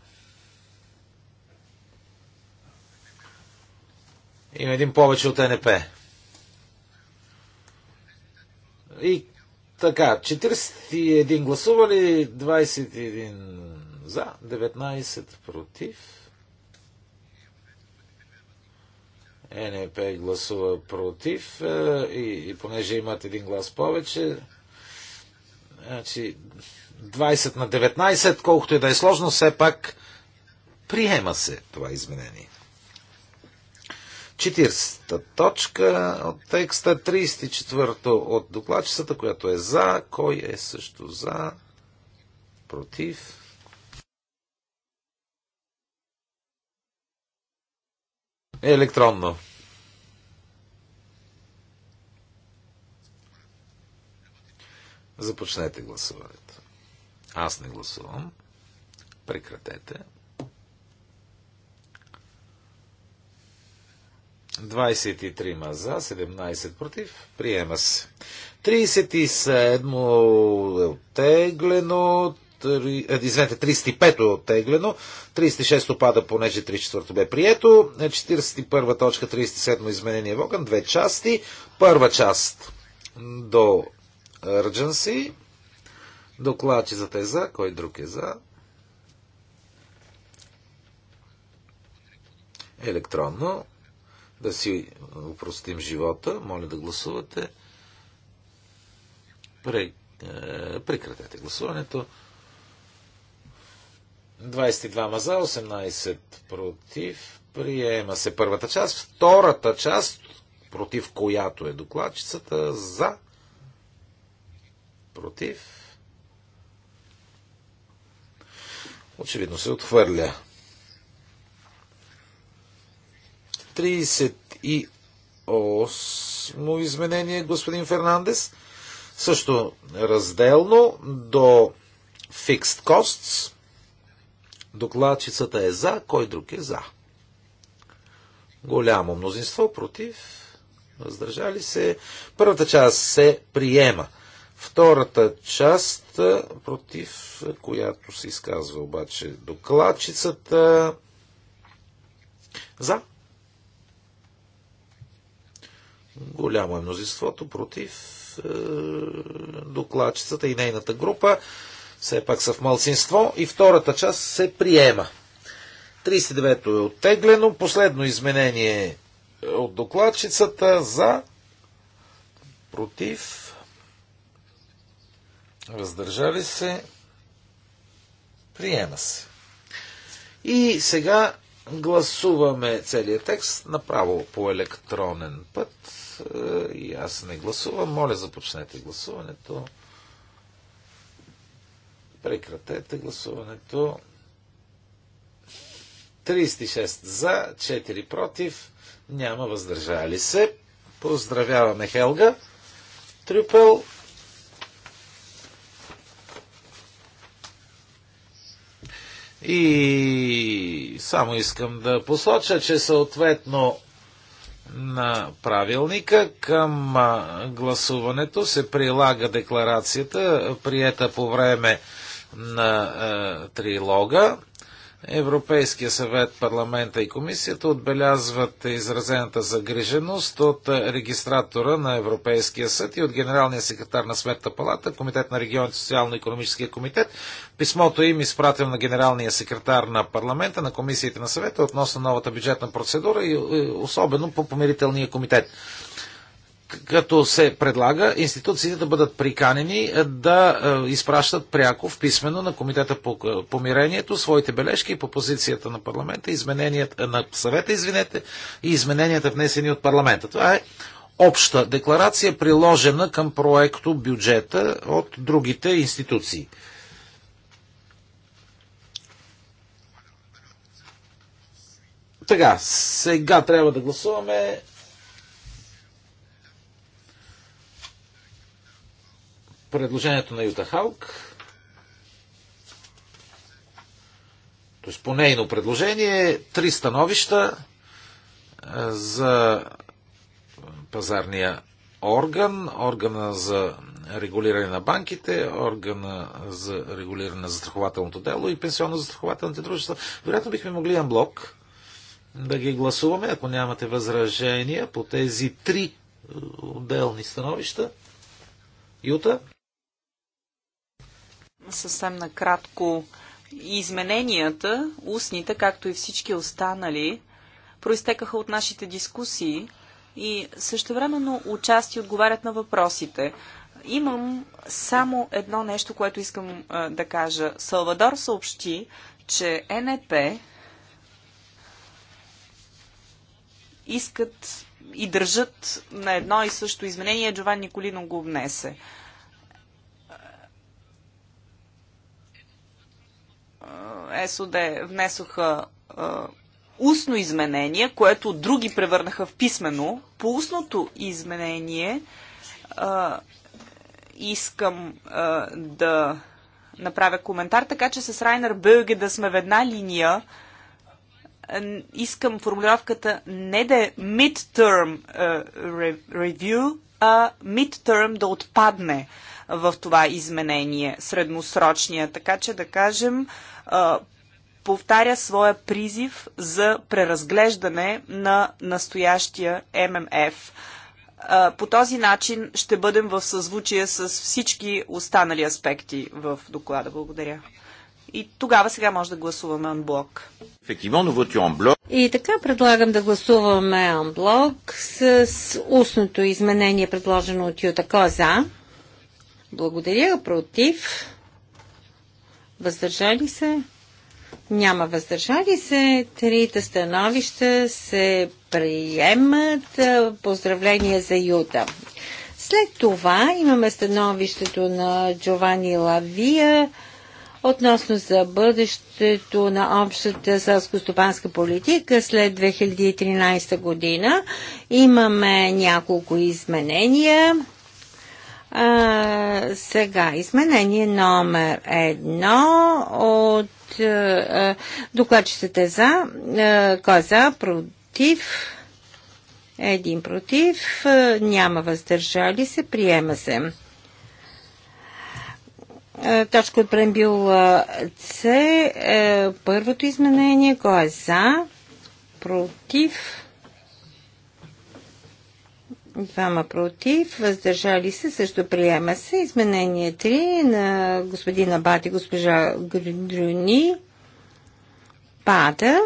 Има един повече от НП. И така, 41 гласували, 21 за, 19 против. НЕП гласува против е, и, и понеже имат един глас повече, значи 20 на 19, колкото и да е сложно, все пак приема се това изменение. 40-та точка от текста, 34-то от докладчицата, която е за, кой е също за, против, Електронно. Започнете гласуването. Аз не гласувам. Прекратете. 23 за, 17 против. Приема се. 37 е оттеглено. Е, извинете, 35-то е оттеглено, 36-то пада, понеже 34-то бе прието, 41-та е, точка, 37-то изменение Воган, две части. Първа част до urgency, докладчицата е за, кой друг е за. Електронно, да си упростим живота, моля да гласувате. Е, прекратете гласуването. 22 маза, 18 против. Приема се първата част. Втората част, против която е докладчицата, за, против. Очевидно се отхвърля. 38 изменение, господин Фернандес. Също разделно до Fixed Costs Докладчицата е за, кой друг е за? Голямо мнозинство против, въздържали се. Първата част се приема. Втората част, против която се изказва обаче докладчицата, за. Голямо е мнозинството против докладчицата и нейната група все пак са в малцинство и втората част се приема. 39-то е оттеглено, последно изменение от докладчицата за против въздържали се приема се. И сега гласуваме целият текст направо по електронен път. Е, и аз не гласувам. Моля, започнете гласуването. Прекратете гласуването. 36 за, 4 против, няма въздържали се. Поздравяваме Хелга. Трюпел. И само искам да посоча, че съответно на правилника към гласуването се прилага декларацията, приета по време на е, трилога. Европейския съвет, парламента и комисията отбелязват изразената загриженост от е, регистратора на Европейския съд и от генералния секретар на Сметната палата, Комитет на регионите, социално-економическия комитет. Писмото им изпратим на генералния секретар на парламента, на комисиите на съвета е относно новата бюджетна процедура и особено по помирителния комитет като се предлага институциите да бъдат приканени е, да е, изпращат пряко в писмено на Комитета по е, помирението своите бележки по позицията на парламента, измененията на съвета, извинете, и измененията внесени от парламента. Това е обща декларация, приложена към проекто бюджета от другите институции. Така, сега трябва да гласуваме предложението на Юта Халк, т.е. по нейно предложение, три становища за пазарния орган, органа за регулиране на банките, органа за регулиране на застрахователното дело и пенсионно-застрахователните дружества. Вероятно бихме могли на блок да ги гласуваме, ако нямате възражения по тези три отделни становища. Юта? съвсем накратко измененията, устните, както и всички останали, проистекаха от нашите дискусии и същевременно участи отговарят на въпросите. Имам само едно нещо, което искам а, да кажа. Салвадор съобщи, че НЕП искат и държат на едно и също изменение. Джован Николино го внесе. Е, СОД внесоха устно изменение, което други превърнаха в писмено. По устното изменение а, искам а, да направя коментар, така че с Райнер Бълге да сме в една линия. Искам формулировката не да е midterm review, а midterm да отпадне в това изменение, средносрочния. Така че да кажем, повтаря своя призив за преразглеждане на настоящия ММФ. По този начин ще бъдем в съзвучие с всички останали аспекти в доклада. Благодаря. И тогава сега може да гласуваме анблок. И така предлагам да гласуваме анблок с устното изменение, предложено от Юта Коза. Благодаря. Против? Въздържали се? Няма въздържали се. Трите становища се приемат. Поздравления за Юта. След това имаме становището на Джовани Лавия относно за бъдещето на общата селско-стопанска политика след 2013 година. Имаме няколко изменения. А, сега, изменение номер едно от а, докладчиците за, а, кой е за, против, един против, а, няма въздържали се, приема се. А, точка от преамбюла С, е, първото изменение, кой е за, против, Двама против, въздържали се, също приема се. Изменение 3 на господина Бати, госпожа Грюни пада.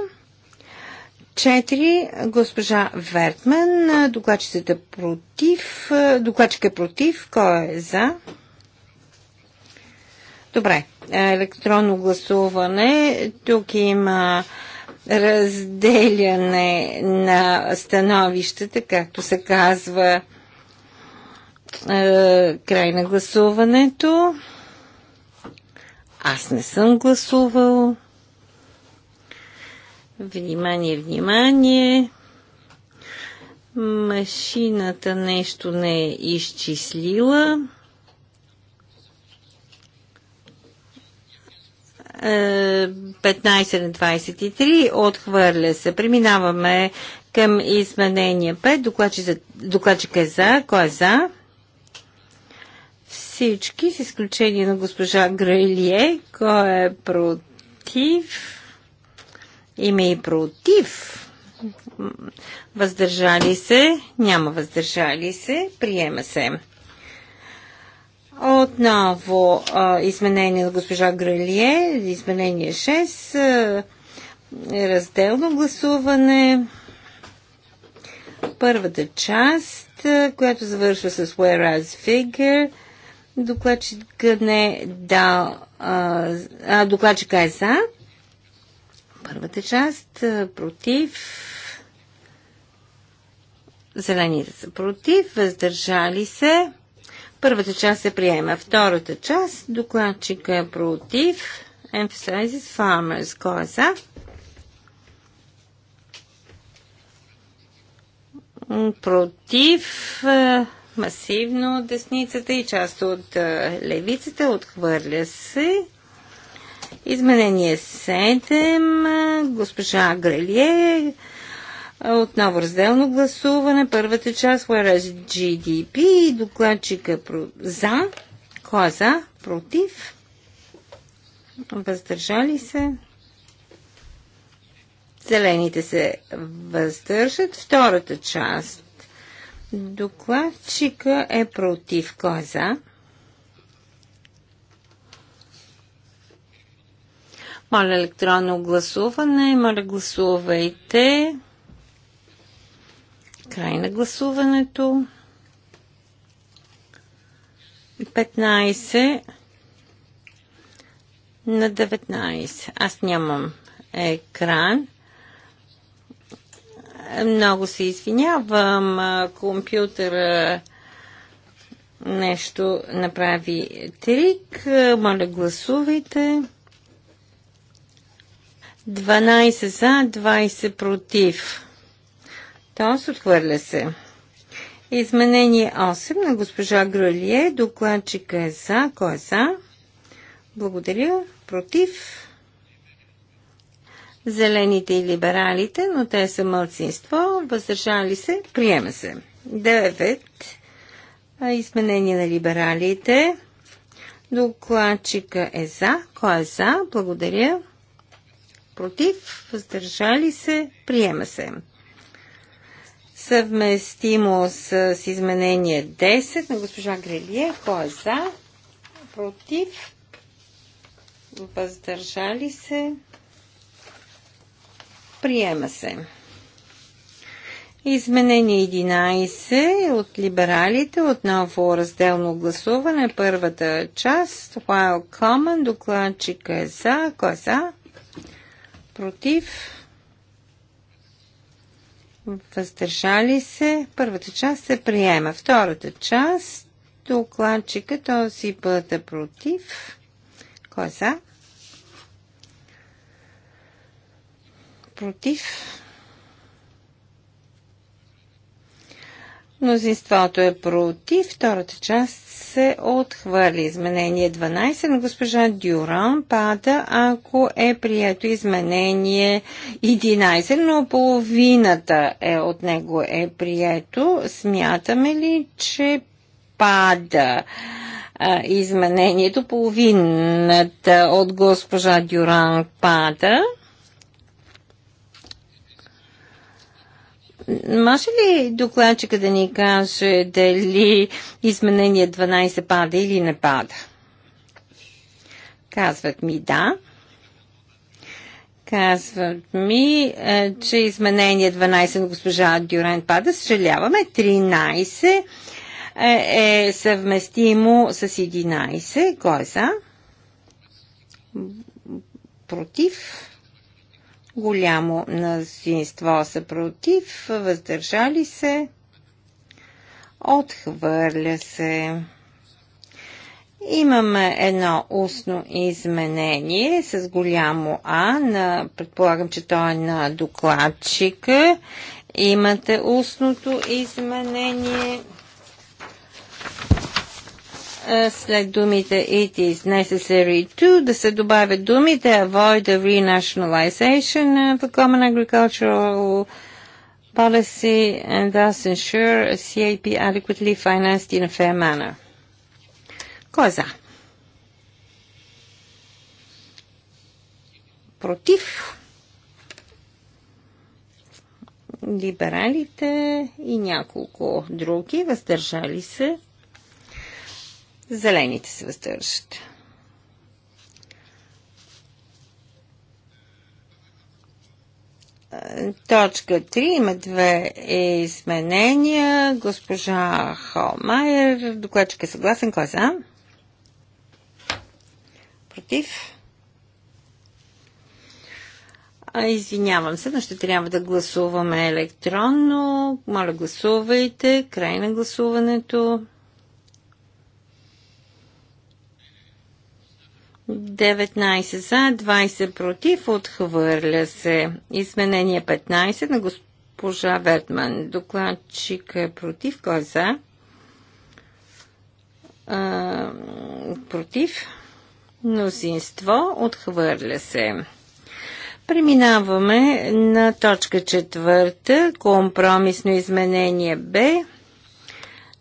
4. Госпожа Вертман, докладчицата против, докладчика е против, кой е за? Добре, електронно гласуване. Тук има разделяне на становищата, както се казва е, край на гласуването. Аз не съм гласувал. Внимание, внимание. Машината нещо не е изчислила. 15 е, на 23 отхвърля се. Преминаваме към изменение 5. Докладчик, докладчик е за. Кой е за? Всички, с изключение на госпожа Грелие. Кой е против? Име и против. Въздържали се? Няма въздържали се. Приема се. Отново изменение на госпожа Грелие, изменение 6, разделно гласуване. Първата част, която завършва с Whereas Figure, докладчика не дал, а, а, докладчика е за. Първата част, против. Зелените са против, въздържали се. Първата част се приема. Втората част, докладчика е против. Emphasizes farmers. Кой е за? Против е, масивно десницата и част от е, левицата отхвърля се. Изменение 7. Госпожа Грелие отново разделно гласуване. Първата част, whereas GDP, докладчика е про... за, кой е за, против, въздържали се. Зелените се въздържат. Втората част, докладчика е против, кой е за. Моля електронно гласуване, моля гласувайте. Край на гласуването. 15 на 19. Аз нямам екран. Много се извинявам. Компютъра нещо направи трик. Моля, гласувайте. 12 за, 20 против. Тоест, отхвърля се. Изменение 8 на госпожа Гролие. Докладчика е за. Кой е за? Благодаря. Против? Зелените и либералите, но те са мълцинство. Въздържали се? Приема се. 9. Изменение на либералите. Докладчика е за. Кой е за? Благодаря. Против? Въздържали се? Приема се съвместимо с, с изменение 10 на госпожа Грелие. Кой е за? Против? Въздържали се? Приема се. Изменение 11 от либералите, отново разделно гласуване, първата част, while common, докладчика е за, кой е за, против, въздържали се. Първата част се приема. Втората част, докладчика този път е против. Кой е за? Против. Мнозинството е против. Втората част се отхвърли. Изменение 12 на госпожа Дюран пада, ако е прието изменение 11, но половината е, от него е прието. Смятаме ли, че пада? изменението. Половината от госпожа Дюран пада. Може ли докладчика да ни каже дали изменение 12 пада или не пада? Казват ми да. Казват ми, е, че изменение 12 на госпожа Дюрен пада. Съжаляваме, 13 е, е съвместимо с 11. Кой е за? Против? голямо мнозинство са против, въздържали се, отхвърля се. Имаме едно устно изменение с голямо А, на, предполагам, че то е на докладчика. Имате устното изменение след думите It is necessary to да се добавят думите Avoid the renationalization of the common agricultural policy and thus ensure a CAP adequately financed in a fair manner. Коза. Против? Либералите и няколко други въздържали се. Зелените се въздържат. Точка 3 има две изменения. Госпожа Холмайер, докладчик е съгласен. Кой е за? Против? извинявам се, но ще трябва да гласуваме електронно. Моля, гласувайте. Край на гласуването. 19 за, 20 против, отхвърля се. Изменение 15 на госпожа Вертман. Докладчик е против, кой е за? А, против. Мнозинство отхвърля се. Преминаваме на точка четвърта, компромисно изменение Б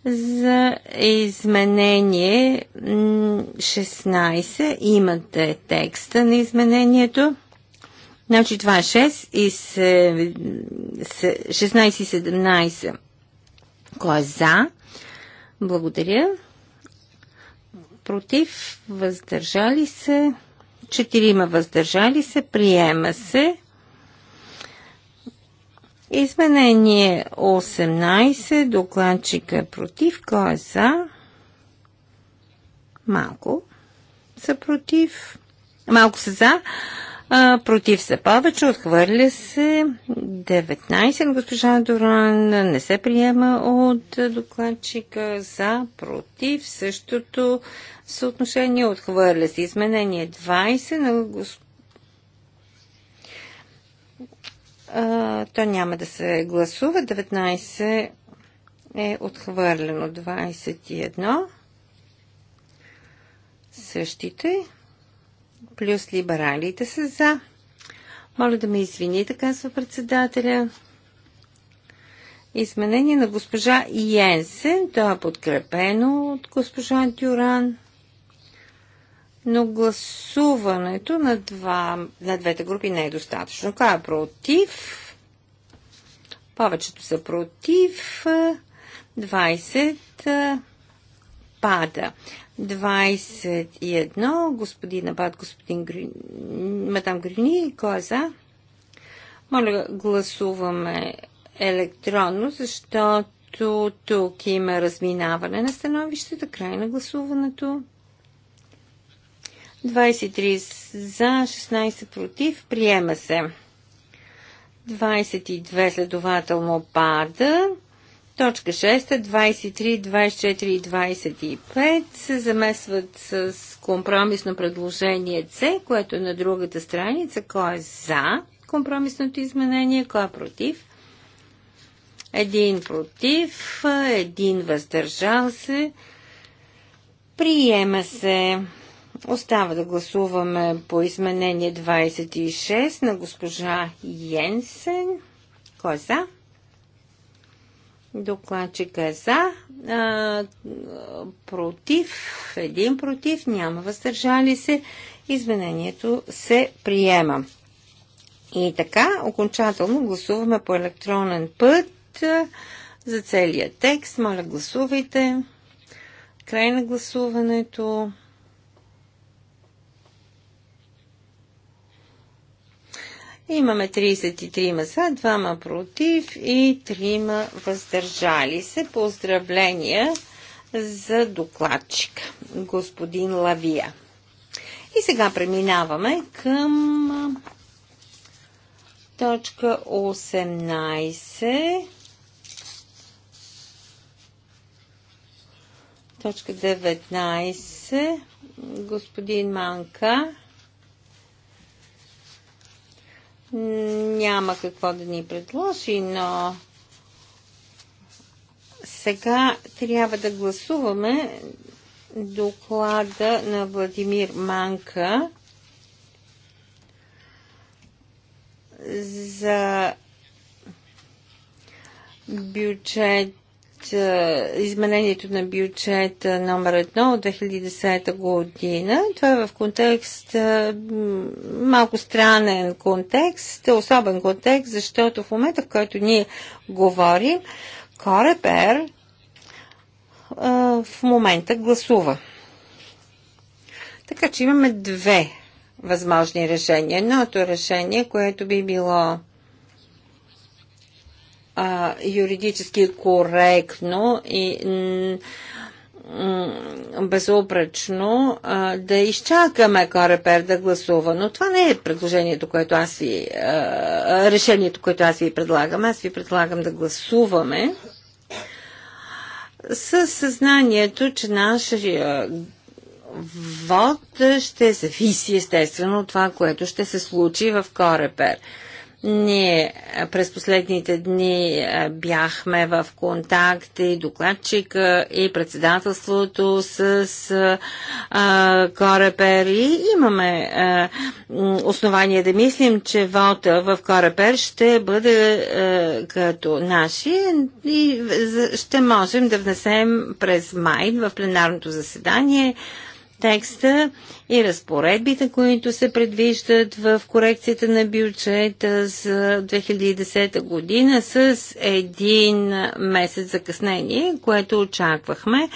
за изменение 16. Имате текста на изменението. Значи това е 6 и 16 и 17. Кой е за? Благодаря. Против, въздържали се. Четирима въздържали се. Приема се. Изменение 18. Докладчика е против. Кой е за? Малко са против. Малко са за. А, против са повече. Отхвърля се 19. Госпожа Доран не се приема от докладчика. За, против. Същото съотношение отхвърля се. Изменение 20 на госпожа то няма да се гласува. 19 е отхвърлено. 21 същите, плюс либералите са за. Моля да ме извините, казва председателя. Изменение на госпожа Йенсен, то е подкрепено от госпожа Дюран но гласуването на, два, на двете групи не е достатъчно. Кой е против? Повечето са против. 20 пада. 21 господин Абад, господин Грини, Мадам Грини, кой е за? Моля, гласуваме електронно, защото тук има разминаване на становищата. Край на гласуването. 23 за, 16 против, приема се. 22 следователно пада. Точка 6, 23, 24 и 25 се замесват с компромисно предложение С, което е на другата страница. Кой е за компромисното изменение, кой е против? Един против, един въздържал се. Приема се. Остава да гласуваме по изменение 26 на госпожа Йенсен. Кой е за? Докладчик е за. А, против. Един против. Няма въздържали се. Изменението се приема. И така, окончателно гласуваме по електронен път за целият текст. Моля, гласувайте. Край на гласуването. Имаме 33 маса, 2 против и 3 въздържали се. Поздравления за докладчик, господин Лавия. И сега преминаваме към точка 18. Точка 19. Господин Манка няма какво да ни предложи, но сега трябва да гласуваме доклада на Владимир Манка за бюджет е, изменението на бюджета номер едно от 2010 година. Това е в контекст, е, малко странен контекст, особен контекст, защото в момента, в който ние говорим, Корепер е, в момента гласува. Така че имаме две възможни решения. Едното решение, което би било а, юридически коректно и безупречно а, да изчакаме Корепер да гласува, но това не е предложението, което аз ви, а, решението, което аз ви предлагам. Аз ви предлагам да гласуваме със съзнанието, че нашия вод ще зависи естествено от това, което ще се случи в Корепер. Ние през последните дни бяхме в контакт и докладчика и председателството с а, Корепер и имаме а, основание да мислим, че вота в Корепер ще бъде а, като наши и ще можем да внесем през май в пленарното заседание текста и разпоредбите, които се предвиждат в корекцията на бюджета за 2010 година с един месец закъснение, което очаквахме.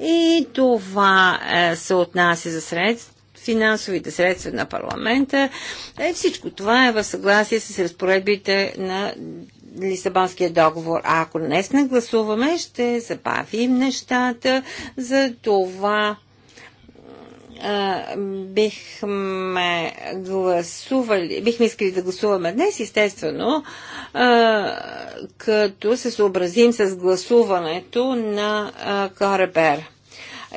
И това е, се отнася за средства финансовите средства на парламента. Е, всичко това е в съгласие с разпоредбите на Лисабонския договор. А ако днес не гласуваме, ще забавим нещата. За това бихме гласували, бихме искали да гласуваме днес, естествено, като се съобразим с гласуването на Корабер.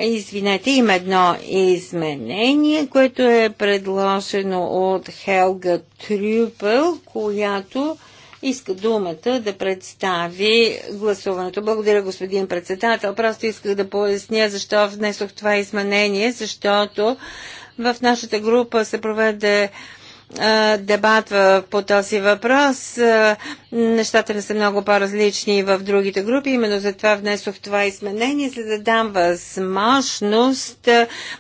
Извинете, има едно изменение, което е предложено от Хелга Трюпел, която иска думата да представи гласуването. Благодаря, господин председател. Просто исках да поясня защо внесох това изменение, защото в нашата група се проведе дебат по този въпрос. Нещата не са много по-различни в другите групи. Именно за това внесох това изменение, за да дам възможност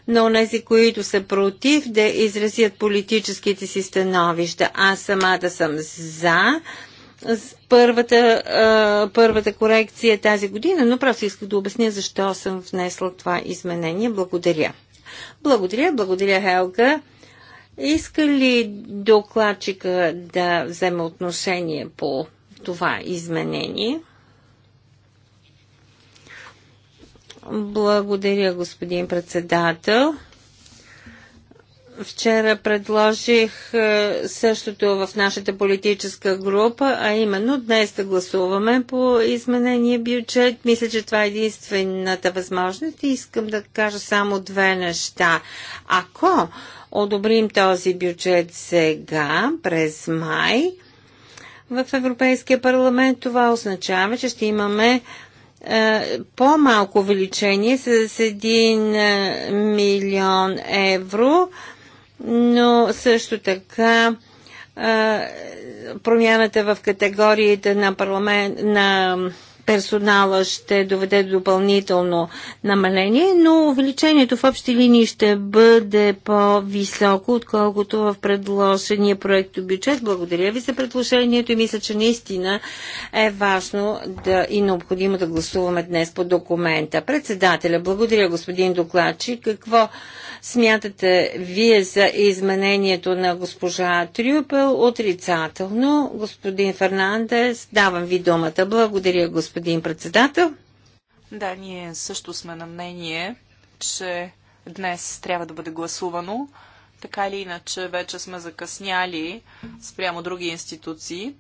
на тези, които са против, да изразят политическите си становища. Аз самата да съм за първата, първата корекция тази година, но просто исках да обясня защо съм внесла това изменение. Благодаря. Благодаря, благодаря, Хелга. Иска ли докладчика да вземе отношение по това изменение? Благодаря, господин председател. Вчера предложих е, същото в нашата политическа група, а именно днес да гласуваме по изменение бюджет. Мисля, че това е единствената възможност и искам да кажа само две неща. Ако одобрим този бюджет сега, през май, в Европейския парламент, това означава, че ще имаме е, по-малко увеличение с 1 е, милион евро, но също така е, промяната в категориите на, парламент, на персонала ще доведе до допълнително намаление, но увеличението в общи линии ще бъде по-високо, отколкото в предложения проект бюджет. Благодаря ви за предложението и мисля, че наистина е важно да и необходимо да гласуваме днес по документа. Председателя, благодаря господин докладчик. Какво смятате вие за изменението на госпожа Трюпел? Отрицателно. Господин Фернандес, давам ви думата. Благодаря, господин председател. Да, ние също сме на мнение, че днес трябва да бъде гласувано. Така или иначе, вече сме закъсняли спрямо други институции.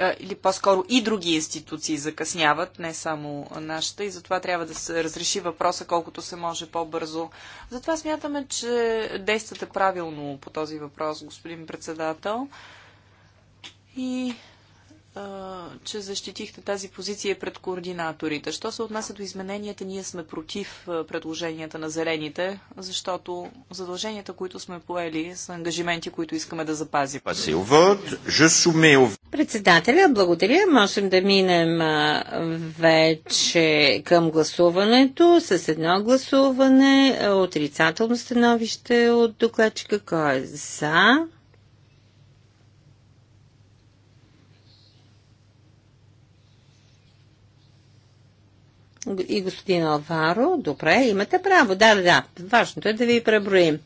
Е, или по-скоро и други институции закъсняват, не само нашата, и затова трябва да се разреши въпроса колкото се може по-бързо. Затова смятаме, че действате правилно по този въпрос, господин председател. И че защитихте тази позиция пред координаторите. Що се отнася до измененията, ние сме против предложенията на зелените, защото задълженията, които сме поели, са ангажименти, които искаме да запазим. Председателя, благодаря. Можем да минем вече към гласуването. С едно гласуване, отрицателно становище от докладчика, кой е за? И господин Алваро, добре, имате право. Да, да, да. Важното е да ви преброим.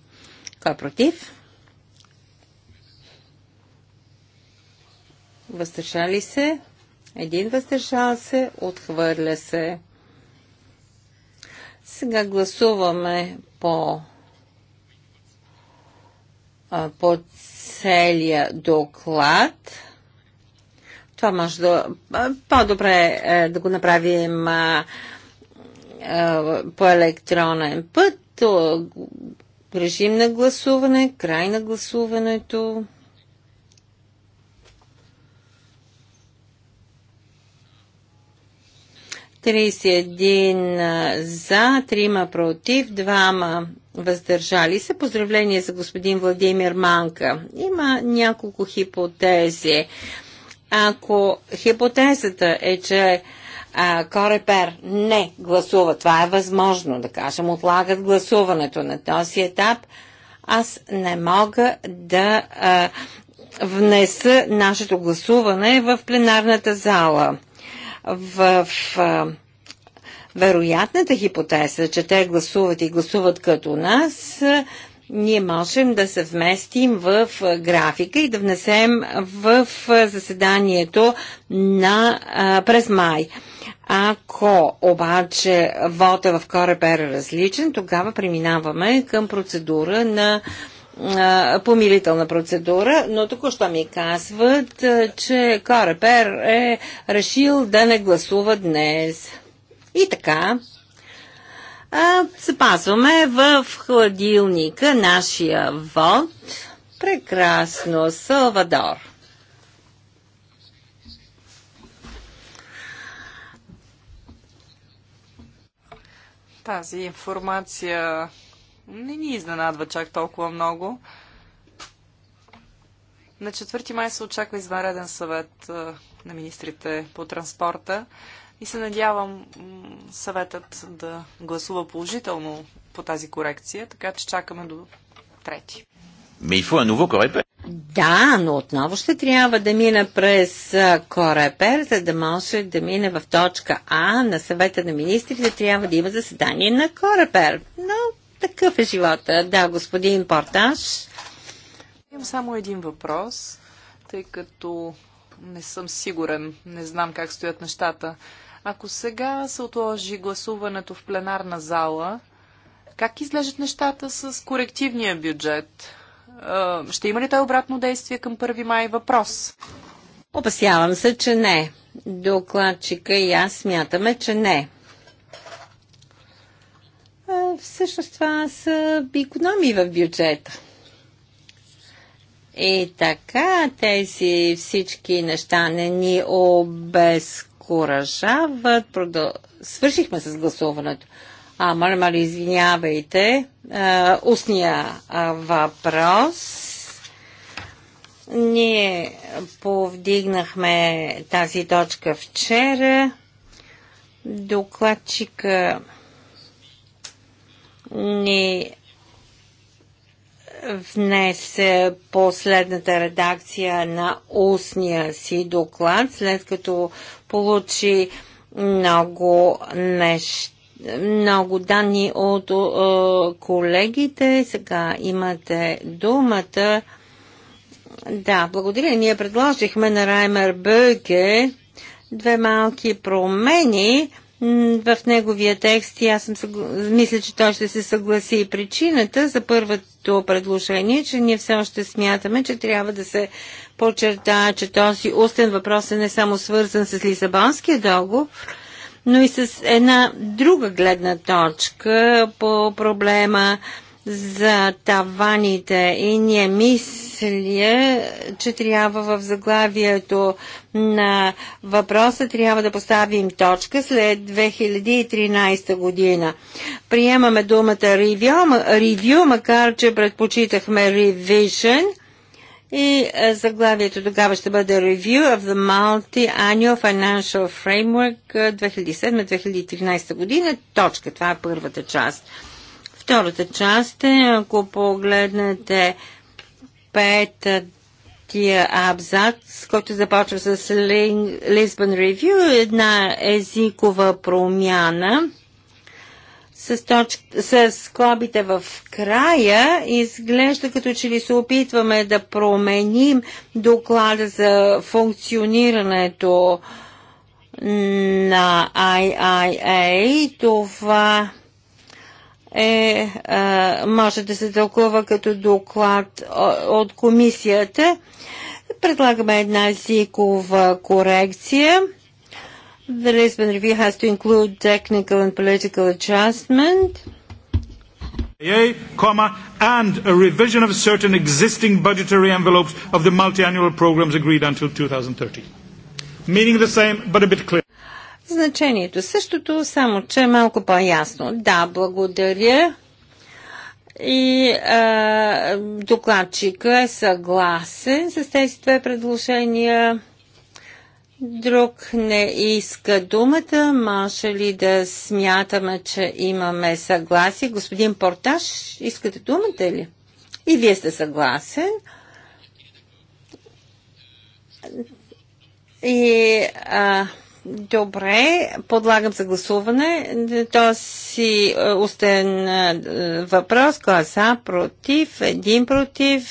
Кой е против? Въздържали се? Един въздържал се, отхвърля се. Сега гласуваме по, по целия доклад. Това може да... По-добре е да го направим а, а, по електронен път. Режим на гласуване, край на гласуването. Тридесет един за, трима против, двама въздържали се. Поздравление за господин Владимир Манка. Има няколко хипотези. Ако хипотезата е, че а, Корепер не гласува, това е възможно, да кажем, отлагат гласуването на този етап, аз не мога да а, внеса нашето гласуване в пленарната зала. В, в а, вероятната хипотеза, че те гласуват и гласуват като нас, ние можем да се вместим в графика и да внесем в заседанието на, през май. Ако обаче вода в Корепер е различен, тогава преминаваме към процедура на помилителна процедура, но току-що ми казват, че Корепер е решил да не гласува днес. И така, се запазваме в хладилника нашия вод. Прекрасно, Салвадор. Тази информация не ни изненадва чак толкова много. На 4 май се очаква извънреден съвет на министрите по транспорта и се надявам съветът да гласува положително по тази корекция, така че чакаме до трети. Да, но отново ще трябва да мина през Корепер, за да може да мине в точка А на съвета на министрите. Трябва да има заседание на Корепер. Но такъв е живота. Да, господин Порташ. Имам само един въпрос, тъй като не съм сигурен, не знам как стоят нещата. Ако сега се отложи гласуването в пленарна зала, как излежат нещата с корективния бюджет? Ще има ли той обратно действие към 1 май въпрос? Опасявам се, че не. Докладчика и аз смятаме, че не. Всъщност това са економии в бюджета. И така тези всички неща не ни обезкъсват окоръжават. Продъл... Свършихме с гласуването. А, моля, мали, извинявайте. А, устния а, въпрос. Ние повдигнахме тази точка вчера. Докладчика ни внесе последната редакция на устния си доклад, след като получи много неща много данни от е, колегите. Сега имате думата. Да, благодаря. Ние предложихме на Раймер Бъге две малки промени в неговия текст и аз съм, мисля, че той ще се съгласи. Причината за първата нашето предложение, че ние все още смятаме, че трябва да се подчерта, че този устен въпрос е не само свързан с Лисабонския договор, но и с една друга гледна точка по проблема за таваните и ние мисля, че трябва в заглавието на въпроса трябва да поставим точка след 2013 година. Приемаме думата ревю, макар че предпочитахме revision – и е, заглавието тогава ще бъде Review of the Multi-Annual Financial Framework 2007-2013 е, година. Точка. Това е първата част. Втората част е, ако погледнете петия абзац, който започва с Lisbon Review, една езикова промяна с, точ... с клабите в края, изглежда като че ли се опитваме да променим доклада за функционирането на IIA. Това е, а, може да се тълкува като доклад от комисията. Предлагаме една езикова корекция. The Lisbon Review has to include technical and political adjustment. and a revision of certain existing budgetary envelopes of the multi-annual programs agreed until 2030. Meaning the same, but a bit clearer значението. Същото, само че е малко по-ясно. Да, благодаря. И а, докладчика е съгласен с тези две предложения. Друг не иска думата. Може ли да смятаме, че имаме съгласие? Господин Порташ, искате думата ли? И вие сте съгласен. И а, Добре, подлагам за гласуване този е, устен е, въпрос. Кой е против? Един против.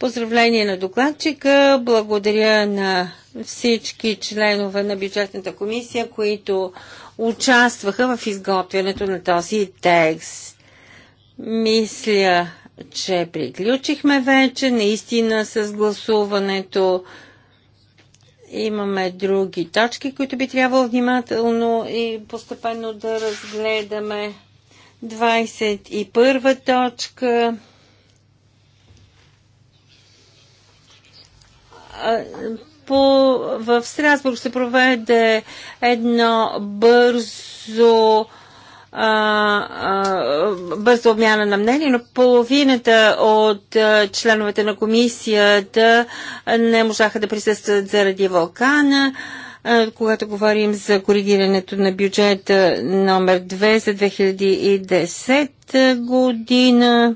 Поздравление на докладчика. Благодаря на всички членове на бюджетната комисия, които участваха в изготвянето на този текст. Мисля, че приключихме вече наистина с гласуването имаме други точки, които би трябвало внимателно и постепенно да разгледаме. 21 точка. По, в Страсбург се проведе едно бързо бърза обмяна на мнение, но половината от членовете на комисията не можаха да присъстват заради вулкана. Когато говорим за коригирането на бюджета номер 2 за 2010 година,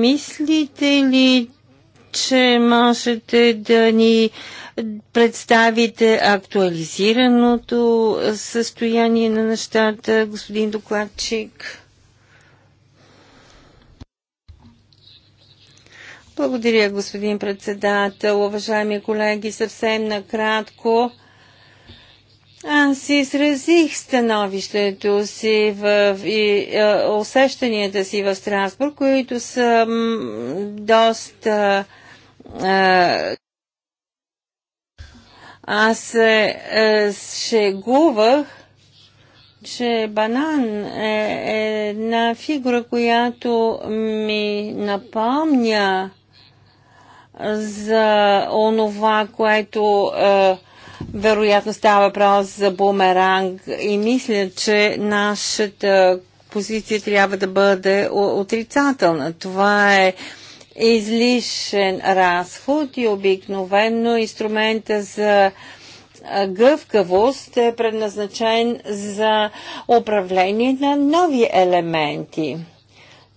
мислите ли, че можете да ни представите актуализираното състояние на нещата, господин докладчик. Благодаря, господин председател. Уважаеми колеги, съвсем накратко. Аз изразих становището си в, и е, усещанията си в Страсбург, които са м, доста аз се е, шегувах, че банан е, е една фигура, която ми напомня за онова, което е, вероятно става въпрос за бумеранг и мисля, че нашата позиция трябва да бъде отрицателна. Това е излишен разход и обикновено инструмента за гъвкавост е предназначен за управление на нови елементи.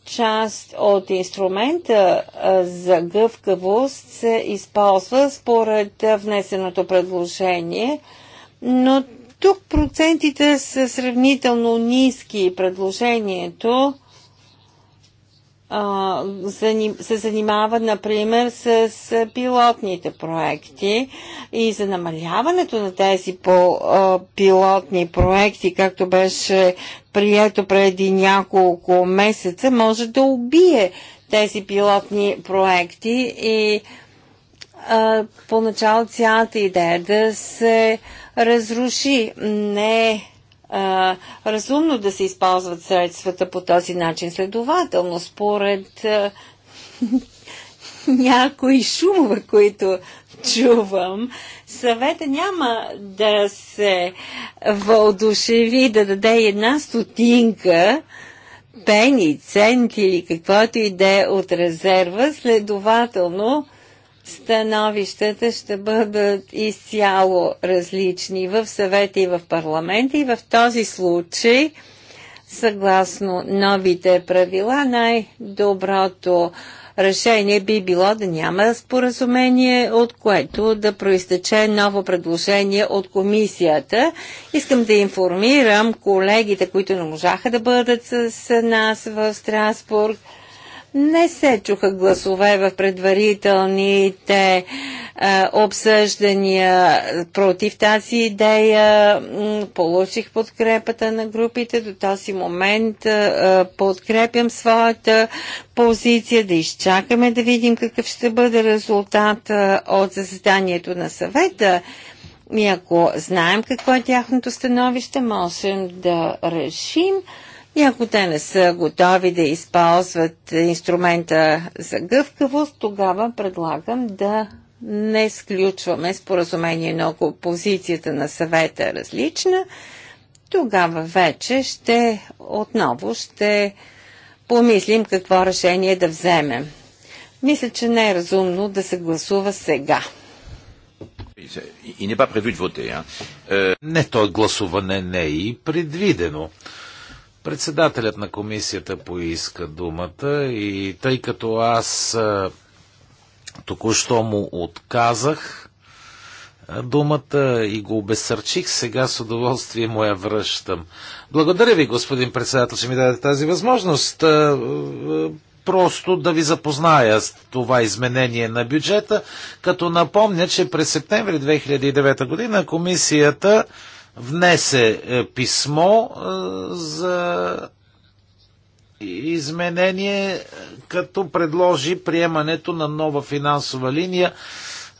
Част от инструмента за гъвкавост се използва според внесеното предложение, но тук процентите са сравнително ниски. Предложението се занимава, например, с пилотните проекти и за намаляването на тези по пилотни проекти, както беше прието преди няколко месеца, може да убие тези пилотни проекти и поначало цялата идея да се разруши. Не а, разумно да се използват средствата по този начин. Следователно, според а, някои шумове, които чувам, съвета няма да се въодушеви да даде една стотинка пени, цент или каквото и да е от резерва, следователно становищата ще бъдат изцяло различни в съвета и в парламента и в този случай съгласно новите правила най-доброто решение би било да няма споразумение, от което да проистече ново предложение от комисията. Искам да информирам колегите, които не можаха да бъдат с нас в Страсбург, не се чуха гласове в предварителните а, е, обсъждания против тази идея. Получих подкрепата на групите. До този момент а, е, е, подкрепям своята позиция да изчакаме да видим какъв ще бъде резултат от заседанието на съвета. И ако знаем какво е тяхното становище, можем да решим и ако те не са готови да използват инструмента за гъвкавост, тогава предлагам да не сключваме споразумение, но ако позицията на съвета е различна, тогава вече ще отново ще помислим какво решение да вземем. Мисля, че не е разумно да се гласува сега. Е е, не, то гласуване не е и предвидено. Председателят на комисията поиска думата и тъй като аз току-що му отказах думата и го обесърчих, сега с удоволствие му я връщам. Благодаря ви, господин председател, че ми даде тази възможност просто да ви запозная с това изменение на бюджета, като напомня, че през септември 2009 година комисията внесе е, писмо е, за изменение, е, като предложи приемането на нова финансова линия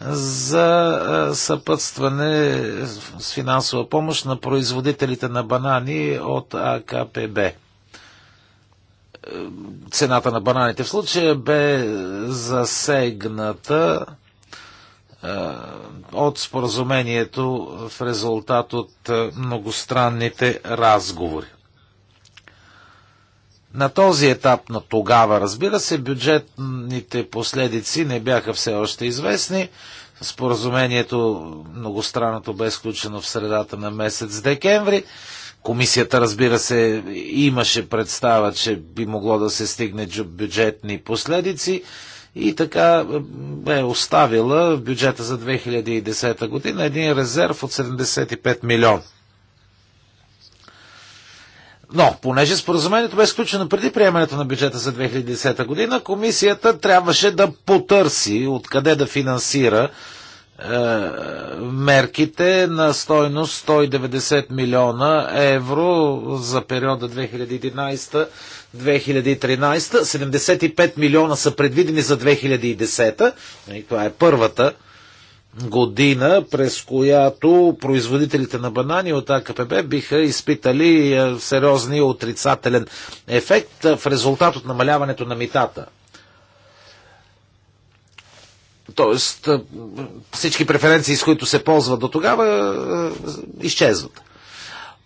за съпътстване с финансова помощ на производителите на банани от АКПБ. Цената на бананите в случая бе засегната е, от споразумението в резултат от е, многостранните разговори. На този етап на тогава, разбира се, бюджетните последици не бяха все още известни. Споразумението многостранното бе сключено в средата на месец декември. Комисията, разбира се, имаше представа, че би могло да се стигне бюджетни последици и така бе оставила в бюджета за 2010 година един резерв от 75 милиона. Но, понеже споразумението бе изключено преди приемането на бюджета за 2010 година, комисията трябваше да потърси откъде да финансира е, мерките на стойност 190 милиона евро за периода 2011 2013, 75 милиона са предвидени за 2010. И нали, това е първата година, през която производителите на банани от АКПБ биха изпитали е, сериозни отрицателен ефект е, в резултат от намаляването на митата. Тоест, е, всички преференции, с които се ползват до тогава, изчезват.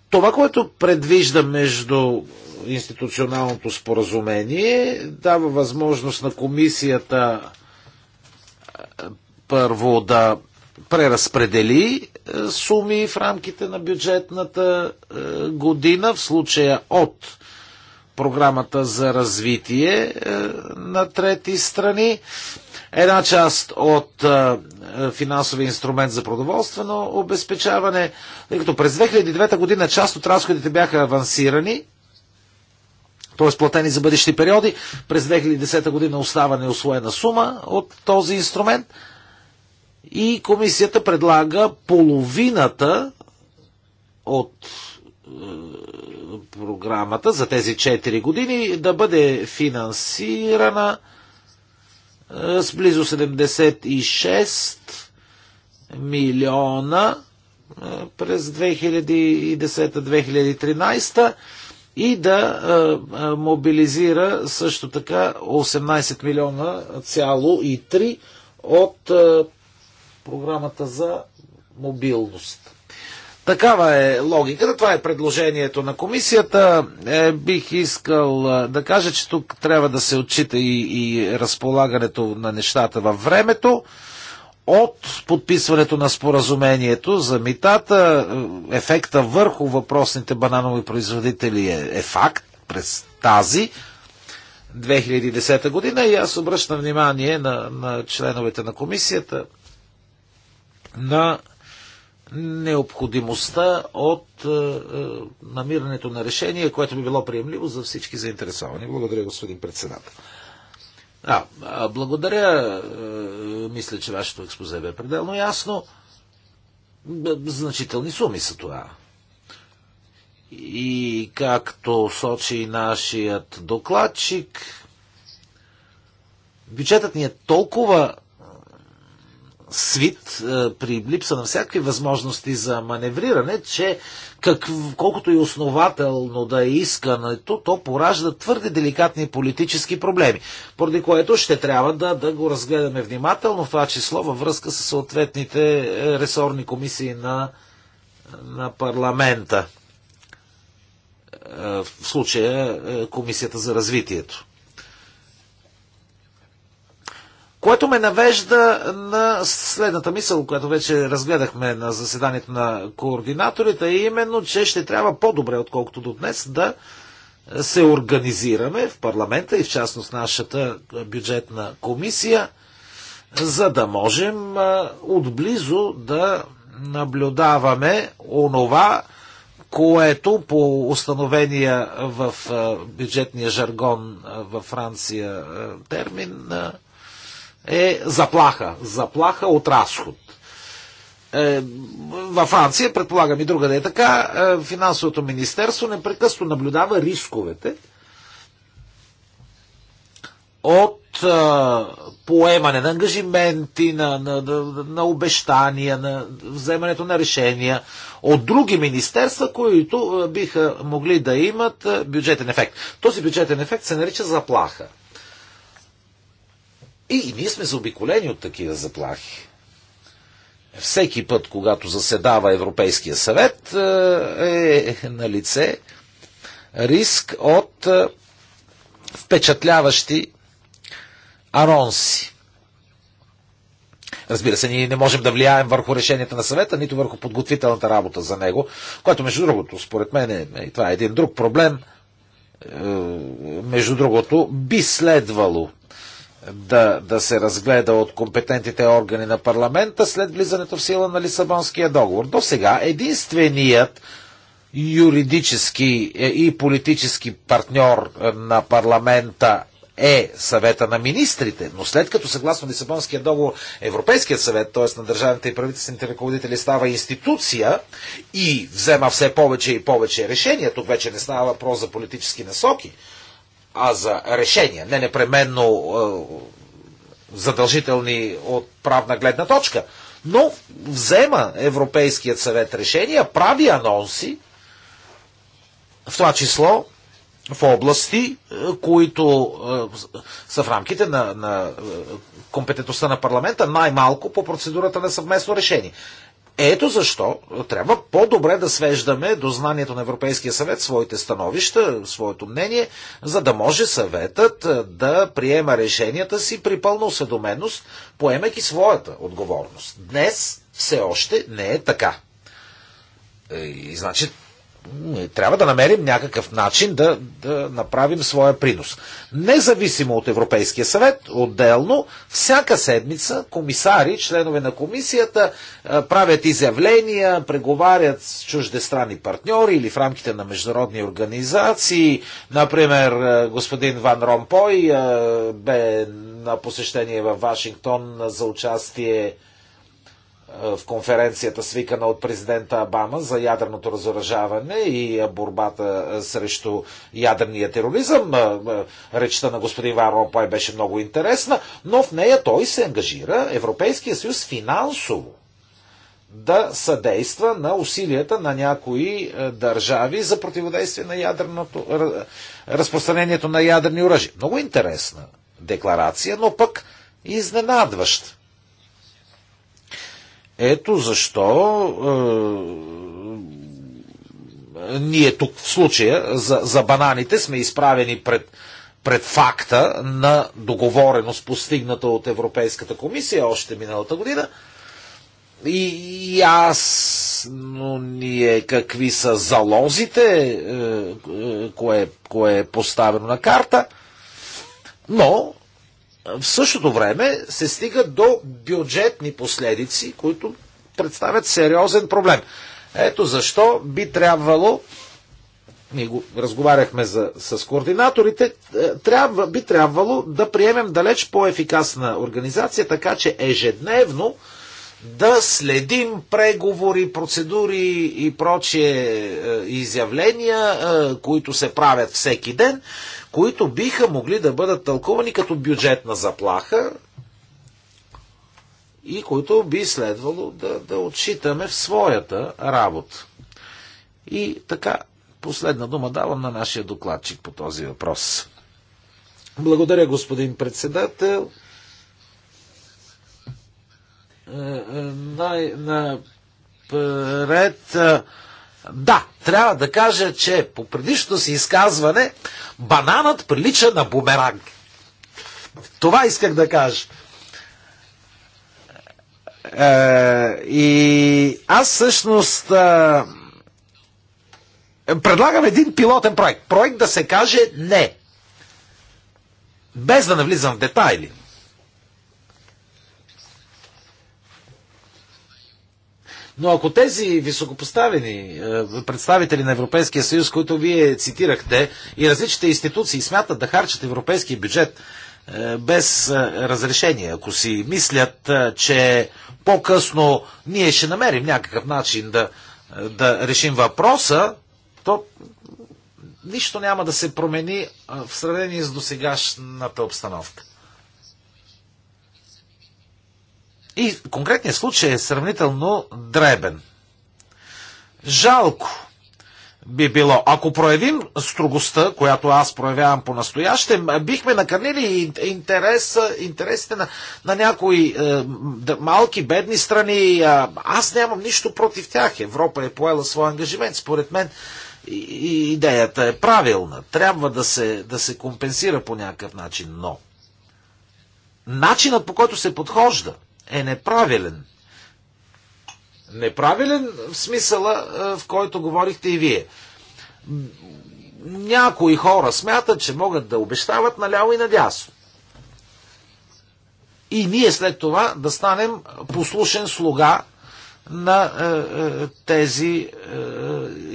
Това, което предвижда между институционалното споразумение, дава възможност на комисията е, първо да преразпредели е, суми в рамките на бюджетната е, година, в случая от програмата за развитие на трети страни. Една част от финансови инструмент за продоволствено обезпечаване, тъй като през 2009 година част от разходите бяха авансирани, т.е. платени за бъдещи периоди. През 2010 година остава неосвоена сума от този инструмент и комисията предлага половината от е, програмата за тези 4 години да бъде финансирана с близо 76 милиона през 2010-2013 и да мобилизира също така 18 милиона цяло и 3 от програмата за мобилност. Такава е логиката, това е предложението на комисията. Е, бих искал е, да кажа, че тук трябва да се отчита и, и разполагането на нещата във времето. От подписването на споразумението за митата, е, ефекта върху въпросните бананови производители е, е факт през тази 2010 година и аз обръщам внимание на, на членовете на комисията на необходимостта от е, е, намирането на решение, което би било приемливо за всички заинтересовани. Благодаря, господин председател. А, благодаря. Е, мисля, че вашето експозе бе пределно ясно. Значителни суми са това. И както сочи нашият докладчик, бюджетът ни е толкова свит е, при липса на всякакви възможности за маневриране, че как, колкото и основателно да е искането, то поражда твърде деликатни политически проблеми, поради което ще трябва да, да го разгледаме внимателно, в това число във връзка с съответните е, ресорни комисии на, на парламента. Е, в случая Комисията за развитието. Което ме навежда на следната мисъл, която вече разгледахме на заседанието на координаторите, е именно, че ще трябва по-добре, отколкото до днес, да се организираме в парламента и в частност нашата бюджетна комисия, за да можем отблизо да наблюдаваме онова, което по установения в бюджетния жаргон във Франция термин е заплаха. Заплаха от разход. Е, във Франция, предполагам и друга да е така, е, финансовото министерство непрекъсно наблюдава рисковете от е, поемане на ангажименти, на, на, на, на обещания, на вземането на решения от други министерства, които биха могли да имат бюджетен ефект. Този бюджетен ефект се нарича заплаха. И, и ние сме заобиколени от такива заплахи. Всеки път, когато заседава Европейския съвет, е, е на лице риск от е, впечатляващи анонси. Разбира се, ние не можем да влияем върху решенията на съвета, нито върху подготвителната работа за него, което, между другото, според мен, е, е и това е един друг проблем, между другото, би следвало да, да се разгледа от компетентните органи на парламента след влизането в сила на Лисабонския договор. До сега единственият юридически е, и политически партньор е, на парламента е съвета на министрите, но след като съгласно Лисабонския договор Европейският съвет, т.е. на държавните и правителствените ръководители, става институция и взема все повече и повече решения, тук вече не става въпрос за политически насоки, а за решения, не непременно е, задължителни от правна гледна точка. Но взема Европейският съвет решения, прави анонси, в това число в области, е, които е, са в рамките на, на компетентността на парламента, най-малко по процедурата на съвместно решение. Ето защо трябва по-добре да свеждаме до знанието на Европейския съвет своите становища, своето мнение, за да може съветът е, да приема решенията си при пълна осведоменост, поемайки своята отговорност. Днес все още не е така. Е, и значи трябва да намерим някакъв начин да, да направим своя принос. Независимо от Европейския съвет, отделно, всяка седмица комисари, членове на комисията, е, правят изявления, преговарят с чуждестранни партньори или в рамките на международни организации. Например, е, господин Ван Ромпой е, бе на посещение в Вашингтон за участие е, в конференцията, свикана от президента Обама за ядерното разоръжаване и е, борбата е, срещу ядерния тероризъм. Речта на господин Ван Ромпой беше много интересна, но в нея той се ангажира Европейския съюз финансово да съдейства на усилията на някои държави за противодействие на ядерното, разпространението на ядерни оръжия. Много интересна декларация, но пък изненадваща ето защо е, ние тук в случая за, за бананите сме изправени пред, пред факта на договореност, постигната от Европейската комисия още миналата година. И, и ясно ни е какви са залозите, е, е, кое, кое е поставено на карта. Но в същото време се стига до бюджетни последици, които представят сериозен проблем. Ето защо би трябвало, ние го разговаряхме за, с координаторите, е, трябва, би трябвало да приемем далеч по-ефикасна организация, така че ежедневно да следим преговори, процедури и прочие е, изявления, е, които се правят всеки ден, които биха могли да бъдат тълкувани като бюджетна заплаха и които би следвало да, да отчитаме в своята работа. И така, последна дума давам на нашия докладчик по този въпрос. Благодаря, господин председател най-напред. Да, трябва да кажа, че по предишното си изказване бананът прилича на бумеранг. Това исках да кажа. Е, и аз всъщност предлагам един пилотен проект. Проект да се каже не. Без да навлизам в детайли. Но ако тези високопоставени е, представители на Европейския съюз, които вие цитирахте, и различните институции смятат да харчат европейския бюджет е, без е, разрешение, ако си мислят, че по-късно ние ще намерим някакъв начин да, да решим въпроса, то нищо няма да се промени в сравнение с досегашната обстановка. И конкретният случай е сравнително дребен. Жалко би било. Ако проявим строгостта, която аз проявявам по-настояще, бихме накърнили интерес, интересите на, на някои е, малки, бедни страни. Аз нямам нищо против тях. Европа е поела своя ангажимент. Според мен и, идеята е правилна. Трябва да се, да се компенсира по някакъв начин, но начинът по който се подхожда – е неправилен. Неправилен в смисъла, е, в който говорихте и вие. Някои хора смятат, че могат да обещават наляво и надясно. И ние след това да станем послушен слуга на е, е, тези е,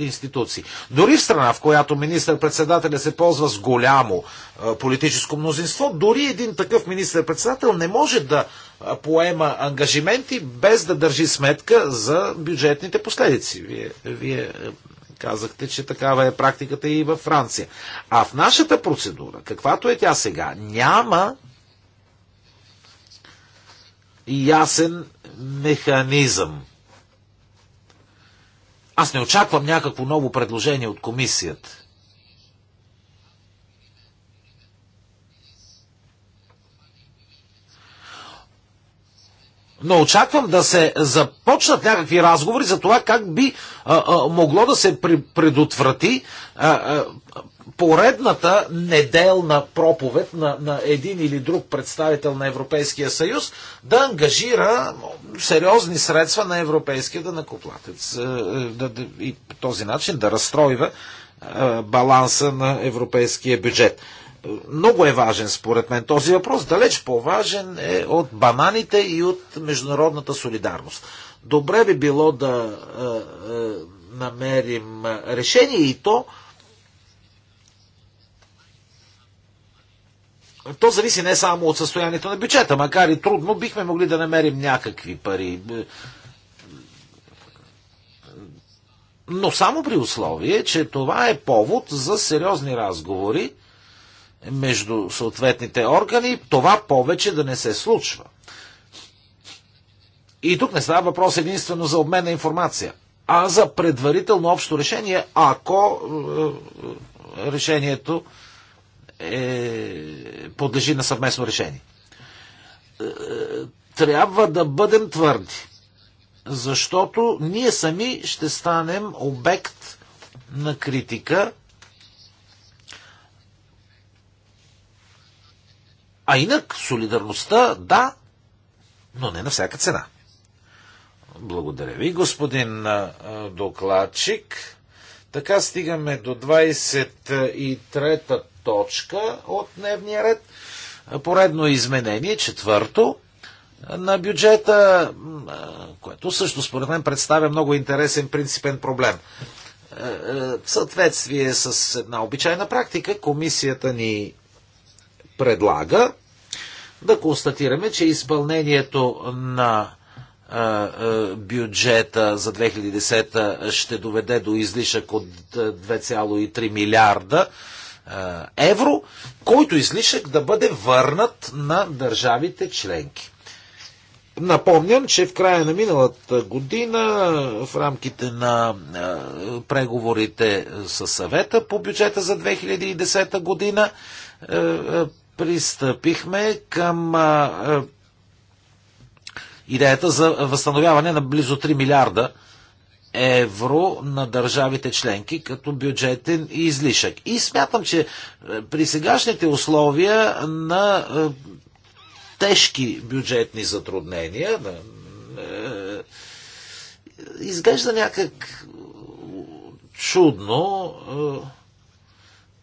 институции. Дори в страна, в която министър-председателя се ползва с голямо е, политическо мнозинство, дори един такъв министър-председател не може да поема ангажименти, без да държи сметка за бюджетните последици. Вие, вие е, казахте, че такава е практиката и във Франция. А в нашата процедура, каквато е тя сега, няма ясен механизъм. Аз не очаквам някакво ново предложение от комисията. но очаквам да се започнат някакви разговори за това как би а, а, могло да се предотврати а, а, поредната неделна проповед на, на един или друг представител на Европейския съюз да ангажира сериозни средства на европейския данакоплатец да, да, и по този начин да разстройва баланса на европейския бюджет много е важен според мен този въпрос. Далеч по-важен е от бананите и от международната солидарност. Добре би било да е, е, намерим решение и то. То зависи не само от състоянието на бюджета, макар и трудно, бихме могли да намерим някакви пари. Но само при условие, че това е повод за сериозни разговори между съответните органи, това повече да не се случва. И тук не става въпрос единствено за обмен на информация, а за предварително общо решение, ако е, решението е, подлежи на съвместно решение. Е, трябва да бъдем твърди, защото ние сами ще станем обект на критика А инак, солидарността, да, но не на всяка цена. Благодаря ви, господин докладчик. Така стигаме до 23-та точка от дневния ред. Поредно изменение, четвърто, на бюджета, което също според мен представя много интересен принципен проблем. Е, е, в съответствие с една обичайна практика, комисията ни предлага, да констатираме, че изпълнението на бюджета за 2010 ще доведе до излишък от 2,3 милиарда евро, който излишък да бъде върнат на държавите членки. Напомням, че в края на миналата година в рамките на преговорите с съвета по бюджета за 2010 година пристъпихме към а, а, е, идеята за възстановяване на близо 3 милиарда евро на държавите членки като бюджетен излишък. И смятам, че е, при сегашните условия на а, е, тежки бюджетни затруднения, на, а, изглежда някак чудно. А,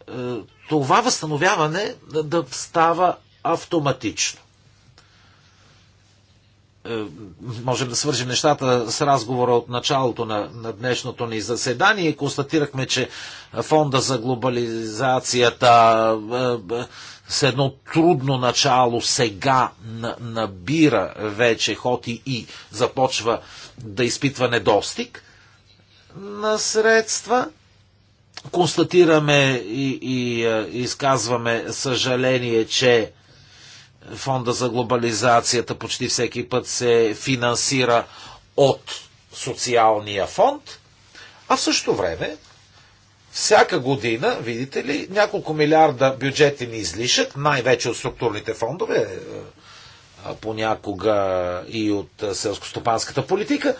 е, това възстановяване да става автоматично. Е, можем да свържим нещата с разговора от началото на, на днешното ни заседание и констатирахме, че фонда за глобализацията е, с едно трудно начало сега набира вече ход и започва да изпитва недостиг на средства – констатираме и, и е, изказваме съжаление, че фонда за глобализацията почти всеки път се финансира от социалния фонд, а в същото време всяка година, видите ли, няколко милиарда бюджетен излишък, най-вече от структурните фондове, е, е, понякога и от селскостопанската политика,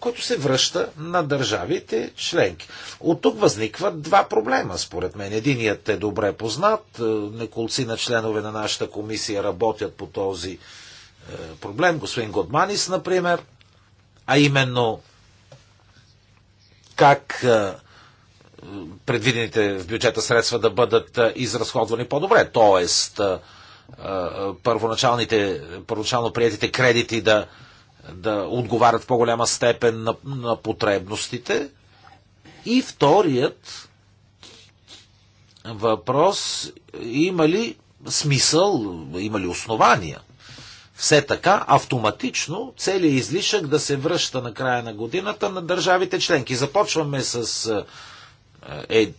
който се връща на държавите членки. От тук възникват два проблема, според мен. Единият е добре познат, е, неколци на членове на нашата комисия работят по този е, проблем, господин Годманис, например, а именно как е, предвидените в бюджета средства да бъдат изразходвани по-добре. Тоест, първоначалните, първоначално приятите кредити да да отговарят в по-голяма степен на, на потребностите. И вторият въпрос има ли смисъл, има ли основания все така автоматично целият излишък да се връща на края на годината на държавите членки. Започваме с е, е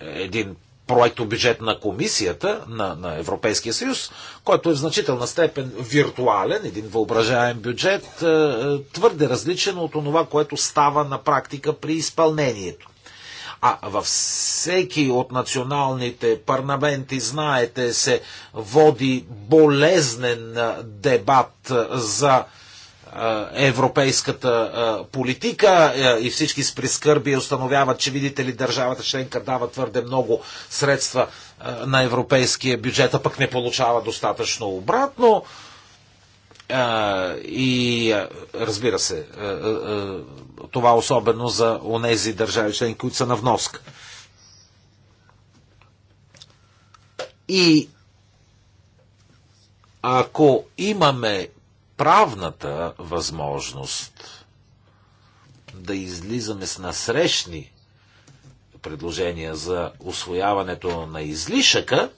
един проекто бюджет на комисията на, на Европейския съюз, който е в значителна степен виртуален, един въображаем бюджет, е, е, твърде различен от това, което става на практика при изпълнението. А във всеки от националните парламенти, знаете, се води болезнен е, дебат за европейската политика и всички с прискърби установяват, че видите ли държавата членка дава твърде много средства на европейския бюджет, а пък не получава достатъчно обратно. И разбира се, това особено за онези държави членки, които са на вноска. И ако имаме правната възможност да излизаме с насрещни предложения за освояването на излишъка,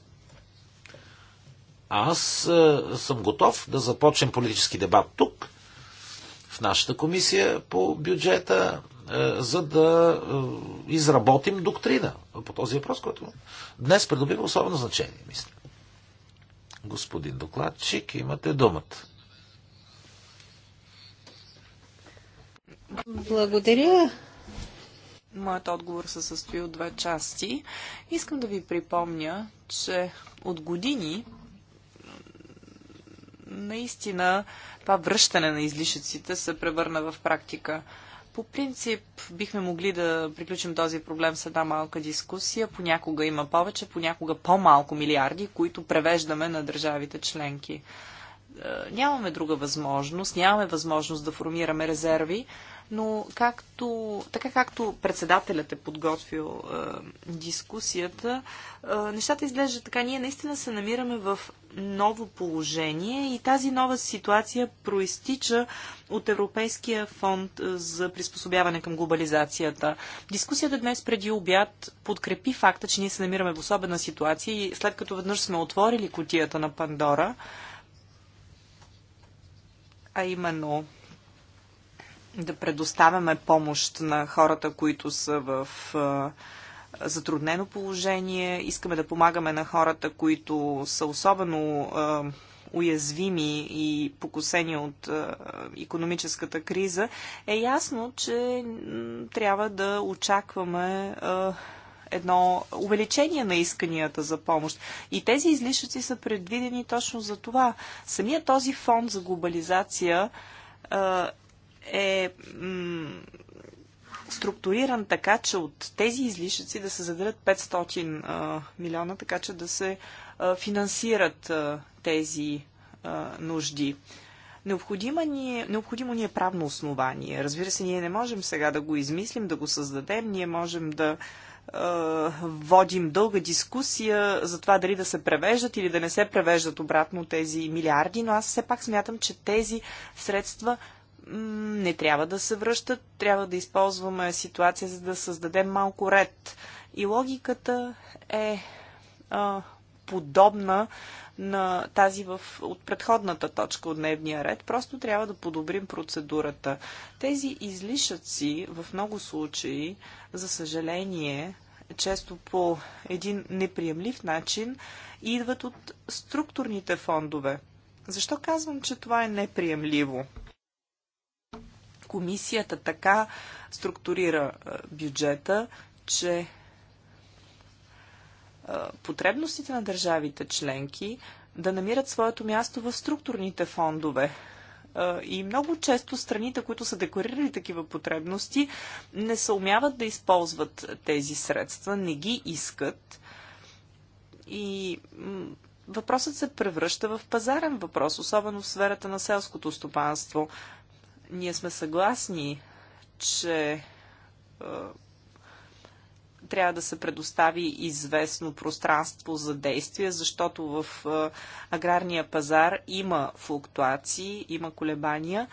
аз е, съм готов да започнем политически дебат тук, в нашата комисия по бюджета, е, за да е, изработим доктрина по този въпрос, който днес придобива особено значение, мисля. Господин докладчик, имате думата. Благодаря. Моят отговор се състои от две части. Искам да ви припомня, че от години наистина това връщане на излишъците се превърна в практика. По принцип бихме могли да приключим този проблем с една малка дискусия. Понякога има повече, понякога по-малко милиарди, които превеждаме на държавите членки. Е, нямаме друга възможност, нямаме възможност да формираме резерви, но както, така както председателят е подготвил е, дискусията, е, нещата изглеждат така. Ние наистина се намираме в ново положение и тази нова ситуация проистича от Европейския фонд е, за приспособяване към глобализацията. Дискусията днес преди обяд подкрепи факта, че ние се намираме в особена ситуация и след като веднъж сме отворили котията на Пандора, а именно да предоставяме помощ на хората, които са в затруднено положение. Искаме да помагаме на хората, които са особено уязвими и покусени от економическата криза, е ясно, че трябва да очакваме едно увеличение на исканията за помощ. И тези излишъци са предвидени точно за това. Самия този фонд за глобализация е структуриран така, че от тези излишъци да се заделят 500 а, милиона, така че да се а, финансират а, тези нужди. Необходимо ни, е, необходимо ни е правно основание. Разбира се, ние не можем сега да го измислим, да го създадем. Ние можем да водим дълга дискусия за това дали да се превеждат или да не се превеждат обратно тези милиарди, но аз все пак смятам, че тези средства не трябва да се връщат, трябва да използваме ситуация, за да създадем малко ред. И логиката е а, подобна на тази в, от предходната точка от дневния ред. Просто трябва да подобрим процедурата. Тези излишъци в много случаи, за съжаление, често по един неприемлив начин, идват от структурните фондове. Защо казвам, че това е неприемливо? комисията така структурира е, бюджета, че е, потребностите на държавите членки да намират своето място в структурните фондове. Е, и много често страните, които са декларирали такива потребности, не съумяват да използват тези средства, не ги искат. И въпросът се превръща в пазарен въпрос, особено в сферата на селското стопанство. Ние сме съгласни, че е, трябва да се предостави известно пространство за действие, защото в е, аграрния пазар има флуктуации, има колебания,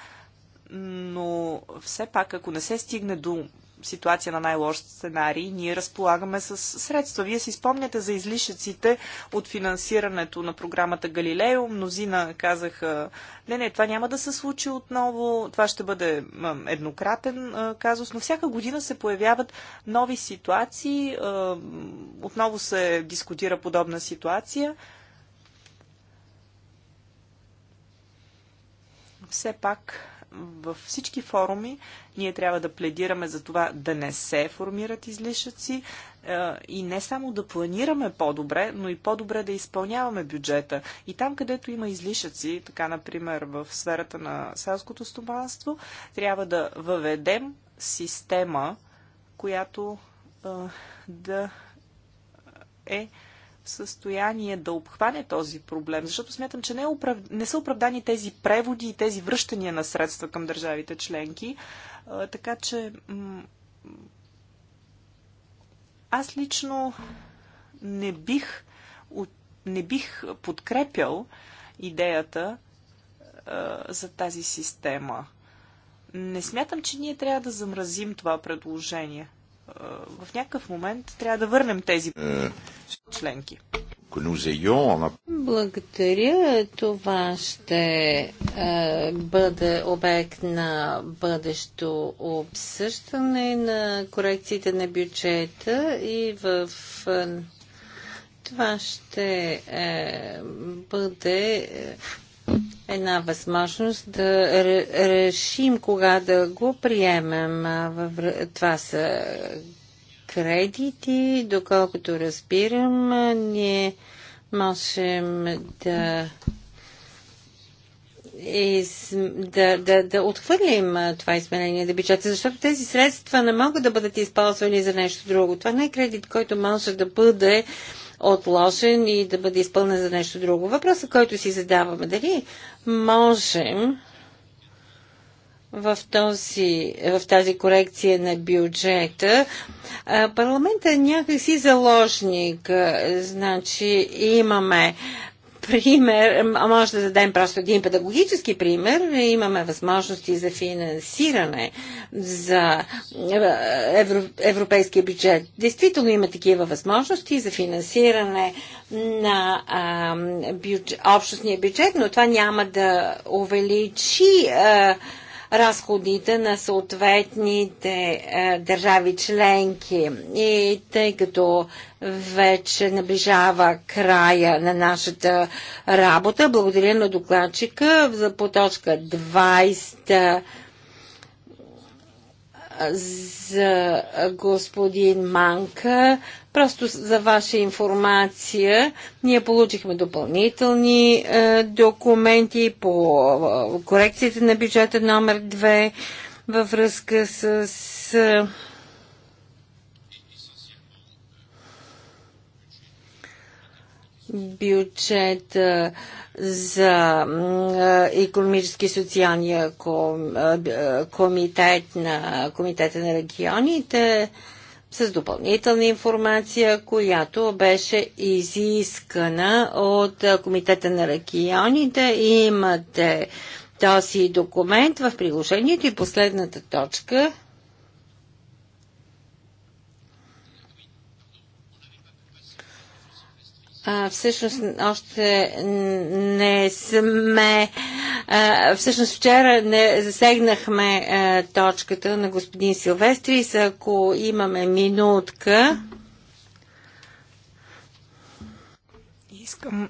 но все пак, ако не се стигне до ситуация на най-лош сценарий, ние разполагаме с средства. Вие си спомняте за излишъците от финансирането на програмата Галилео. Мнозина казаха, не, не, това няма да се случи отново, това ще бъде еднократен казус, но всяка година се появяват нови ситуации, отново се дискутира подобна ситуация. Все пак във всички форуми ние трябва да пледираме за това да не се формират излишъци е, и не само да планираме по-добре, но и по-добре да изпълняваме бюджета. И там, където има излишъци, така например в сферата на селското стопанство, трябва да въведем система, която е, да е състояние да обхване този проблем, защото смятам, че не, е оправ... не са оправдани тези преводи и тези връщания на средства към държавите членки. А, така че аз лично не бих, не бих подкрепял идеята а, за тази система. Не смятам, че ние трябва да замразим това предложение. в някакъв момент трябва да върнем тези. Е, членки. Благодаря. Това ще е, бъде обект на бъдещо обсъждане на корекциите на бюджета и в е, това ще е, бъде е, една възможност да решим кога да го приемем. Това са кредити. Доколкото разбирам, ние можем да из, да, да, да отхвърлим това изменение на бюджета, защото тези средства не могат да бъдат използвани за нещо друго. Това не е кредит, който може да бъде отложен и да бъде изпълнен за нещо друго. Въпросът, който си задаваме, дали можем в, този, в тази корекция на бюджета. Парламентът е някакси заложник. Значи имаме пример, може да дадем просто един педагогически пример, имаме възможности за финансиране за европейския бюджет. Действително има такива възможности за финансиране на бюджет, общностния бюджет, но това няма да увеличи а, разходите на съответните е, държави членки. И тъй като вече наближава края на нашата работа, благодаря на докладчика за по точка 20 за господин Манка. Просто за ваша информация, ние получихме допълнителни е, документи по е, корекцията на бюджета номер 2 във връзка с. Е, бюджет за економически и социалния комитет на Комитета на регионите с допълнителна информация, която беше изискана от Комитета на регионите. Имате този документ в приложението и последната точка – всъщност още не сме. А, всъщност вчера не засегнахме а, точката на господин Силвестрис. Ако имаме минутка. Искам.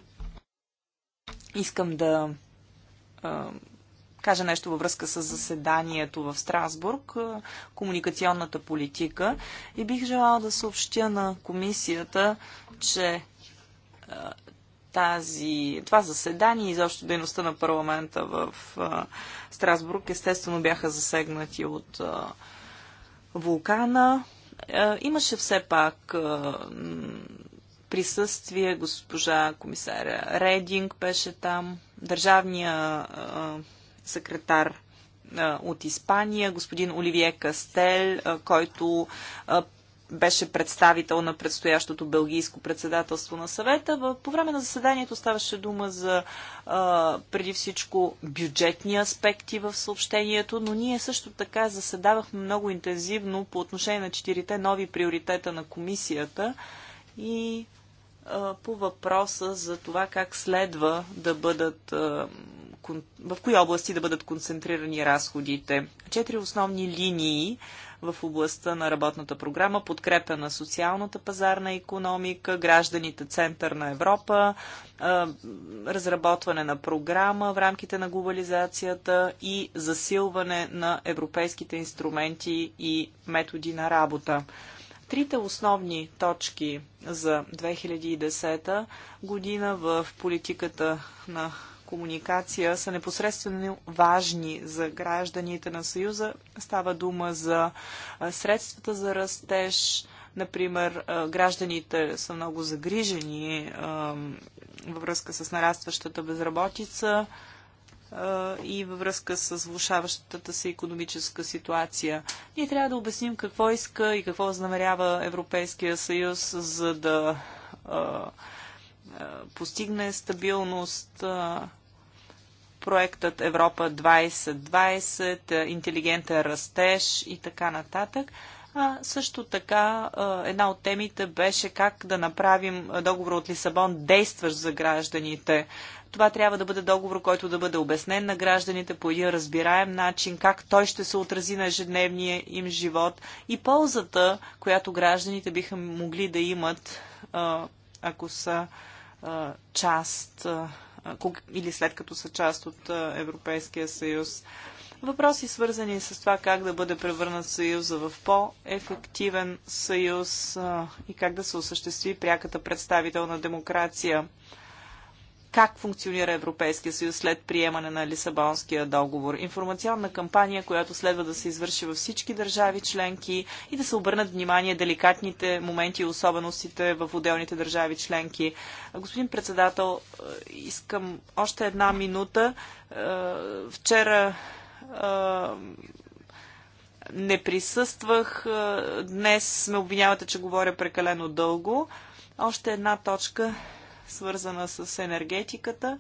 Искам да. А кажа нещо във връзка с заседанието в Страсбург, комуникационната политика и бих желала да съобщя на комисията, че тази, това заседание и защо дейността на парламента в Страсбург естествено бяха засегнати от вулкана. имаше все пак присъствие, госпожа комисаря Рединг беше там, държавния секретар от Испания, господин Оливие Кастел, който беше представител на предстоящото белгийско председателство на съвета. По време на заседанието ставаше дума за а, преди всичко бюджетни аспекти в съобщението, но ние също така заседавахме много интензивно по отношение на четирите нови приоритета на комисията и а, по въпроса за това как следва да бъдат а, в кои области да бъдат концентрирани разходите. Четири основни линии в областта на работната програма подкрепа на социалната пазарна економика, гражданите Център на Европа, разработване на програма в рамките на глобализацията и засилване на европейските инструменти и методи на работа. Трите основни точки за 2010 година в политиката на комуникация са непосредствено важни за гражданите на Съюза. Става дума за средствата за растеж. Например, гражданите са много загрижени във връзка с нарастващата безработица и във връзка с влушаващата се економическа ситуация. Ние трябва да обясним какво иска и какво възнамерява Европейския съюз, за да постигне стабилност проектът Европа 2020, е, интелигентен растеж и така нататък. А също така една от темите беше как да направим договор от Лисабон действащ за гражданите. Това трябва да бъде договор, който да бъде обяснен на гражданите по един разбираем начин, как той ще се отрази на ежедневния им живот и ползата, която гражданите биха могли да имат, ако са част или след като са част от Европейския съюз. Въпроси свързани с това как да бъде превърнат съюза в по-ефективен съюз и как да се осъществи пряката представителна демокрация как функционира Европейския съюз след приемане на Лисабонския договор. Информационна кампания, която следва да се извърши във всички държави членки и да се обърнат внимание деликатните моменти и особеностите в отделните държави членки. Господин председател, е, искам още една минута. Е, вчера е, не присъствах. Днес ме обвинявате, че говоря прекалено дълго. Още една точка свързана с енергетиката.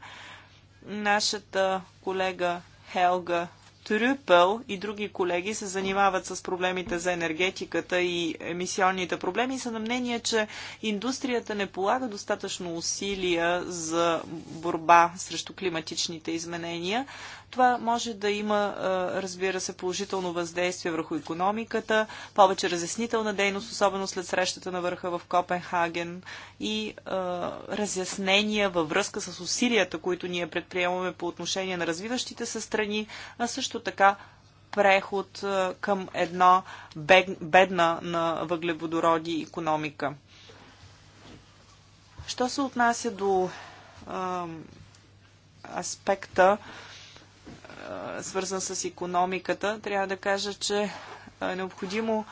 Нашата колега Хелга Трюпел и други колеги се занимават с проблемите за енергетиката и емисионните проблеми и са на мнение, че индустрията не полага достатъчно усилия за борба срещу климатичните изменения. Това може да има, разбира се, положително въздействие върху економиката, повече разяснителна дейност, особено след срещата на върха в Копенхаген и разяснения във връзка с усилията, които ние предприемаме по отношение на развиващите се страни, а също също така преход към една бедна на въглеводороди економика. Що се отнася до аспекта, свързан с економиката, трябва да кажа, че е необходимо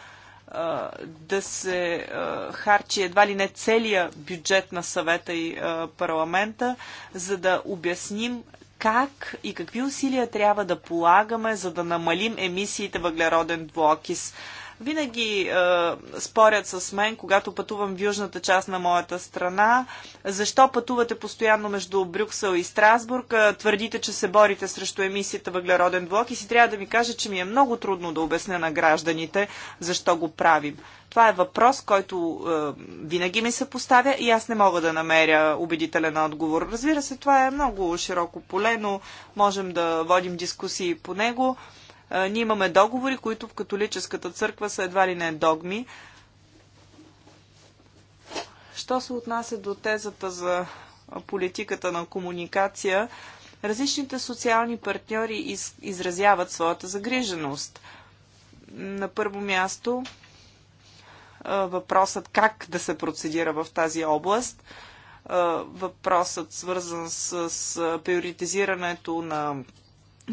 да се харчи едва ли не целия бюджет на съвета и парламента, за да обясним как и какви усилия трябва да полагаме, за да намалим емисиите въглероден двуокис винаги е, спорят с мен, когато пътувам в южната част на моята страна. Защо пътувате постоянно между Брюксел и Страсбург? Е, твърдите, че се борите срещу емисията въглероден блок и си трябва да ми кажа, че ми е много трудно да обясня на гражданите защо го правим. Това е въпрос, който е, винаги ми се поставя и аз не мога да намеря убедителен отговор. Разбира се, това е много широко поле, но можем да водим дискусии по него. Ние имаме договори, които в католическата църква са едва ли не догми. Що се отнася до тезата за политиката на комуникация, различните социални партньори из, изразяват своята загриженост. На първо място въпросът как да се процедира в тази област, въпросът свързан с приоритизирането на